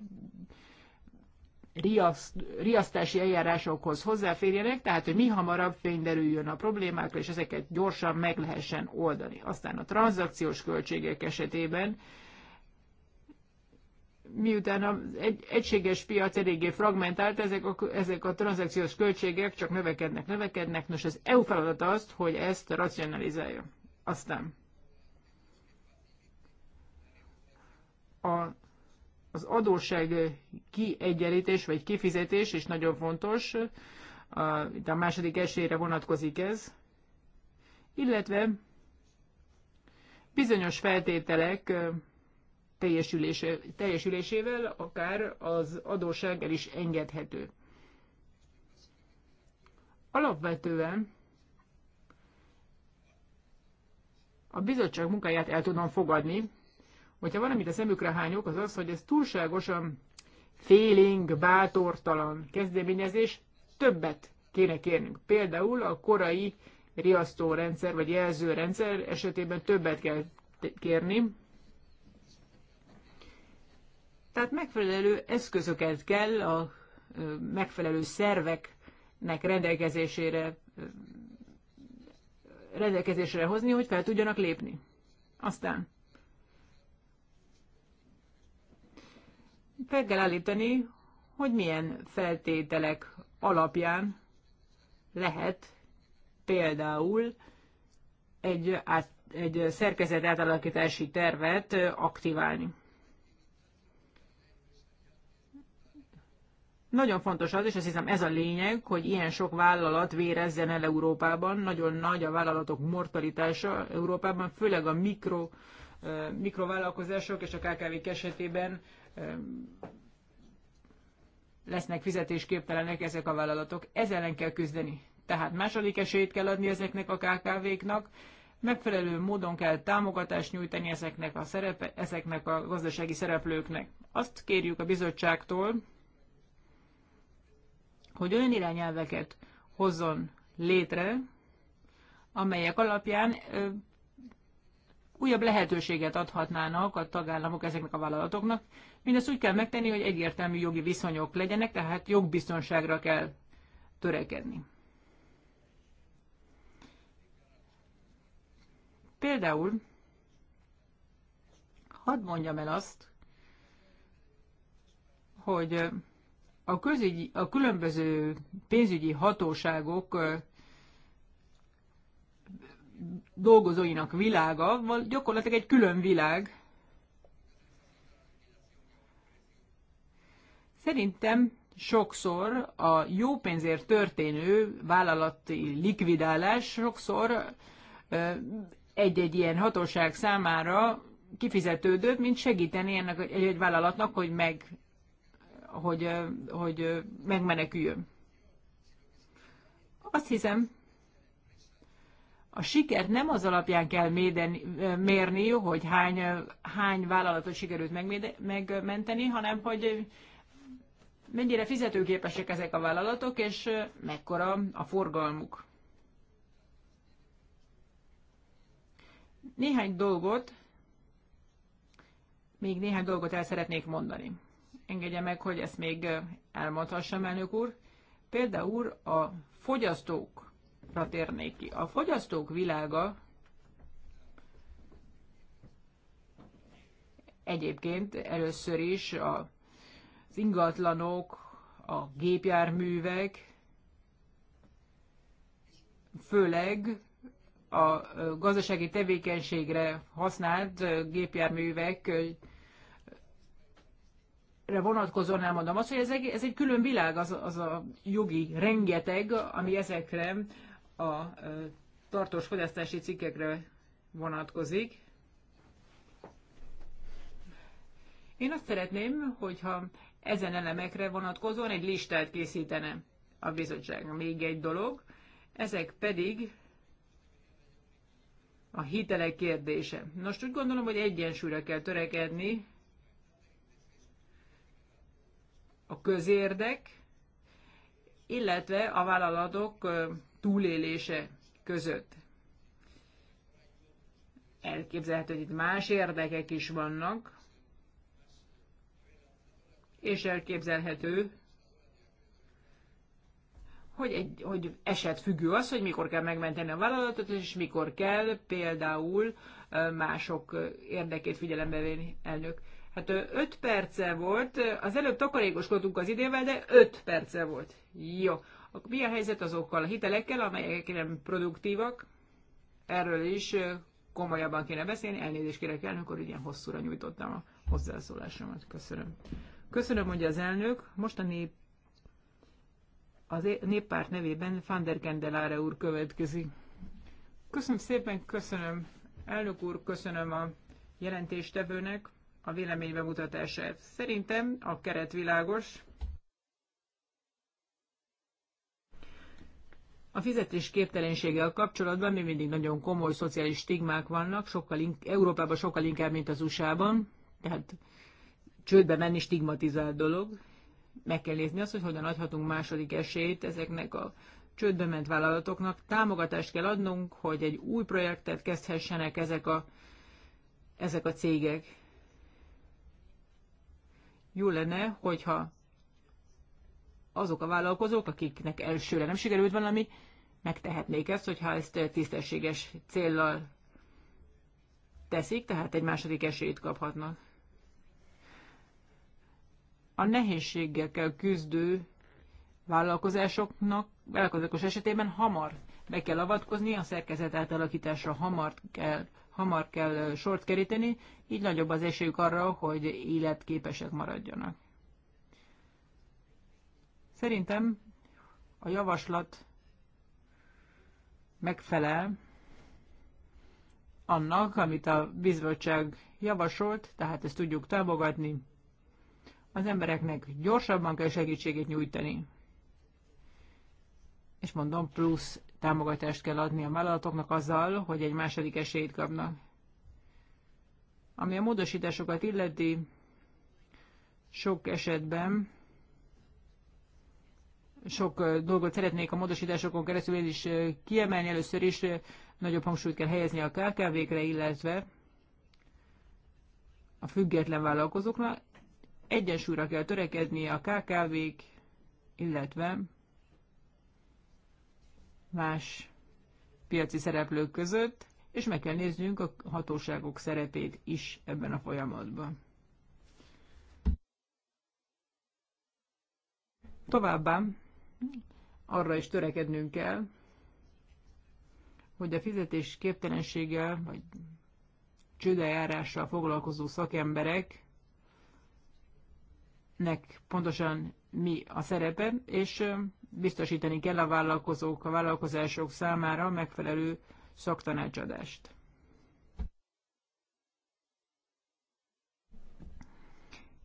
riaszt, riasztási eljárásokhoz hozzáférjenek, tehát hogy mi hamarabb fényderüljön a problémákra, és ezeket gyorsan meg lehessen oldani. Aztán a tranzakciós költségek esetében miután az egy, egységes piac eléggé fragmentált, ezek a, ezek a tranzakciós költségek csak növekednek, növekednek. Nos, az EU feladata azt, hogy ezt racionalizálja. Aztán a, az adósság kiegyenlítés vagy kifizetés is nagyon fontos. A, itt a második esélyre vonatkozik ez. Illetve bizonyos feltételek teljesülésével akár az adósság el is engedhető. Alapvetően a bizottság munkáját el tudom fogadni, hogyha valamit a szemükre hányok, az az, hogy ez túlságosan féling, bátortalan kezdeményezés, többet kéne kérnünk. Például a korai riasztórendszer vagy jelzőrendszer esetében többet kell kérni, tehát megfelelő eszközöket kell a megfelelő szerveknek rendelkezésére, rendelkezésre hozni, hogy fel tudjanak lépni. Aztán fel kell állítani, hogy milyen feltételek alapján lehet például egy, át, egy szerkezet átalakítási tervet aktiválni. Nagyon fontos az, és azt hiszem ez a lényeg, hogy ilyen sok vállalat vérezzen el Európában. Nagyon nagy a vállalatok mortalitása Európában, főleg a mikro, mikrovállalkozások és a KKV-k esetében lesznek fizetésképtelenek ezek a vállalatok. Ez ellen kell küzdeni. Tehát második esélyt kell adni ezeknek a KKV-knak, megfelelő módon kell támogatást nyújtani ezeknek a, szerepe, ezeknek a gazdasági szereplőknek. Azt kérjük a bizottságtól, hogy olyan irányelveket hozzon létre, amelyek alapján ö, újabb lehetőséget adhatnának a tagállamok ezeknek a vállalatoknak. Mindezt úgy kell megtenni, hogy egyértelmű jogi viszonyok legyenek, tehát jogbiztonságra kell törekedni. Például, hadd mondjam el azt, hogy a, közügyi, a különböző pénzügyi hatóságok dolgozóinak világa, gyakorlatilag egy külön világ. Szerintem sokszor a jó pénzért történő vállalati likvidálás sokszor egy-egy ilyen hatóság számára kifizetődőbb, mint segíteni ennek egy, egy vállalatnak, hogy meg hogy, hogy megmeneküljön. Azt hiszem, a sikert nem az alapján kell mérni, mérni, hogy hány, hány vállalatot sikerült megmenteni, hanem hogy mennyire fizetőképesek ezek a vállalatok, és mekkora a forgalmuk. Néhány dolgot, még néhány dolgot el szeretnék mondani engedje meg, hogy ezt még elmondhassam, elnök úr. Például a fogyasztókra térnék ki. A fogyasztók világa egyébként először is a, az ingatlanok, a gépjárművek, főleg a gazdasági tevékenységre használt gépjárművek vonatkozóan elmondom azt, hogy ez egy, ez egy külön világ, az, az a jogi rengeteg, ami ezekre a tartós fogyasztási cikkekre vonatkozik. Én azt szeretném, hogyha ezen elemekre vonatkozóan egy listát készítene a bizottság. Még egy dolog, ezek pedig a hitelek kérdése. Most úgy gondolom, hogy egyensúlyra kell törekedni a közérdek, illetve a vállalatok túlélése között. Elképzelhető, hogy itt más érdekek is vannak, és elképzelhető, hogy, egy, hogy eset függő az, hogy mikor kell megmenteni a vállalatot, és mikor kell például mások érdekét figyelembe venni elnök. Hát 5 perce volt, az előbb takarékoskodtunk az idővel, de 5 perce volt. Jó. Mi a helyzet azokkal a hitelekkel, amelyek nem produktívak? Erről is komolyabban kéne beszélni. Elnézést kérek el, amikor ilyen hosszúra nyújtottam a hozzászólásomat. Köszönöm. Köszönöm, hogy az elnök. Most a nép az néppárt nevében Van der úr következik. Köszönöm szépen, köszönöm elnök úr, köszönöm a jelentéstevőnek a véleménybe bemutatását. Szerintem a keret világos. A fizetés képtelenséggel kapcsolatban még mindig nagyon komoly szociális stigmák vannak, sokkal in- Európában sokkal inkább, mint az USA-ban, tehát csődbe menni stigmatizált dolog. Meg kell nézni azt, hogy hogyan adhatunk második esélyt ezeknek a csődbe ment vállalatoknak. Támogatást kell adnunk, hogy egy új projektet kezdhessenek ezek a, ezek a cégek jó lenne, hogyha azok a vállalkozók, akiknek elsőre nem sikerült valami, megtehetnék ezt, hogyha ezt tisztességes céllal teszik, tehát egy második esélyt kaphatnak. A nehézségekkel küzdő vállalkozásoknak, vállalkozókos esetében hamar be kell avatkozni, a szerkezet átalakításra hamar kell hamar kell sort keríteni, így nagyobb az esélyük arra, hogy életképesek maradjanak. Szerintem a javaslat megfelel annak, amit a bizottság javasolt, tehát ezt tudjuk támogatni. Az embereknek gyorsabban kell segítségét nyújtani. És mondom, plusz támogatást kell adni a vállalatoknak azzal, hogy egy második esélyt kapnak. Ami a módosításokat illeti, sok esetben sok dolgot szeretnék a módosításokon keresztül én is kiemelni. Először is nagyobb hangsúlyt kell helyezni a KKV-kre, illetve a független vállalkozóknak. Egyensúlyra kell törekedni a KKV-k, illetve más piaci szereplők között, és meg kell néznünk a hatóságok szerepét is ebben a folyamatban. Továbbá arra is törekednünk kell, hogy a fizetés képtelenséggel vagy csődeljárással foglalkozó szakembereknek pontosan mi a szerepe, és biztosítani kell a vállalkozók, a vállalkozások számára megfelelő szaktanácsadást.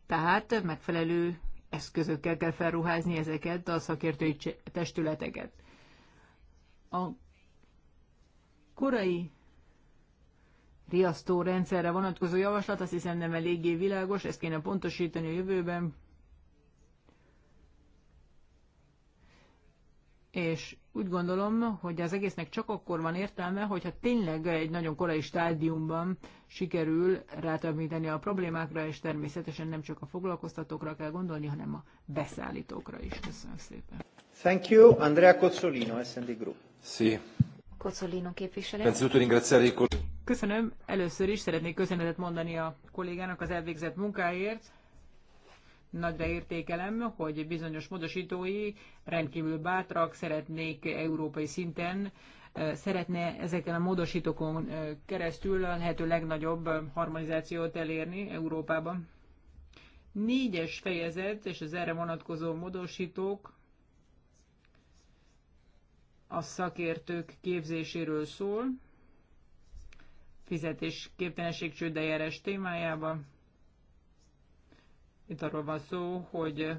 Tehát megfelelő eszközökkel kell felruházni ezeket a szakértői testületeket. A korai riasztó rendszerre vonatkozó javaslat azt hiszem nem eléggé világos, ezt kéne pontosítani a jövőben. és úgy gondolom, hogy az egésznek csak akkor van értelme, hogyha tényleg egy nagyon korai stádiumban sikerül rátöbbíteni a problémákra, és természetesen nem csak a foglalkoztatókra kell gondolni, hanem a beszállítókra is. Köszönöm szépen. Thank you, Andrea Cozzolino, S&D Group. Sí. Cozzolino képviselő. Köszönöm. Először is szeretnék köszönetet mondani a kollégának az elvégzett munkáért Nagyra értékelem, hogy bizonyos módosítói rendkívül bátrak, szeretnék európai szinten, szeretne ezeken a módosítókon keresztül a lehető legnagyobb harmonizációt elérni Európában. Négyes fejezet és az erre vonatkozó módosítók a szakértők képzéséről szól, fizetés képtelenség csődeljárás témájában. Itt arról van szó, hogy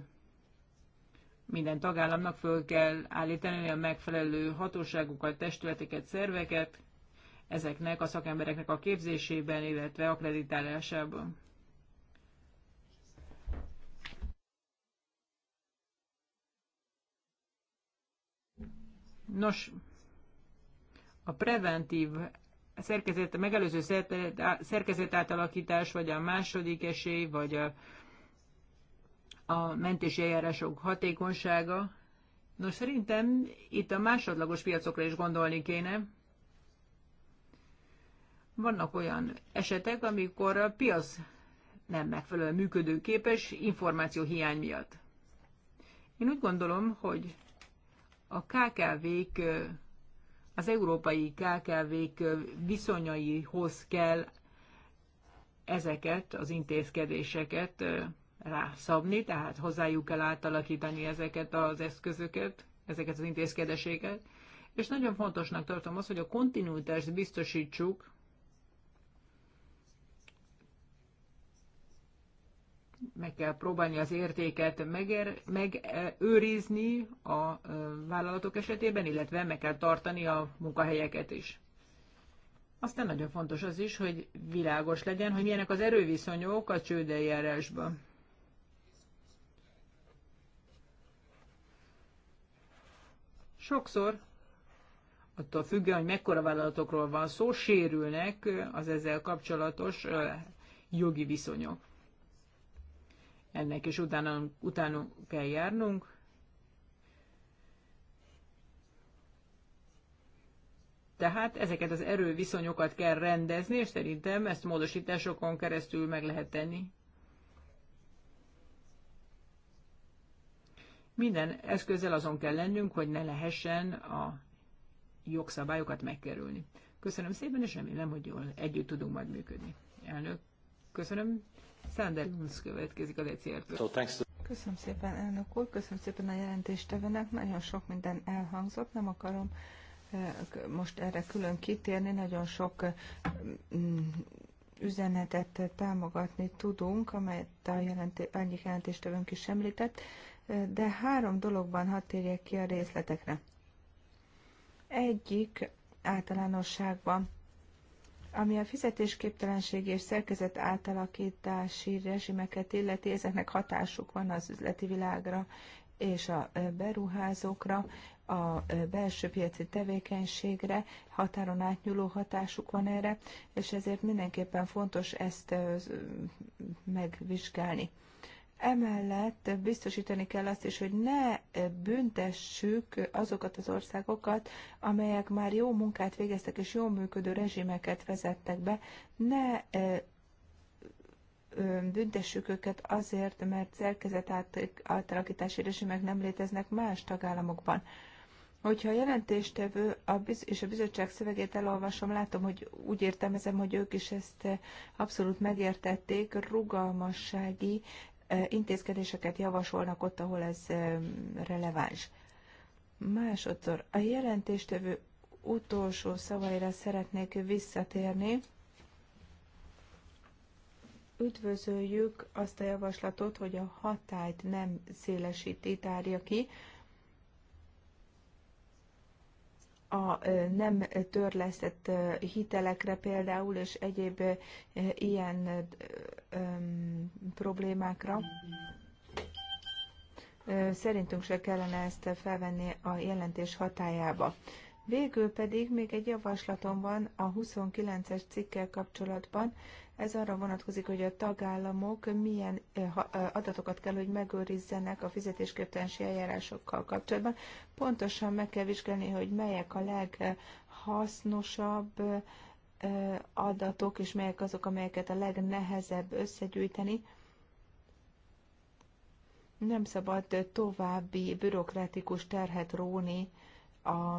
minden tagállamnak föl kell állítani a megfelelő hatóságokat, testületeket, szerveket ezeknek a szakembereknek a képzésében, illetve akreditálásában. Nos, a preventív szerkezet, a megelőző szerkezet átalakítás, vagy a második esély, vagy a a mentési eljárások hatékonysága. Nos, szerintem itt a másodlagos piacokra is gondolni kéne. Vannak olyan esetek, amikor a piac nem megfelelően működőképes információ hiány miatt. Én úgy gondolom, hogy a KKV-k, az európai KKV-k viszonyaihoz kell ezeket az intézkedéseket rászabni, tehát hozzájuk kell átalakítani ezeket az eszközöket, ezeket az intézkedéseket, és nagyon fontosnak tartom azt, hogy a kontinuitást biztosítsuk meg kell próbálni az értéket meger, megőrizni a vállalatok esetében, illetve meg kell tartani a munkahelyeket is. Aztán nagyon fontos az is, hogy világos legyen, hogy milyenek az erőviszonyok a csődeljárásban. Sokszor, attól függően, hogy mekkora vállalatokról van szó, sérülnek az ezzel kapcsolatos jogi viszonyok. Ennek is utána, utána kell járnunk. Tehát ezeket az erőviszonyokat kell rendezni, és szerintem ezt módosításokon keresztül meg lehet tenni. Minden eszközzel azon kell lennünk, hogy ne lehessen a jogszabályokat megkerülni. Köszönöm szépen, és remélem, hogy jól együtt tudunk majd működni. Elnök, köszönöm. Sander Lunds következik az ECR-től. Köszönöm szépen, elnök úr, köszönöm szépen a jelentéstevőnek. Nagyon sok minden elhangzott, nem akarom most erre külön kitérni, nagyon sok üzenetet támogatni tudunk, amelyet a jelenté, egyik jelentéstevőnk is említett, de három dologban hadd térjek ki a részletekre. Egyik általánosságban, ami a fizetésképtelenség és szerkezet átalakítási rezsimeket illeti, ezeknek hatásuk van az üzleti világra és a beruházókra, a belső piaci tevékenységre, határon átnyúló hatásuk van erre, és ezért mindenképpen fontos ezt megvizsgálni. Emellett biztosítani kell azt is, hogy ne büntessük azokat az országokat, amelyek már jó munkát végeztek és jó működő rezsimeket vezettek be, ne büntessük őket azért, mert szerkezet átalakítási rezsimek nem léteznek más tagállamokban. Hogyha a jelentéstevő a biz- és a bizottság szövegét elolvasom, látom, hogy úgy értelmezem, hogy ők is ezt abszolút megértették, rugalmassági intézkedéseket javasolnak ott, ahol ez releváns. Másodszor, a jelentéstevő utolsó szavaira szeretnék visszatérni. Üdvözöljük azt a javaslatot, hogy a hatályt nem szélesíti, tárja ki, a nem törlesztett hitelekre például, és egyéb ilyen problémákra. Szerintünk se kellene ezt felvenni a jelentés hatájába. Végül pedig még egy javaslatom van a 29-es cikkel kapcsolatban, ez arra vonatkozik, hogy a tagállamok milyen eh, eh, adatokat kell, hogy megőrizzenek a fizetésképtelenségi eljárásokkal kapcsolatban. Pontosan meg kell vizsgálni, hogy melyek a leghasznosabb eh, adatok, és melyek azok, amelyeket a legnehezebb összegyűjteni. Nem szabad további bürokratikus terhet róni a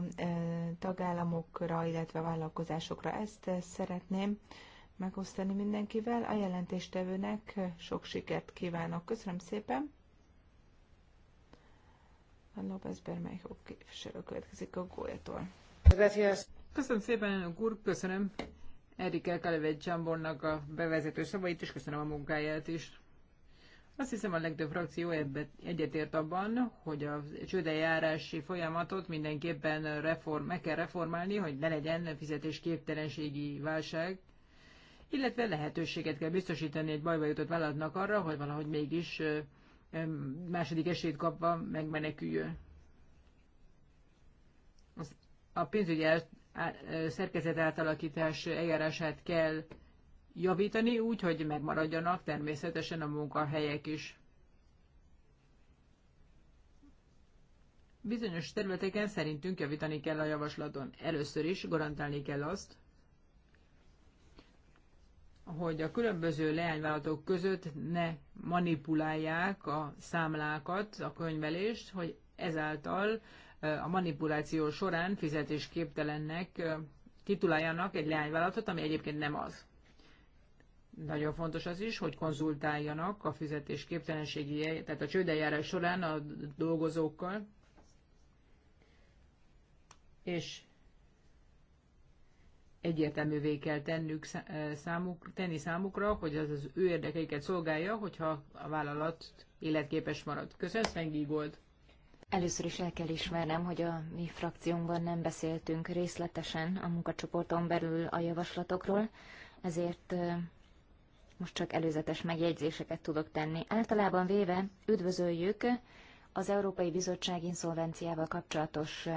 tagállamokra, illetve a vállalkozásokra. Ezt szeretném megosztani mindenkivel. A jelentéstevőnek sok sikert kívánok. Köszönöm szépen. A López Bermejo képviselő következik a Gólyától. Köszönöm szépen, elnök úr, köszönöm Erika Kalevet Csambornak a bevezető szavait, és köszönöm a munkáját is. Azt hiszem a legtöbb frakció ebben egyetért abban, hogy a csődejárási folyamatot mindenképpen reform, meg kell reformálni, hogy ne legyen fizetésképtelenségi válság, illetve lehetőséget kell biztosítani egy bajba jutott vállalatnak arra, hogy valahogy mégis második esélyt kapva megmeneküljön. A pénzügyi szerkezet átalakítás eljárását kell javítani úgy, hogy megmaradjanak természetesen a munkahelyek is. Bizonyos területeken szerintünk javítani kell a javaslaton. Először is garantálni kell azt, hogy a különböző leányvállalatok között ne manipulálják a számlákat, a könyvelést, hogy ezáltal a manipuláció során fizetésképtelennek tituláljanak egy leányvállalatot, ami egyébként nem az. Nagyon fontos az is, hogy konzultáljanak a fizetésképtelenségi, tehát a csődeljárás során a dolgozókkal, és egyértelművé kell tennük számuk, tenni számukra, hogy az az ő érdekeiket szolgálja, hogyha a vállalat életképes marad. Köszönöm, Sven Gígold! Először is el kell ismernem, hogy a mi frakciónkban nem beszéltünk részletesen a munkacsoporton belül a javaslatokról, ezért most csak előzetes megjegyzéseket tudok tenni. Általában véve üdvözöljük az Európai Bizottság inszolvenciával kapcsolatos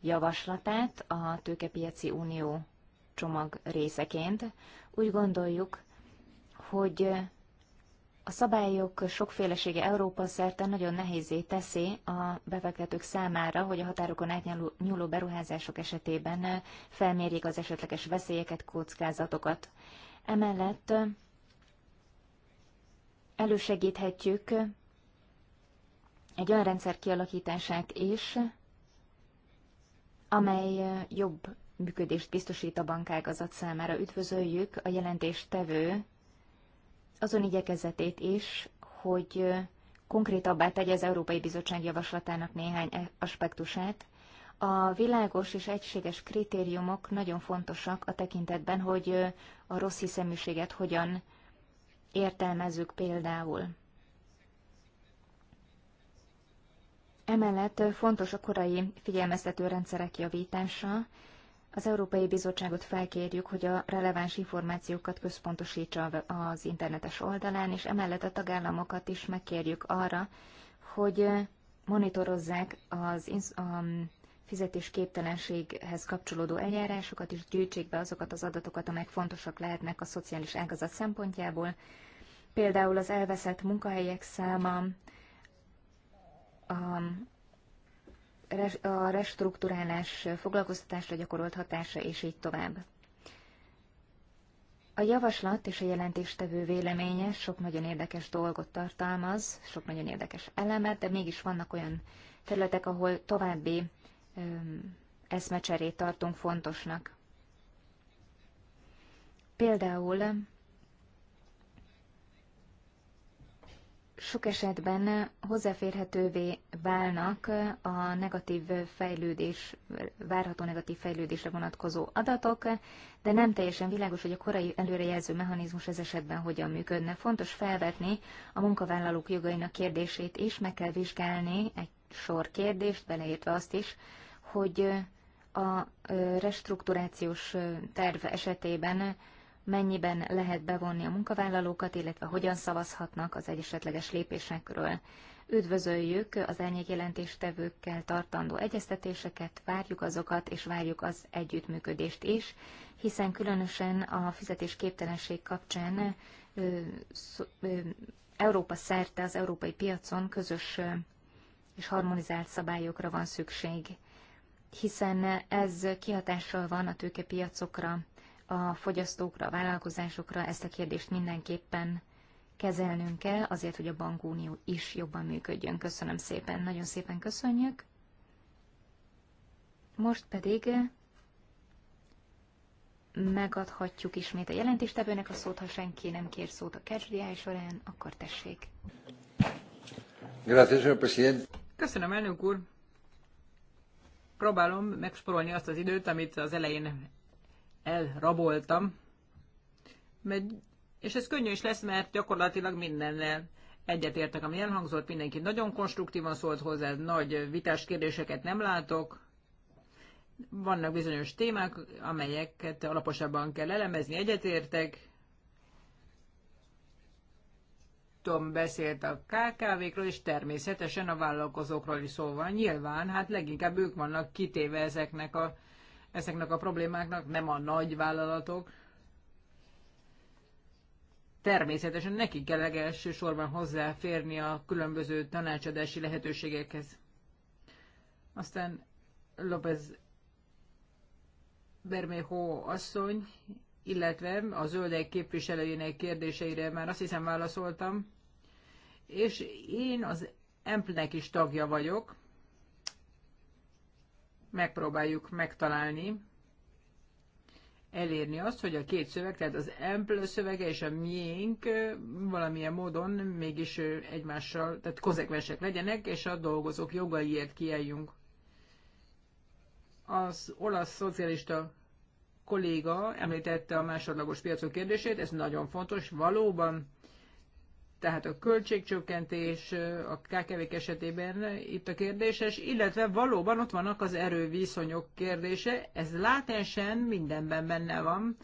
javaslatát a Tőkepiaci Unió csomag részeként. Úgy gondoljuk, hogy a szabályok sokfélesége Európa szerte nagyon nehézé teszi a befektetők számára, hogy a határokon átnyúló beruházások esetében felmérjék az esetleges veszélyeket, kockázatokat. Emellett elősegíthetjük egy olyan rendszer kialakítását is, amely jobb működést biztosít a bankágazat számára. Üdvözöljük a jelentéstevő azon igyekezetét is, hogy konkrétabbá tegye az Európai Bizottság javaslatának néhány e- aspektusát. A világos és egységes kritériumok nagyon fontosak a tekintetben, hogy a rossz hiszeműséget hogyan értelmezzük például. Emellett fontos a korai figyelmeztető rendszerek javítása, az Európai Bizottságot felkérjük, hogy a releváns információkat központosítsa az internetes oldalán, és emellett a tagállamokat is megkérjük arra, hogy monitorozzák az a fizetésképtelenséghez kapcsolódó eljárásokat, és gyűjtsék be azokat az adatokat, amelyek fontosak lehetnek a szociális ágazat szempontjából, például az elveszett munkahelyek száma, a a restruktúrálás foglalkoztatásra gyakorolt hatása, és így tovább. A javaslat és a jelentéstevő véleménye sok nagyon érdekes dolgot tartalmaz, sok nagyon érdekes elemet, de mégis vannak olyan területek, ahol további öm, eszmecserét tartunk fontosnak. Például sok esetben hozzáférhetővé válnak a negatív fejlődés, várható negatív fejlődésre vonatkozó adatok, de nem teljesen világos, hogy a korai előrejelző mechanizmus ez esetben hogyan működne. Fontos felvetni a munkavállalók jogainak kérdését is, meg kell vizsgálni egy sor kérdést, beleértve azt is, hogy a restrukturációs terv esetében mennyiben lehet bevonni a munkavállalókat, illetve hogyan szavazhatnak az esetleges lépésekről. Üdvözöljük az jelentéstevőkkel tartandó egyeztetéseket, várjuk azokat, és várjuk az együttműködést is, hiszen különösen a fizetésképtelenség kapcsán ö, szó, ö, Európa szerte az európai piacon közös és harmonizált szabályokra van szükség, hiszen ez kihatással van a tőkepiacokra, a fogyasztókra, a vállalkozásokra ezt a kérdést mindenképpen kezelnünk kell, azért, hogy a bankunió is jobban működjön. Köszönöm szépen, nagyon szépen köszönjük. Most pedig megadhatjuk ismét a jelentéstevőnek a szót, ha senki nem kér szót a KCDI során, akkor tessék. Köszönöm, elnök úr. Próbálom megsporolni azt az időt, amit az elején elraboltam, mert, és ez könnyű is lesz, mert gyakorlatilag mindennel egyetértek, ami elhangzott, mindenki nagyon konstruktívan szólt hozzá, nagy vitás kérdéseket nem látok, vannak bizonyos témák, amelyeket alaposabban kell elemezni, egyetértek. Tom beszélt a kkv król és természetesen a vállalkozókról is szó van. Nyilván, hát leginkább ők vannak kitéve ezeknek a ezeknek a problémáknak, nem a nagy vállalatok. Természetesen nekik kell elsősorban hozzáférni a különböző tanácsadási lehetőségekhez. Aztán López Bermejo asszony, illetve a zöldek képviselőjének kérdéseire már azt hiszem válaszoltam, és én az EMP-nek is tagja vagyok, megpróbáljuk megtalálni, elérni azt, hogy a két szöveg, tehát az Ample szövege és a miénk valamilyen módon mégis egymással, tehát kozekvensek legyenek, és a dolgozók jogaiért kieljünk. Az olasz szocialista kolléga említette a másodlagos piacok kérdését, ez nagyon fontos, valóban tehát a költségcsökkentés a kkv esetében itt a kérdéses, illetve valóban ott vannak az erőviszonyok kérdése, ez látensen mindenben benne van.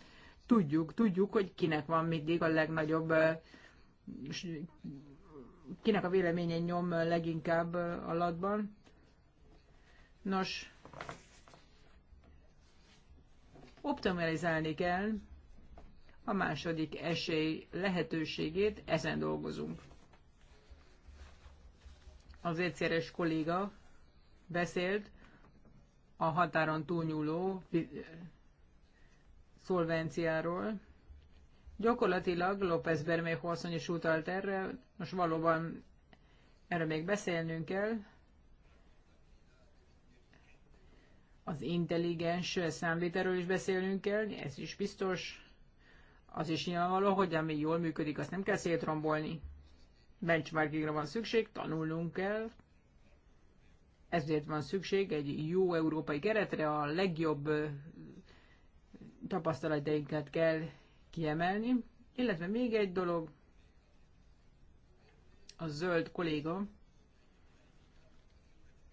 Tudjuk, tudjuk, hogy kinek van mindig a legnagyobb, kinek a véleménye nyom leginkább alatban. Nos, optimalizálni kell a második esély lehetőségét, ezen dolgozunk. Az egyszeres kolléga beszélt a határon túlnyúló szolvenciáról. Gyakorlatilag López Bermejo asszony is utalt erre, most valóban erre még beszélnünk kell. Az intelligens számvételről is beszélnünk kell, ez is biztos. Az is nyilvánvaló, hogy ami jól működik, azt nem kell szétrombolni. Benchmarkingra van szükség, tanulnunk kell, ezért van szükség egy jó európai keretre, a legjobb tapasztalatainkat kell kiemelni. Illetve még egy dolog, a zöld kolléga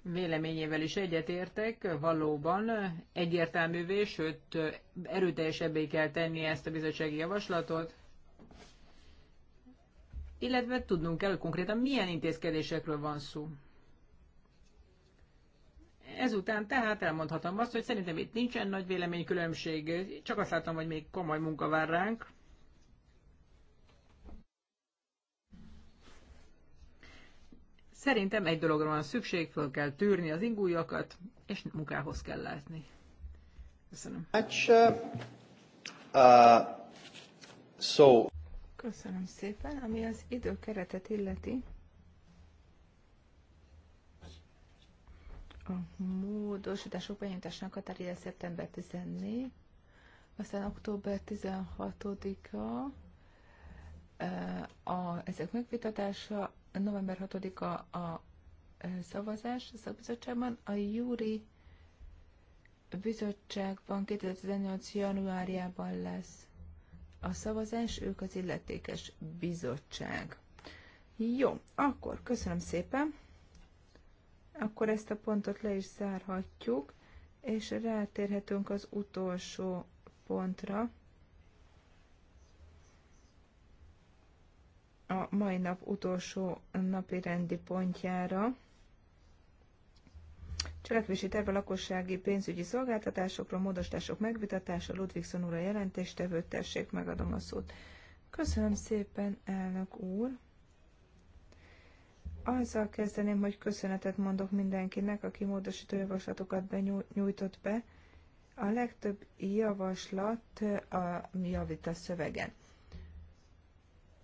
véleményével is egyetértek, valóban egyértelművé, sőt erőteljesebbé kell tenni ezt a bizottsági javaslatot, illetve tudnunk kell, hogy konkrétan milyen intézkedésekről van szó. Ezután tehát elmondhatom azt, hogy szerintem itt nincsen nagy véleménykülönbség, csak azt látom, hogy még komoly munka vár ránk. Szerintem egy dologra van szükség, föl kell tűrni az ingújakat, és munkához kell látni. Köszönöm. Uh, uh, Köszönöm szépen. Ami az időkeretet illeti, a módosítások benyújtásnak határideje szeptember 14, aztán október 16-a, uh, a, ezek megvitatása, november 6-a a szavazás szakbizottságban, a júri bizottságban 2018. januárjában lesz a szavazás, ők az illetékes bizottság. Jó, akkor köszönöm szépen. Akkor ezt a pontot le is zárhatjuk, és rátérhetünk az utolsó pontra. a mai nap utolsó napi rendi pontjára. Cselekvési terve lakossági pénzügyi szolgáltatásokról, módosítások megvitatása, Ludvigson úr a jelentéstevő, tessék, megadom a szót. Köszönöm szépen, elnök úr! Azzal kezdeném, hogy köszönetet mondok mindenkinek, aki módosító javaslatokat benyújtott be. A legtöbb javaslat a, javít a szövegen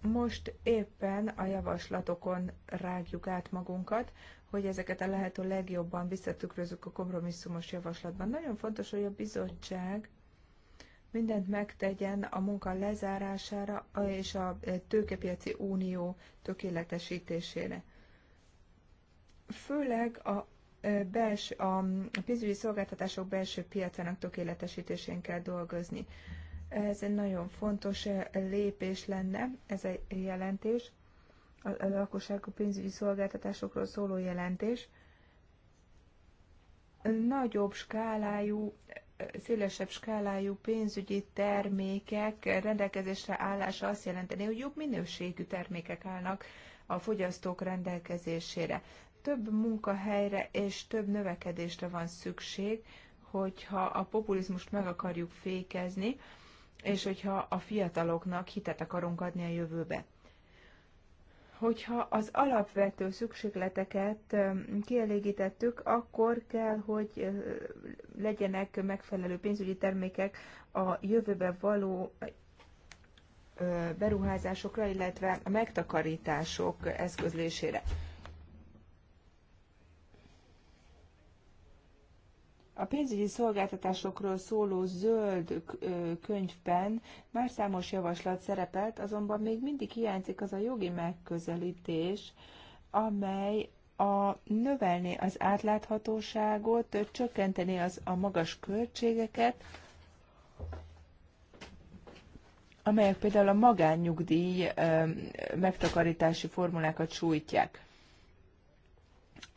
most éppen a javaslatokon rágjuk át magunkat, hogy ezeket a lehető legjobban visszatükrözzük a kompromisszumos javaslatban. Nagyon fontos, hogy a bizottság mindent megtegyen a munka lezárására és a tőkepiaci unió tökéletesítésére. Főleg a e, bels, a pénzügyi szolgáltatások belső piacának tökéletesítésén kell dolgozni. Ez egy nagyon fontos eh, lépés lenne, ez egy jelentés, a, a pénzügyi szolgáltatásokról szóló jelentés. Nagyobb skálájú, eh, szélesebb skálájú pénzügyi termékek rendelkezésre állása azt jelenteni, hogy jobb minőségű termékek állnak a fogyasztók rendelkezésére. Több munkahelyre és több növekedésre van szükség, hogyha a populizmust meg akarjuk fékezni, és hogyha a fiataloknak hitet akarunk adni a jövőbe. Hogyha az alapvető szükségleteket um, kielégítettük, akkor kell, hogy uh, legyenek megfelelő pénzügyi termékek a jövőbe való uh, beruházásokra, illetve a megtakarítások eszközlésére. A pénzügyi szolgáltatásokról szóló zöld könyvben már számos javaslat szerepelt, azonban még mindig hiányzik az a jogi megközelítés, amely a növelni az átláthatóságot, csökkenteni az a magas költségeket, amelyek például a magánnyugdíj megtakarítási formulákat sújtják.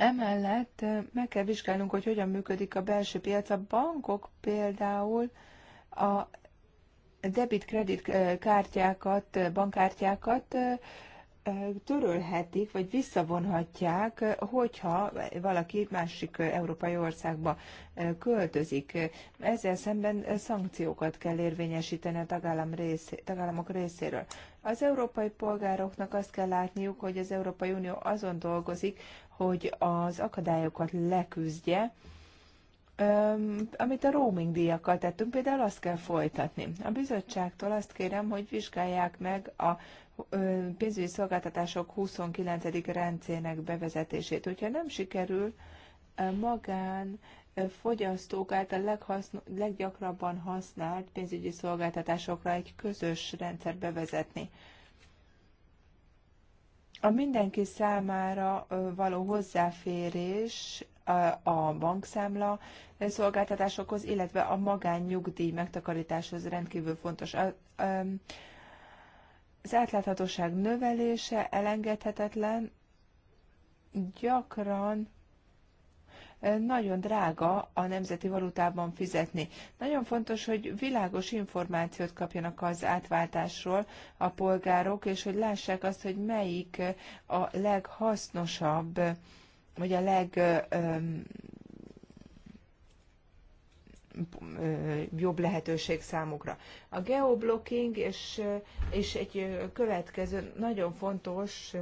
Emellett meg kell vizsgálnunk, hogy hogyan működik a belső piac. A bankok például a debit-kredit kártyákat, bankkártyákat törölhetik, vagy visszavonhatják, hogyha valaki másik európai országba költözik. Ezzel szemben szankciókat kell érvényesíteni a tagállam rész, tagállamok részéről. Az európai polgároknak azt kell látniuk, hogy az Európai Unió azon dolgozik, hogy az akadályokat leküzdje, amit a roaming díjakkal tettünk, például azt kell folytatni. A bizottságtól azt kérem, hogy vizsgálják meg a pénzügyi szolgáltatások 29. rendszének bevezetését. Hogyha nem sikerül magán fogyasztók által leggyakrabban használt pénzügyi szolgáltatásokra egy közös rendszer bevezetni. A mindenki számára való hozzáférés a bankszámla szolgáltatásokhoz, illetve a magánnyugdíj megtakarításhoz rendkívül fontos. Az átláthatóság növelése elengedhetetlen, gyakran nagyon drága a nemzeti valutában fizetni. Nagyon fontos, hogy világos információt kapjanak az átváltásról a polgárok, és hogy lássák azt, hogy melyik a leghasznosabb, vagy a leg jobb lehetőség számukra. A geoblocking és, és egy következő nagyon fontos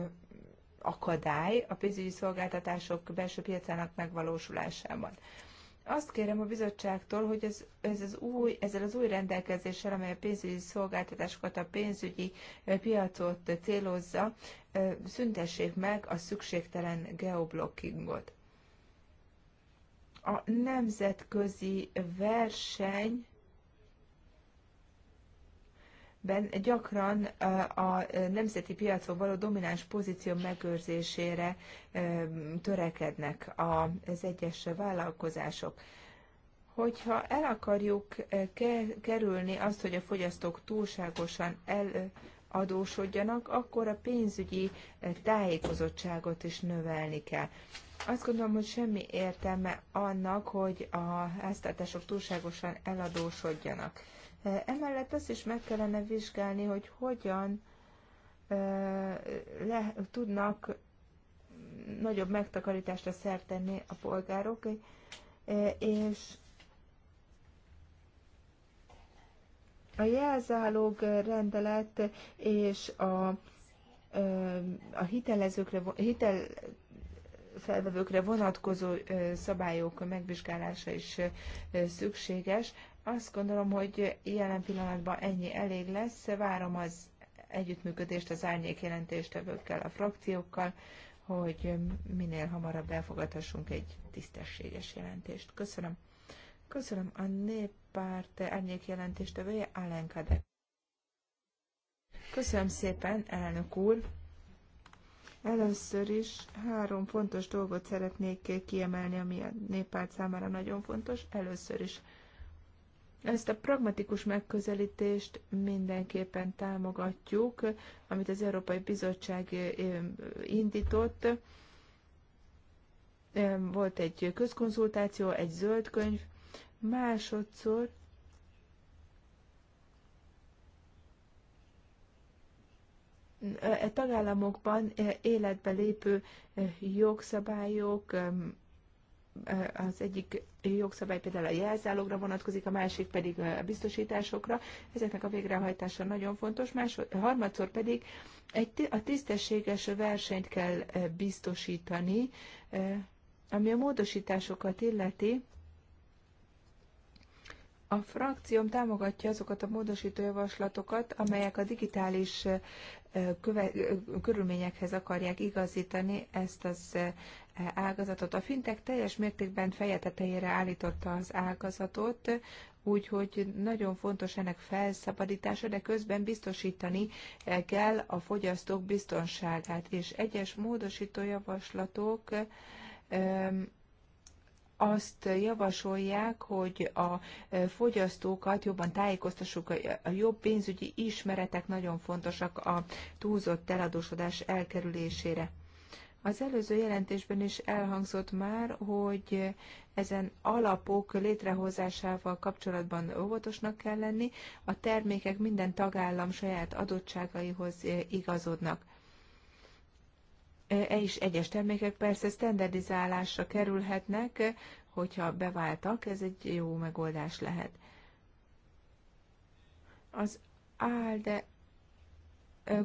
akadály a pénzügyi szolgáltatások belső piacának megvalósulásában. Azt kérem a bizottságtól, hogy ez, ez az új, ezzel az új rendelkezéssel, amely a pénzügyi szolgáltatásokat, a pénzügyi piacot célozza, szüntessék meg a szükségtelen geoblockingot. A nemzetközi verseny ben gyakran a nemzeti piacon való domináns pozíció megőrzésére törekednek az egyes vállalkozások. Hogyha el akarjuk kerülni azt, hogy a fogyasztók túlságosan el adósodjanak, akkor a pénzügyi tájékozottságot is növelni kell. Azt gondolom, hogy semmi értelme annak, hogy a háztartások túlságosan eladósodjanak Emellett azt is meg kellene vizsgálni, hogy hogyan le, tudnak nagyobb megtakarításra szert tenni a polgárok, és a jelzálog rendelet és a, a hitelezőkre, hitel felvevőkre vonatkozó szabályok megvizsgálása is szükséges. Azt gondolom, hogy jelen pillanatban ennyi elég lesz. Várom az együttműködést az árnyék jelentéstevőkkel, a frakciókkal, hogy minél hamarabb elfogadhassunk egy tisztességes jelentést. Köszönöm. Köszönöm a néppárt árnyék jelentéstevője, Alen Kadek. Köszönöm szépen, elnök úr. Először is három fontos dolgot szeretnék kiemelni, ami a néppárt számára nagyon fontos. Először is ezt a pragmatikus megközelítést mindenképpen támogatjuk, amit az Európai Bizottság indított. Volt egy közkonzultáció, egy zöld könyv, másodszor e tagállamokban életbe lépő jogszabályok az egyik jogszabály például a jelzálogra vonatkozik, a másik pedig a biztosításokra. Ezeknek a végrehajtása nagyon fontos. Másod, harmadszor pedig egy, a tisztességes versenyt kell e, biztosítani, e, ami a módosításokat illeti. A frakcióm támogatja azokat a módosító javaslatokat, amelyek a digitális e, köve, körülményekhez akarják igazítani ezt az ágazatot. A fintek teljes mértékben feje tetejére állította az ágazatot, úgyhogy nagyon fontos ennek felszabadítása, de közben biztosítani kell a fogyasztók biztonságát, és egyes módosító javaslatok azt javasolják, hogy a fogyasztókat jobban tájékoztassuk, a jobb pénzügyi ismeretek nagyon fontosak a túlzott eladósodás elkerülésére. Az előző jelentésben is elhangzott már, hogy ezen alapok létrehozásával kapcsolatban óvatosnak kell lenni, a termékek minden tagállam saját adottságaihoz igazodnak. És e egyes termékek persze standardizálásra kerülhetnek, hogyha beváltak, ez egy jó megoldás lehet. Az ALDE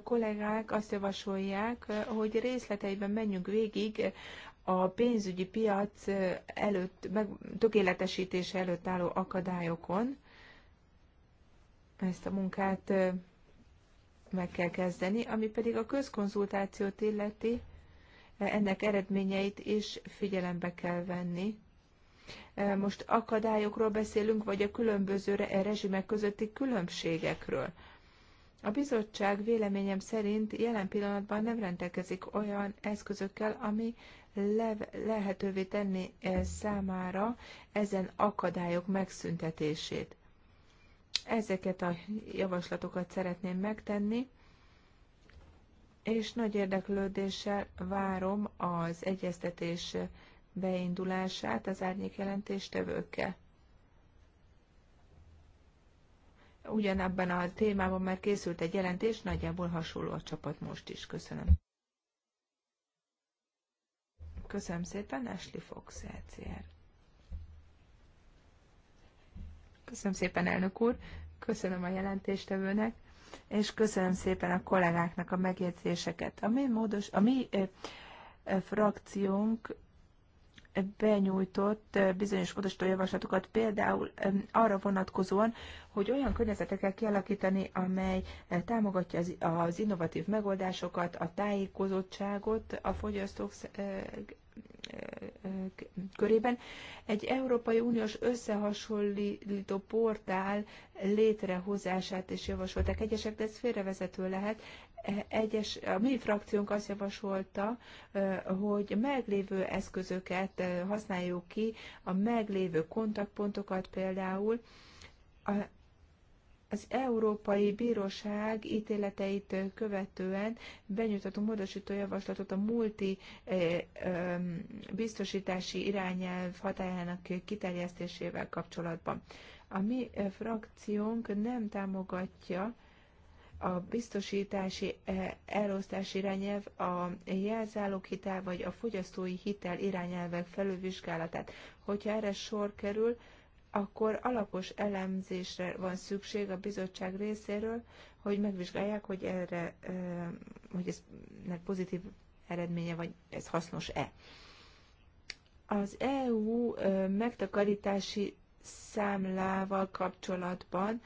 kollégák azt javasolják, hogy részleteiben menjünk végig a pénzügyi piac előtt, meg tökéletesítése előtt álló akadályokon. Ezt a munkát meg kell kezdeni, ami pedig a közkonzultációt illeti, e, ennek eredményeit is figyelembe kell venni. E, most akadályokról beszélünk, vagy a különböző rezsimek közötti különbségekről. A bizottság véleményem szerint jelen pillanatban nem rendelkezik olyan eszközökkel, ami lehetővé tenni eh, számára ezen akadályok megszüntetését. Ezeket a javaslatokat szeretném megtenni, és nagy érdeklődéssel várom az egyeztetés beindulását az árnyék jelentéstevőkkel. ugyanabban a témában már készült egy jelentés, nagyjából hasonló a csapat most is. Köszönöm. Köszönöm szépen, Ashley Fox, LCR. E köszönöm szépen, elnök úr, köszönöm a jelentéstevőnek, és köszönöm szépen a kollégáknak a megjegyzéseket. A mi, módos, a mi ö, eh, ö, frakciónk benyújtott eh, bizonyos módosító javaslatokat, például arra vonatkozóan, hogy olyan környezetet kell kialakítani, amely eh, támogatja az, innovatív megoldásokat, a tájékozottságot a fogyasztók eh, körében. Egy Európai Uniós összehasonlító portál létrehozását is javasolták egyesek, de ez félrevezető lehet egyes, a mi frakciónk azt javasolta, hogy meglévő eszközöket használjuk ki, a meglévő kontaktpontokat például, az Európai Bíróság ítéleteit követően benyújtottunk módosító javaslatot a multi biztosítási irányelv hatájának kiterjesztésével kapcsolatban. A mi frakciónk nem támogatja a biztosítási e, elosztás irányelv, a jelzálók hitel vagy a fogyasztói hitel irányelvek felülvizsgálatát. Hogyha erre sor kerül, akkor alapos elemzésre van szükség a bizottság részéről, hogy megvizsgálják, hogy erre, e, hogy ez pozitív eredménye, vagy ez hasznos-e. Az EU e, megtakarítási számlával kapcsolatban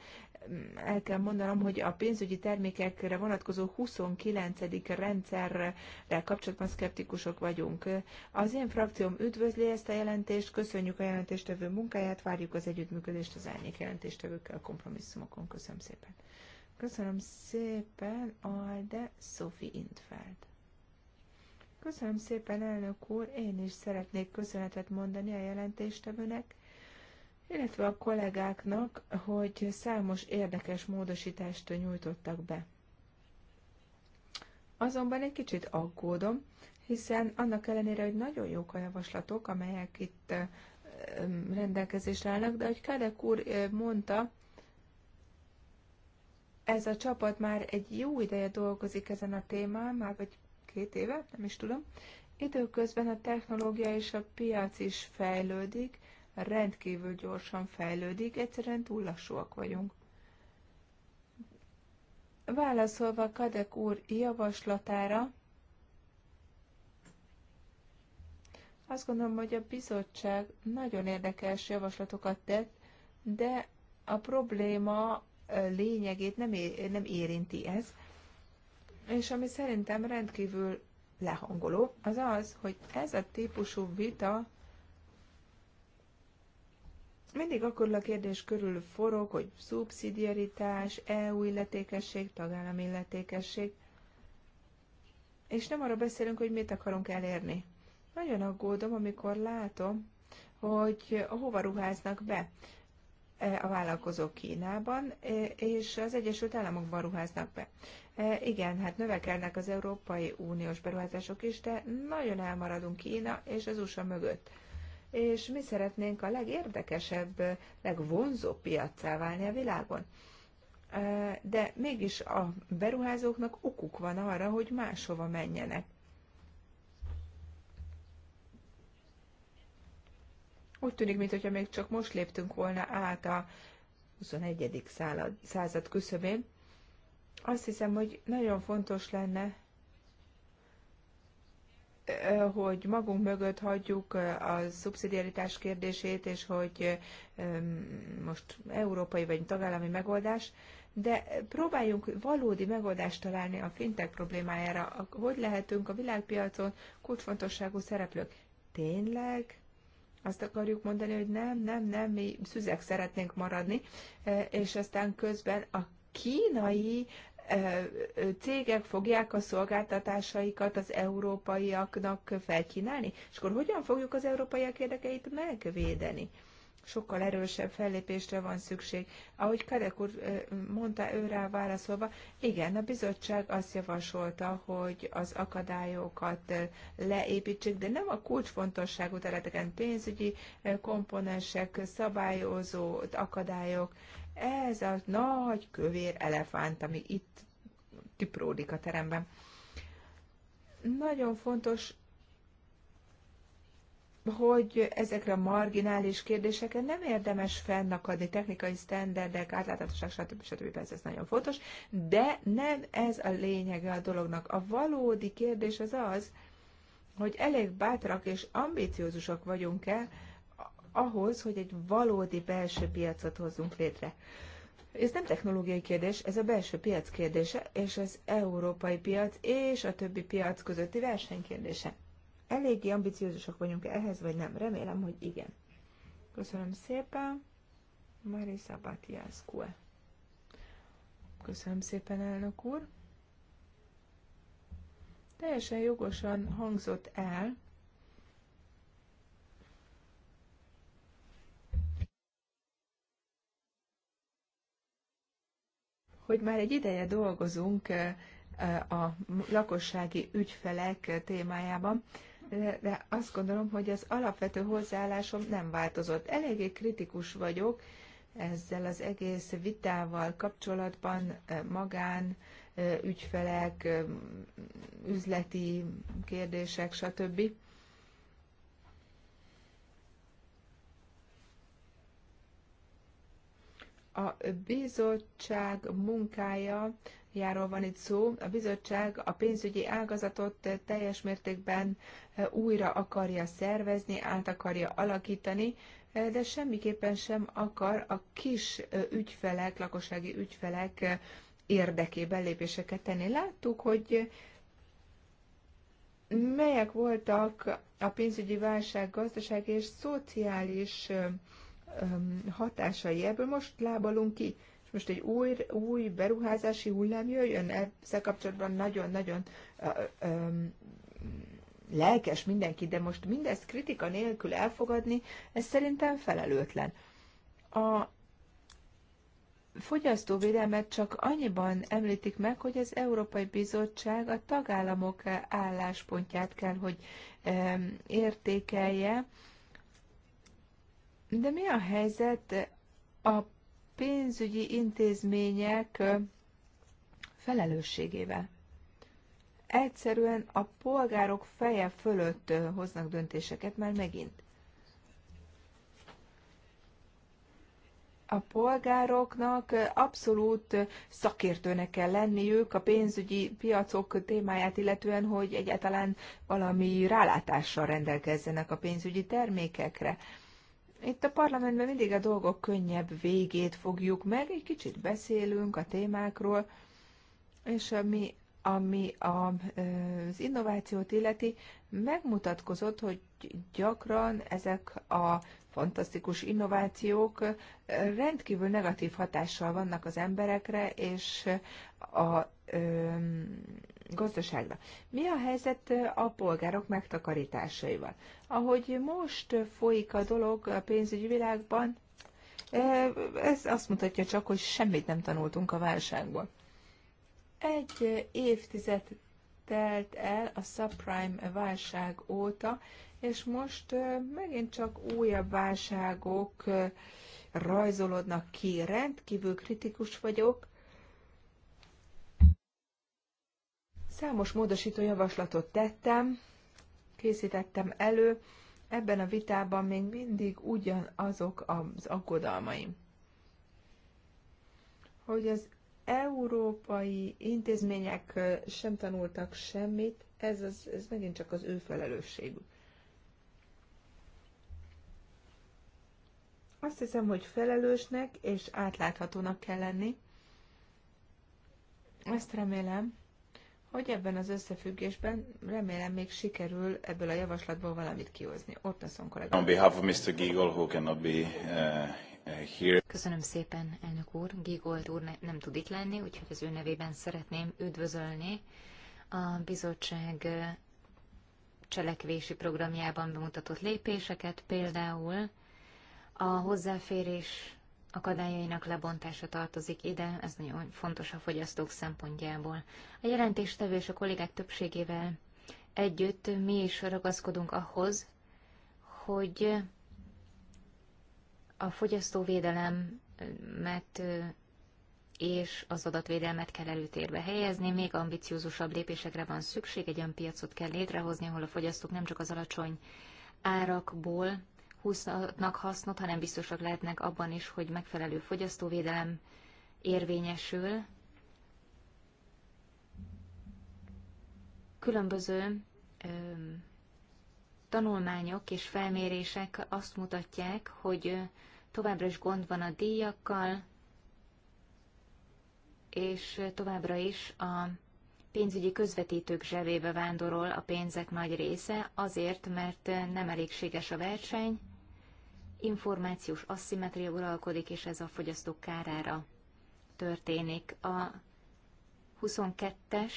el kell mondanom, hogy a pénzügyi termékekre vonatkozó 29. rendszerrel kapcsolatban szkeptikusok vagyunk. Az én frakcióm üdvözli ezt a jelentést, köszönjük a jelentéstevő munkáját, várjuk az együttműködést az árnyék jelentéstevőkkel a kompromisszumokon. Köszönöm szépen. Köszönöm szépen, Alde Sophie Intfeld. Köszönöm szépen, elnök úr, én is szeretnék köszönetet mondani a jelentéstevőnek illetve a kollégáknak, hogy számos érdekes módosítást nyújtottak be. Azonban egy kicsit aggódom, hiszen annak ellenére, hogy nagyon jók a javaslatok, amelyek itt rendelkezésre állnak, de ahogy Kadek úr mondta, ez a csapat már egy jó ideje dolgozik ezen a témán, már vagy két éve, nem is tudom. Időközben a technológia és a piac is fejlődik, rendkívül gyorsan fejlődik, egyszerűen túl lassúak vagyunk. Válaszolva Kadek úr javaslatára, azt gondolom, hogy a bizottság nagyon érdekes javaslatokat tett, de a probléma lényegét nem, é- nem érinti ez. És ami szerintem rendkívül lehangoló, az az, hogy ez a típusú vita mindig akkor a kérdés körül forog, hogy szubszidiaritás, EU illetékesség, tagállami illetékesség, és nem arra beszélünk, hogy mit akarunk elérni. Nagyon aggódom, amikor látom, hogy hova ruháznak be e, a vállalkozók Kínában, e, és az Egyesült Államokban ruháznak be. E, igen, hát növekelnek az Európai Uniós beruházások is, de nagyon elmaradunk Kína és az USA mögött és mi szeretnénk a legérdekesebb, legvonzóbb piaccá válni a világon. De mégis a beruházóknak okuk van arra, hogy máshova menjenek. Úgy tűnik, mintha még csak most léptünk volna át a 21. század küszöbén. Azt hiszem, hogy nagyon fontos lenne hogy magunk mögött hagyjuk a szubszidiaritás kérdését, és hogy most európai vagy tagállami megoldás, de próbáljunk valódi megoldást találni a fintek problémájára. Hogy lehetünk a világpiacon kulcsfontosságú szereplők? Tényleg? Azt akarjuk mondani, hogy nem, nem, nem, mi szüzek szeretnénk maradni, és aztán közben a kínai cégek fogják a szolgáltatásaikat az európaiaknak felkínálni, és akkor hogyan fogjuk az európaiak érdekeit megvédeni? sokkal erősebb fellépésre van szükség. Ahogy Kadek úr mondta ő rá válaszolva, igen, a bizottság azt javasolta, hogy az akadályokat leépítsék, de nem a kulcsfontosságú területeken pénzügyi komponensek, szabályozó akadályok, ez a nagy kövér elefánt, ami itt tipródik a teremben. Nagyon fontos, hogy ezekre a marginális kérdésekre nem érdemes fennakadni, technikai sztenderdek, átláthatóság, stb. stb. stb. ez nagyon fontos, de nem ez a lényege a dolognak. A valódi kérdés az az, hogy elég bátrak és ambiciózusak vagyunk-e, ahhoz, hogy egy valódi belső piacot hozzunk létre. Ez nem technológiai kérdés, ez a belső piac kérdése, és az európai piac és a többi piac közötti verseny kérdése. Eléggé ambiciózusak vagyunk -e ehhez, vagy nem? Remélem, hogy igen. Köszönöm szépen. Marisa Batiászkue. Köszönöm szépen, elnök úr. Teljesen jogosan hangzott el, hogy már egy ideje dolgozunk a lakossági ügyfelek témájában, de azt gondolom, hogy az alapvető hozzáállásom nem változott. Eléggé kritikus vagyok ezzel az egész vitával kapcsolatban, magán, ügyfelek, üzleti kérdések, stb. A bizottság munkája, járól van itt szó, a bizottság a pénzügyi ágazatot teljes mértékben e, újra akarja szervezni, át akarja alakítani, e, de semmiképpen sem akar a kis e, ügyfelek, lakossági ügyfelek érdekében lépéseket tenni. Láttuk, hogy melyek voltak a pénzügyi válság gazdasági és szociális hatásai. Ebből most lábalunk ki, és most egy új, új beruházási hullám jöjjön, ezzel kapcsolatban nagyon-nagyon lelkes mindenki, de most mindezt kritika nélkül elfogadni, ez szerintem felelőtlen. A fogyasztóvédelmet csak annyiban említik meg, hogy az Európai Bizottság a tagállamok álláspontját kell, hogy értékelje, de mi a helyzet a pénzügyi intézmények felelősségével? Egyszerűen a polgárok feje fölött hoznak döntéseket mert megint. a polgároknak abszolút szakértőnek kell lenniük a pénzügyi piacok témáját, illetően, hogy egyáltalán valami rálátással rendelkezzenek a pénzügyi termékekre. Itt a parlamentben mindig a dolgok könnyebb végét fogjuk meg, egy kicsit beszélünk a témákról, és ami, ami a, az innovációt illeti, megmutatkozott, hogy gyakran ezek a fantasztikus innovációk rendkívül negatív hatással vannak az emberekre, és a, gazdaságra. Mi a helyzet a polgárok megtakarításaival? Ahogy most folyik a dolog a pénzügyi világban, ez azt mutatja csak, hogy semmit nem tanultunk a válságból. Egy évtized telt el a subprime válság óta, és most megint csak újabb válságok rajzolódnak ki. Rendkívül kritikus vagyok Számos módosító javaslatot tettem, készítettem elő, ebben a vitában még mindig ugyanazok az aggodalmaim. Hogy az európai intézmények sem tanultak semmit, ez, az, ez megint csak az ő felelősségük. Azt hiszem, hogy felelősnek és átláthatónak kell lenni. Ezt remélem, hogy ebben az összefüggésben remélem még sikerül ebből a javaslatból valamit kihozni. Ott a kollega. On behalf of Mr. Giegold, who cannot be uh, uh, here. Köszönöm szépen, elnök úr. Giegold úr ne, nem tud itt lenni, úgyhogy az ő nevében szeretném üdvözölni a bizottság uh, cselekvési programjában bemutatott lépéseket, például a hozzáférés akadályainak lebontása tartozik ide, ez nagyon fontos a fogyasztók szempontjából. A jelentéstevő és a kollégák többségével együtt mi is ragaszkodunk ahhoz, hogy a fogyasztóvédelemet és az adatvédelmet kell előtérbe helyezni, még ambiciózusabb lépésekre van szükség, egy olyan piacot kell létrehozni, ahol a fogyasztók nem csak az alacsony árakból húznak hasznot, hanem biztosak lehetnek abban is, hogy megfelelő fogyasztóvédelem érvényesül. Különböző ö, tanulmányok és felmérések azt mutatják, hogy továbbra is gond van a díjakkal, és továbbra is a pénzügyi közvetítők zsebébe vándorol a pénzek nagy része, azért, mert nem elégséges a verseny, információs asszimetria uralkodik, és ez a fogyasztók kárára történik. A 22-es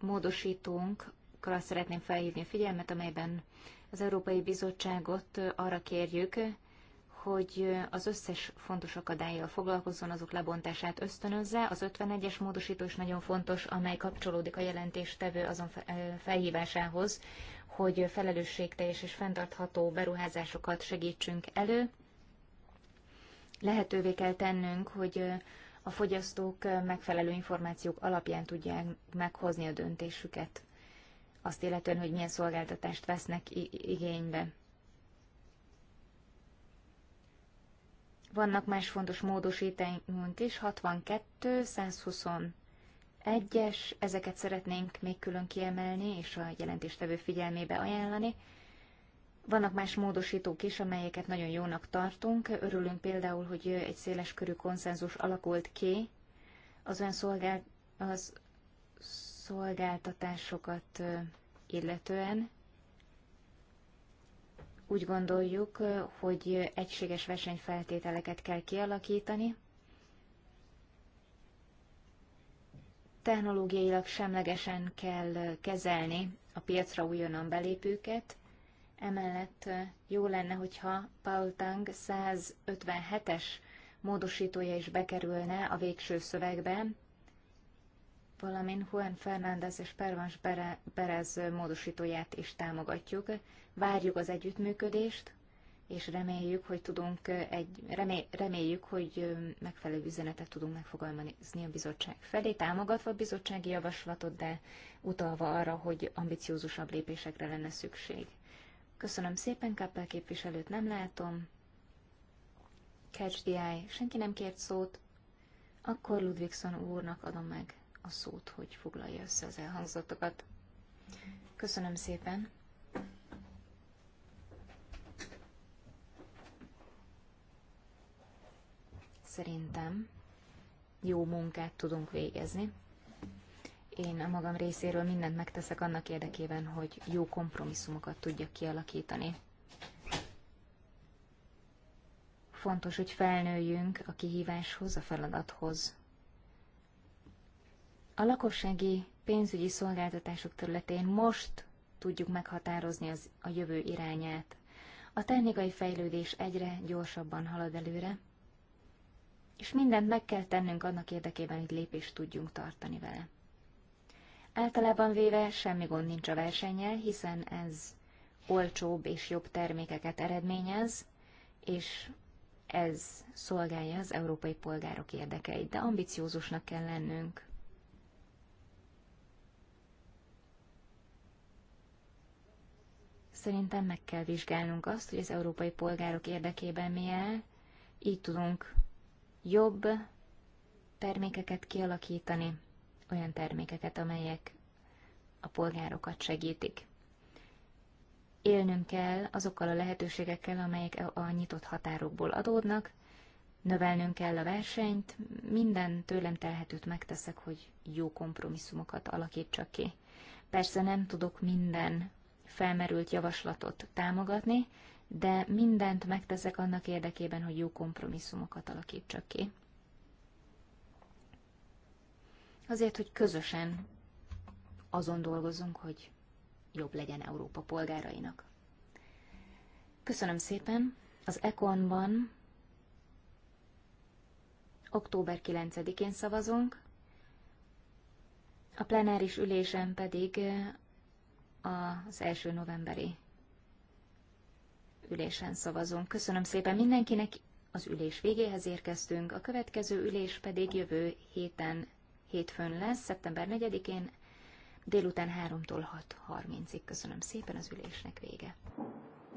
módosítónkra szeretném felhívni a figyelmet, amelyben az Európai Bizottságot arra kérjük, hogy az összes fontos akadályjal foglalkozzon, azok lebontását ösztönözze. Az 51-es módosító is nagyon fontos, amely kapcsolódik a jelentéstevő azon felhívásához, hogy felelősségteljes és fenntartható beruházásokat segítsünk elő. Lehetővé kell tennünk, hogy a fogyasztók megfelelő információk alapján tudják meghozni a döntésüket, azt illetően, hogy milyen szolgáltatást vesznek igénybe. Vannak más fontos módosítányunk is, 62, 120, egyes, ezeket szeretnénk még külön kiemelni, és a jelentéstevő figyelmébe ajánlani. Vannak más módosítók is, amelyeket nagyon jónak tartunk. Örülünk például, hogy egy széles körű konszenzus alakult ki az olyan szolgált, az szolgáltatásokat illetően. Úgy gondoljuk, hogy egységes versenyfeltételeket kell kialakítani, technológiailag semlegesen kell kezelni a piacra újonnan belépőket, emellett jó lenne, hogyha Paul Tang 157-es módosítója is bekerülne a végső szövegbe, valamint Juan Fernández és Pervans Berez módosítóját is támogatjuk. Várjuk az együttműködést, és reméljük, hogy tudunk egy, remé, reméljük, hogy megfelelő üzenetet tudunk megfogalmazni a bizottság felé, támogatva a bizottsági javaslatot, de utalva arra, hogy ambiciózusabb lépésekre lenne szükség. Köszönöm szépen, Kappel képviselőt nem látom. Catch the Eye, senki nem kért szót. Akkor Ludvigson úrnak adom meg a szót, hogy foglalja össze az elhangzottakat. Köszönöm szépen. Szerintem jó munkát tudunk végezni. Én a magam részéről mindent megteszek annak érdekében, hogy jó kompromisszumokat tudjak kialakítani. Fontos, hogy felnőjünk a kihíváshoz, a feladathoz. A lakossági pénzügyi szolgáltatások területén most tudjuk meghatározni az, a jövő irányát. A technikai fejlődés egyre gyorsabban halad előre, és mindent meg kell tennünk annak érdekében, hogy lépést tudjunk tartani vele. Általában véve semmi gond nincs a versennyel, hiszen ez olcsóbb és jobb termékeket eredményez, és ez szolgálja az európai polgárok érdekeit, de ambiciózusnak kell lennünk. Szerintem meg kell vizsgálnunk azt, hogy az európai polgárok érdekében mi el, így tudunk jobb termékeket kialakítani, olyan termékeket, amelyek a polgárokat segítik. Élnünk kell azokkal a lehetőségekkel, amelyek a nyitott határokból adódnak, növelnünk kell a versenyt, minden tőlem telhetőt megteszek, hogy jó kompromisszumokat alakítsak ki. Persze nem tudok minden felmerült javaslatot támogatni, de mindent megteszek annak érdekében, hogy jó kompromisszumokat alakítsak ki. Azért, hogy közösen azon dolgozunk, hogy jobb legyen Európa polgárainak. Köszönöm szépen! Az Econban október 9-én szavazunk, a plenáris ülésen pedig az első novemberi ülésen szavazunk. Köszönöm szépen mindenkinek, az ülés végéhez érkeztünk, a következő ülés pedig jövő héten, hétfőn lesz, szeptember 4-én, délután 3-tól 6.30-ig. Köszönöm szépen, az ülésnek vége.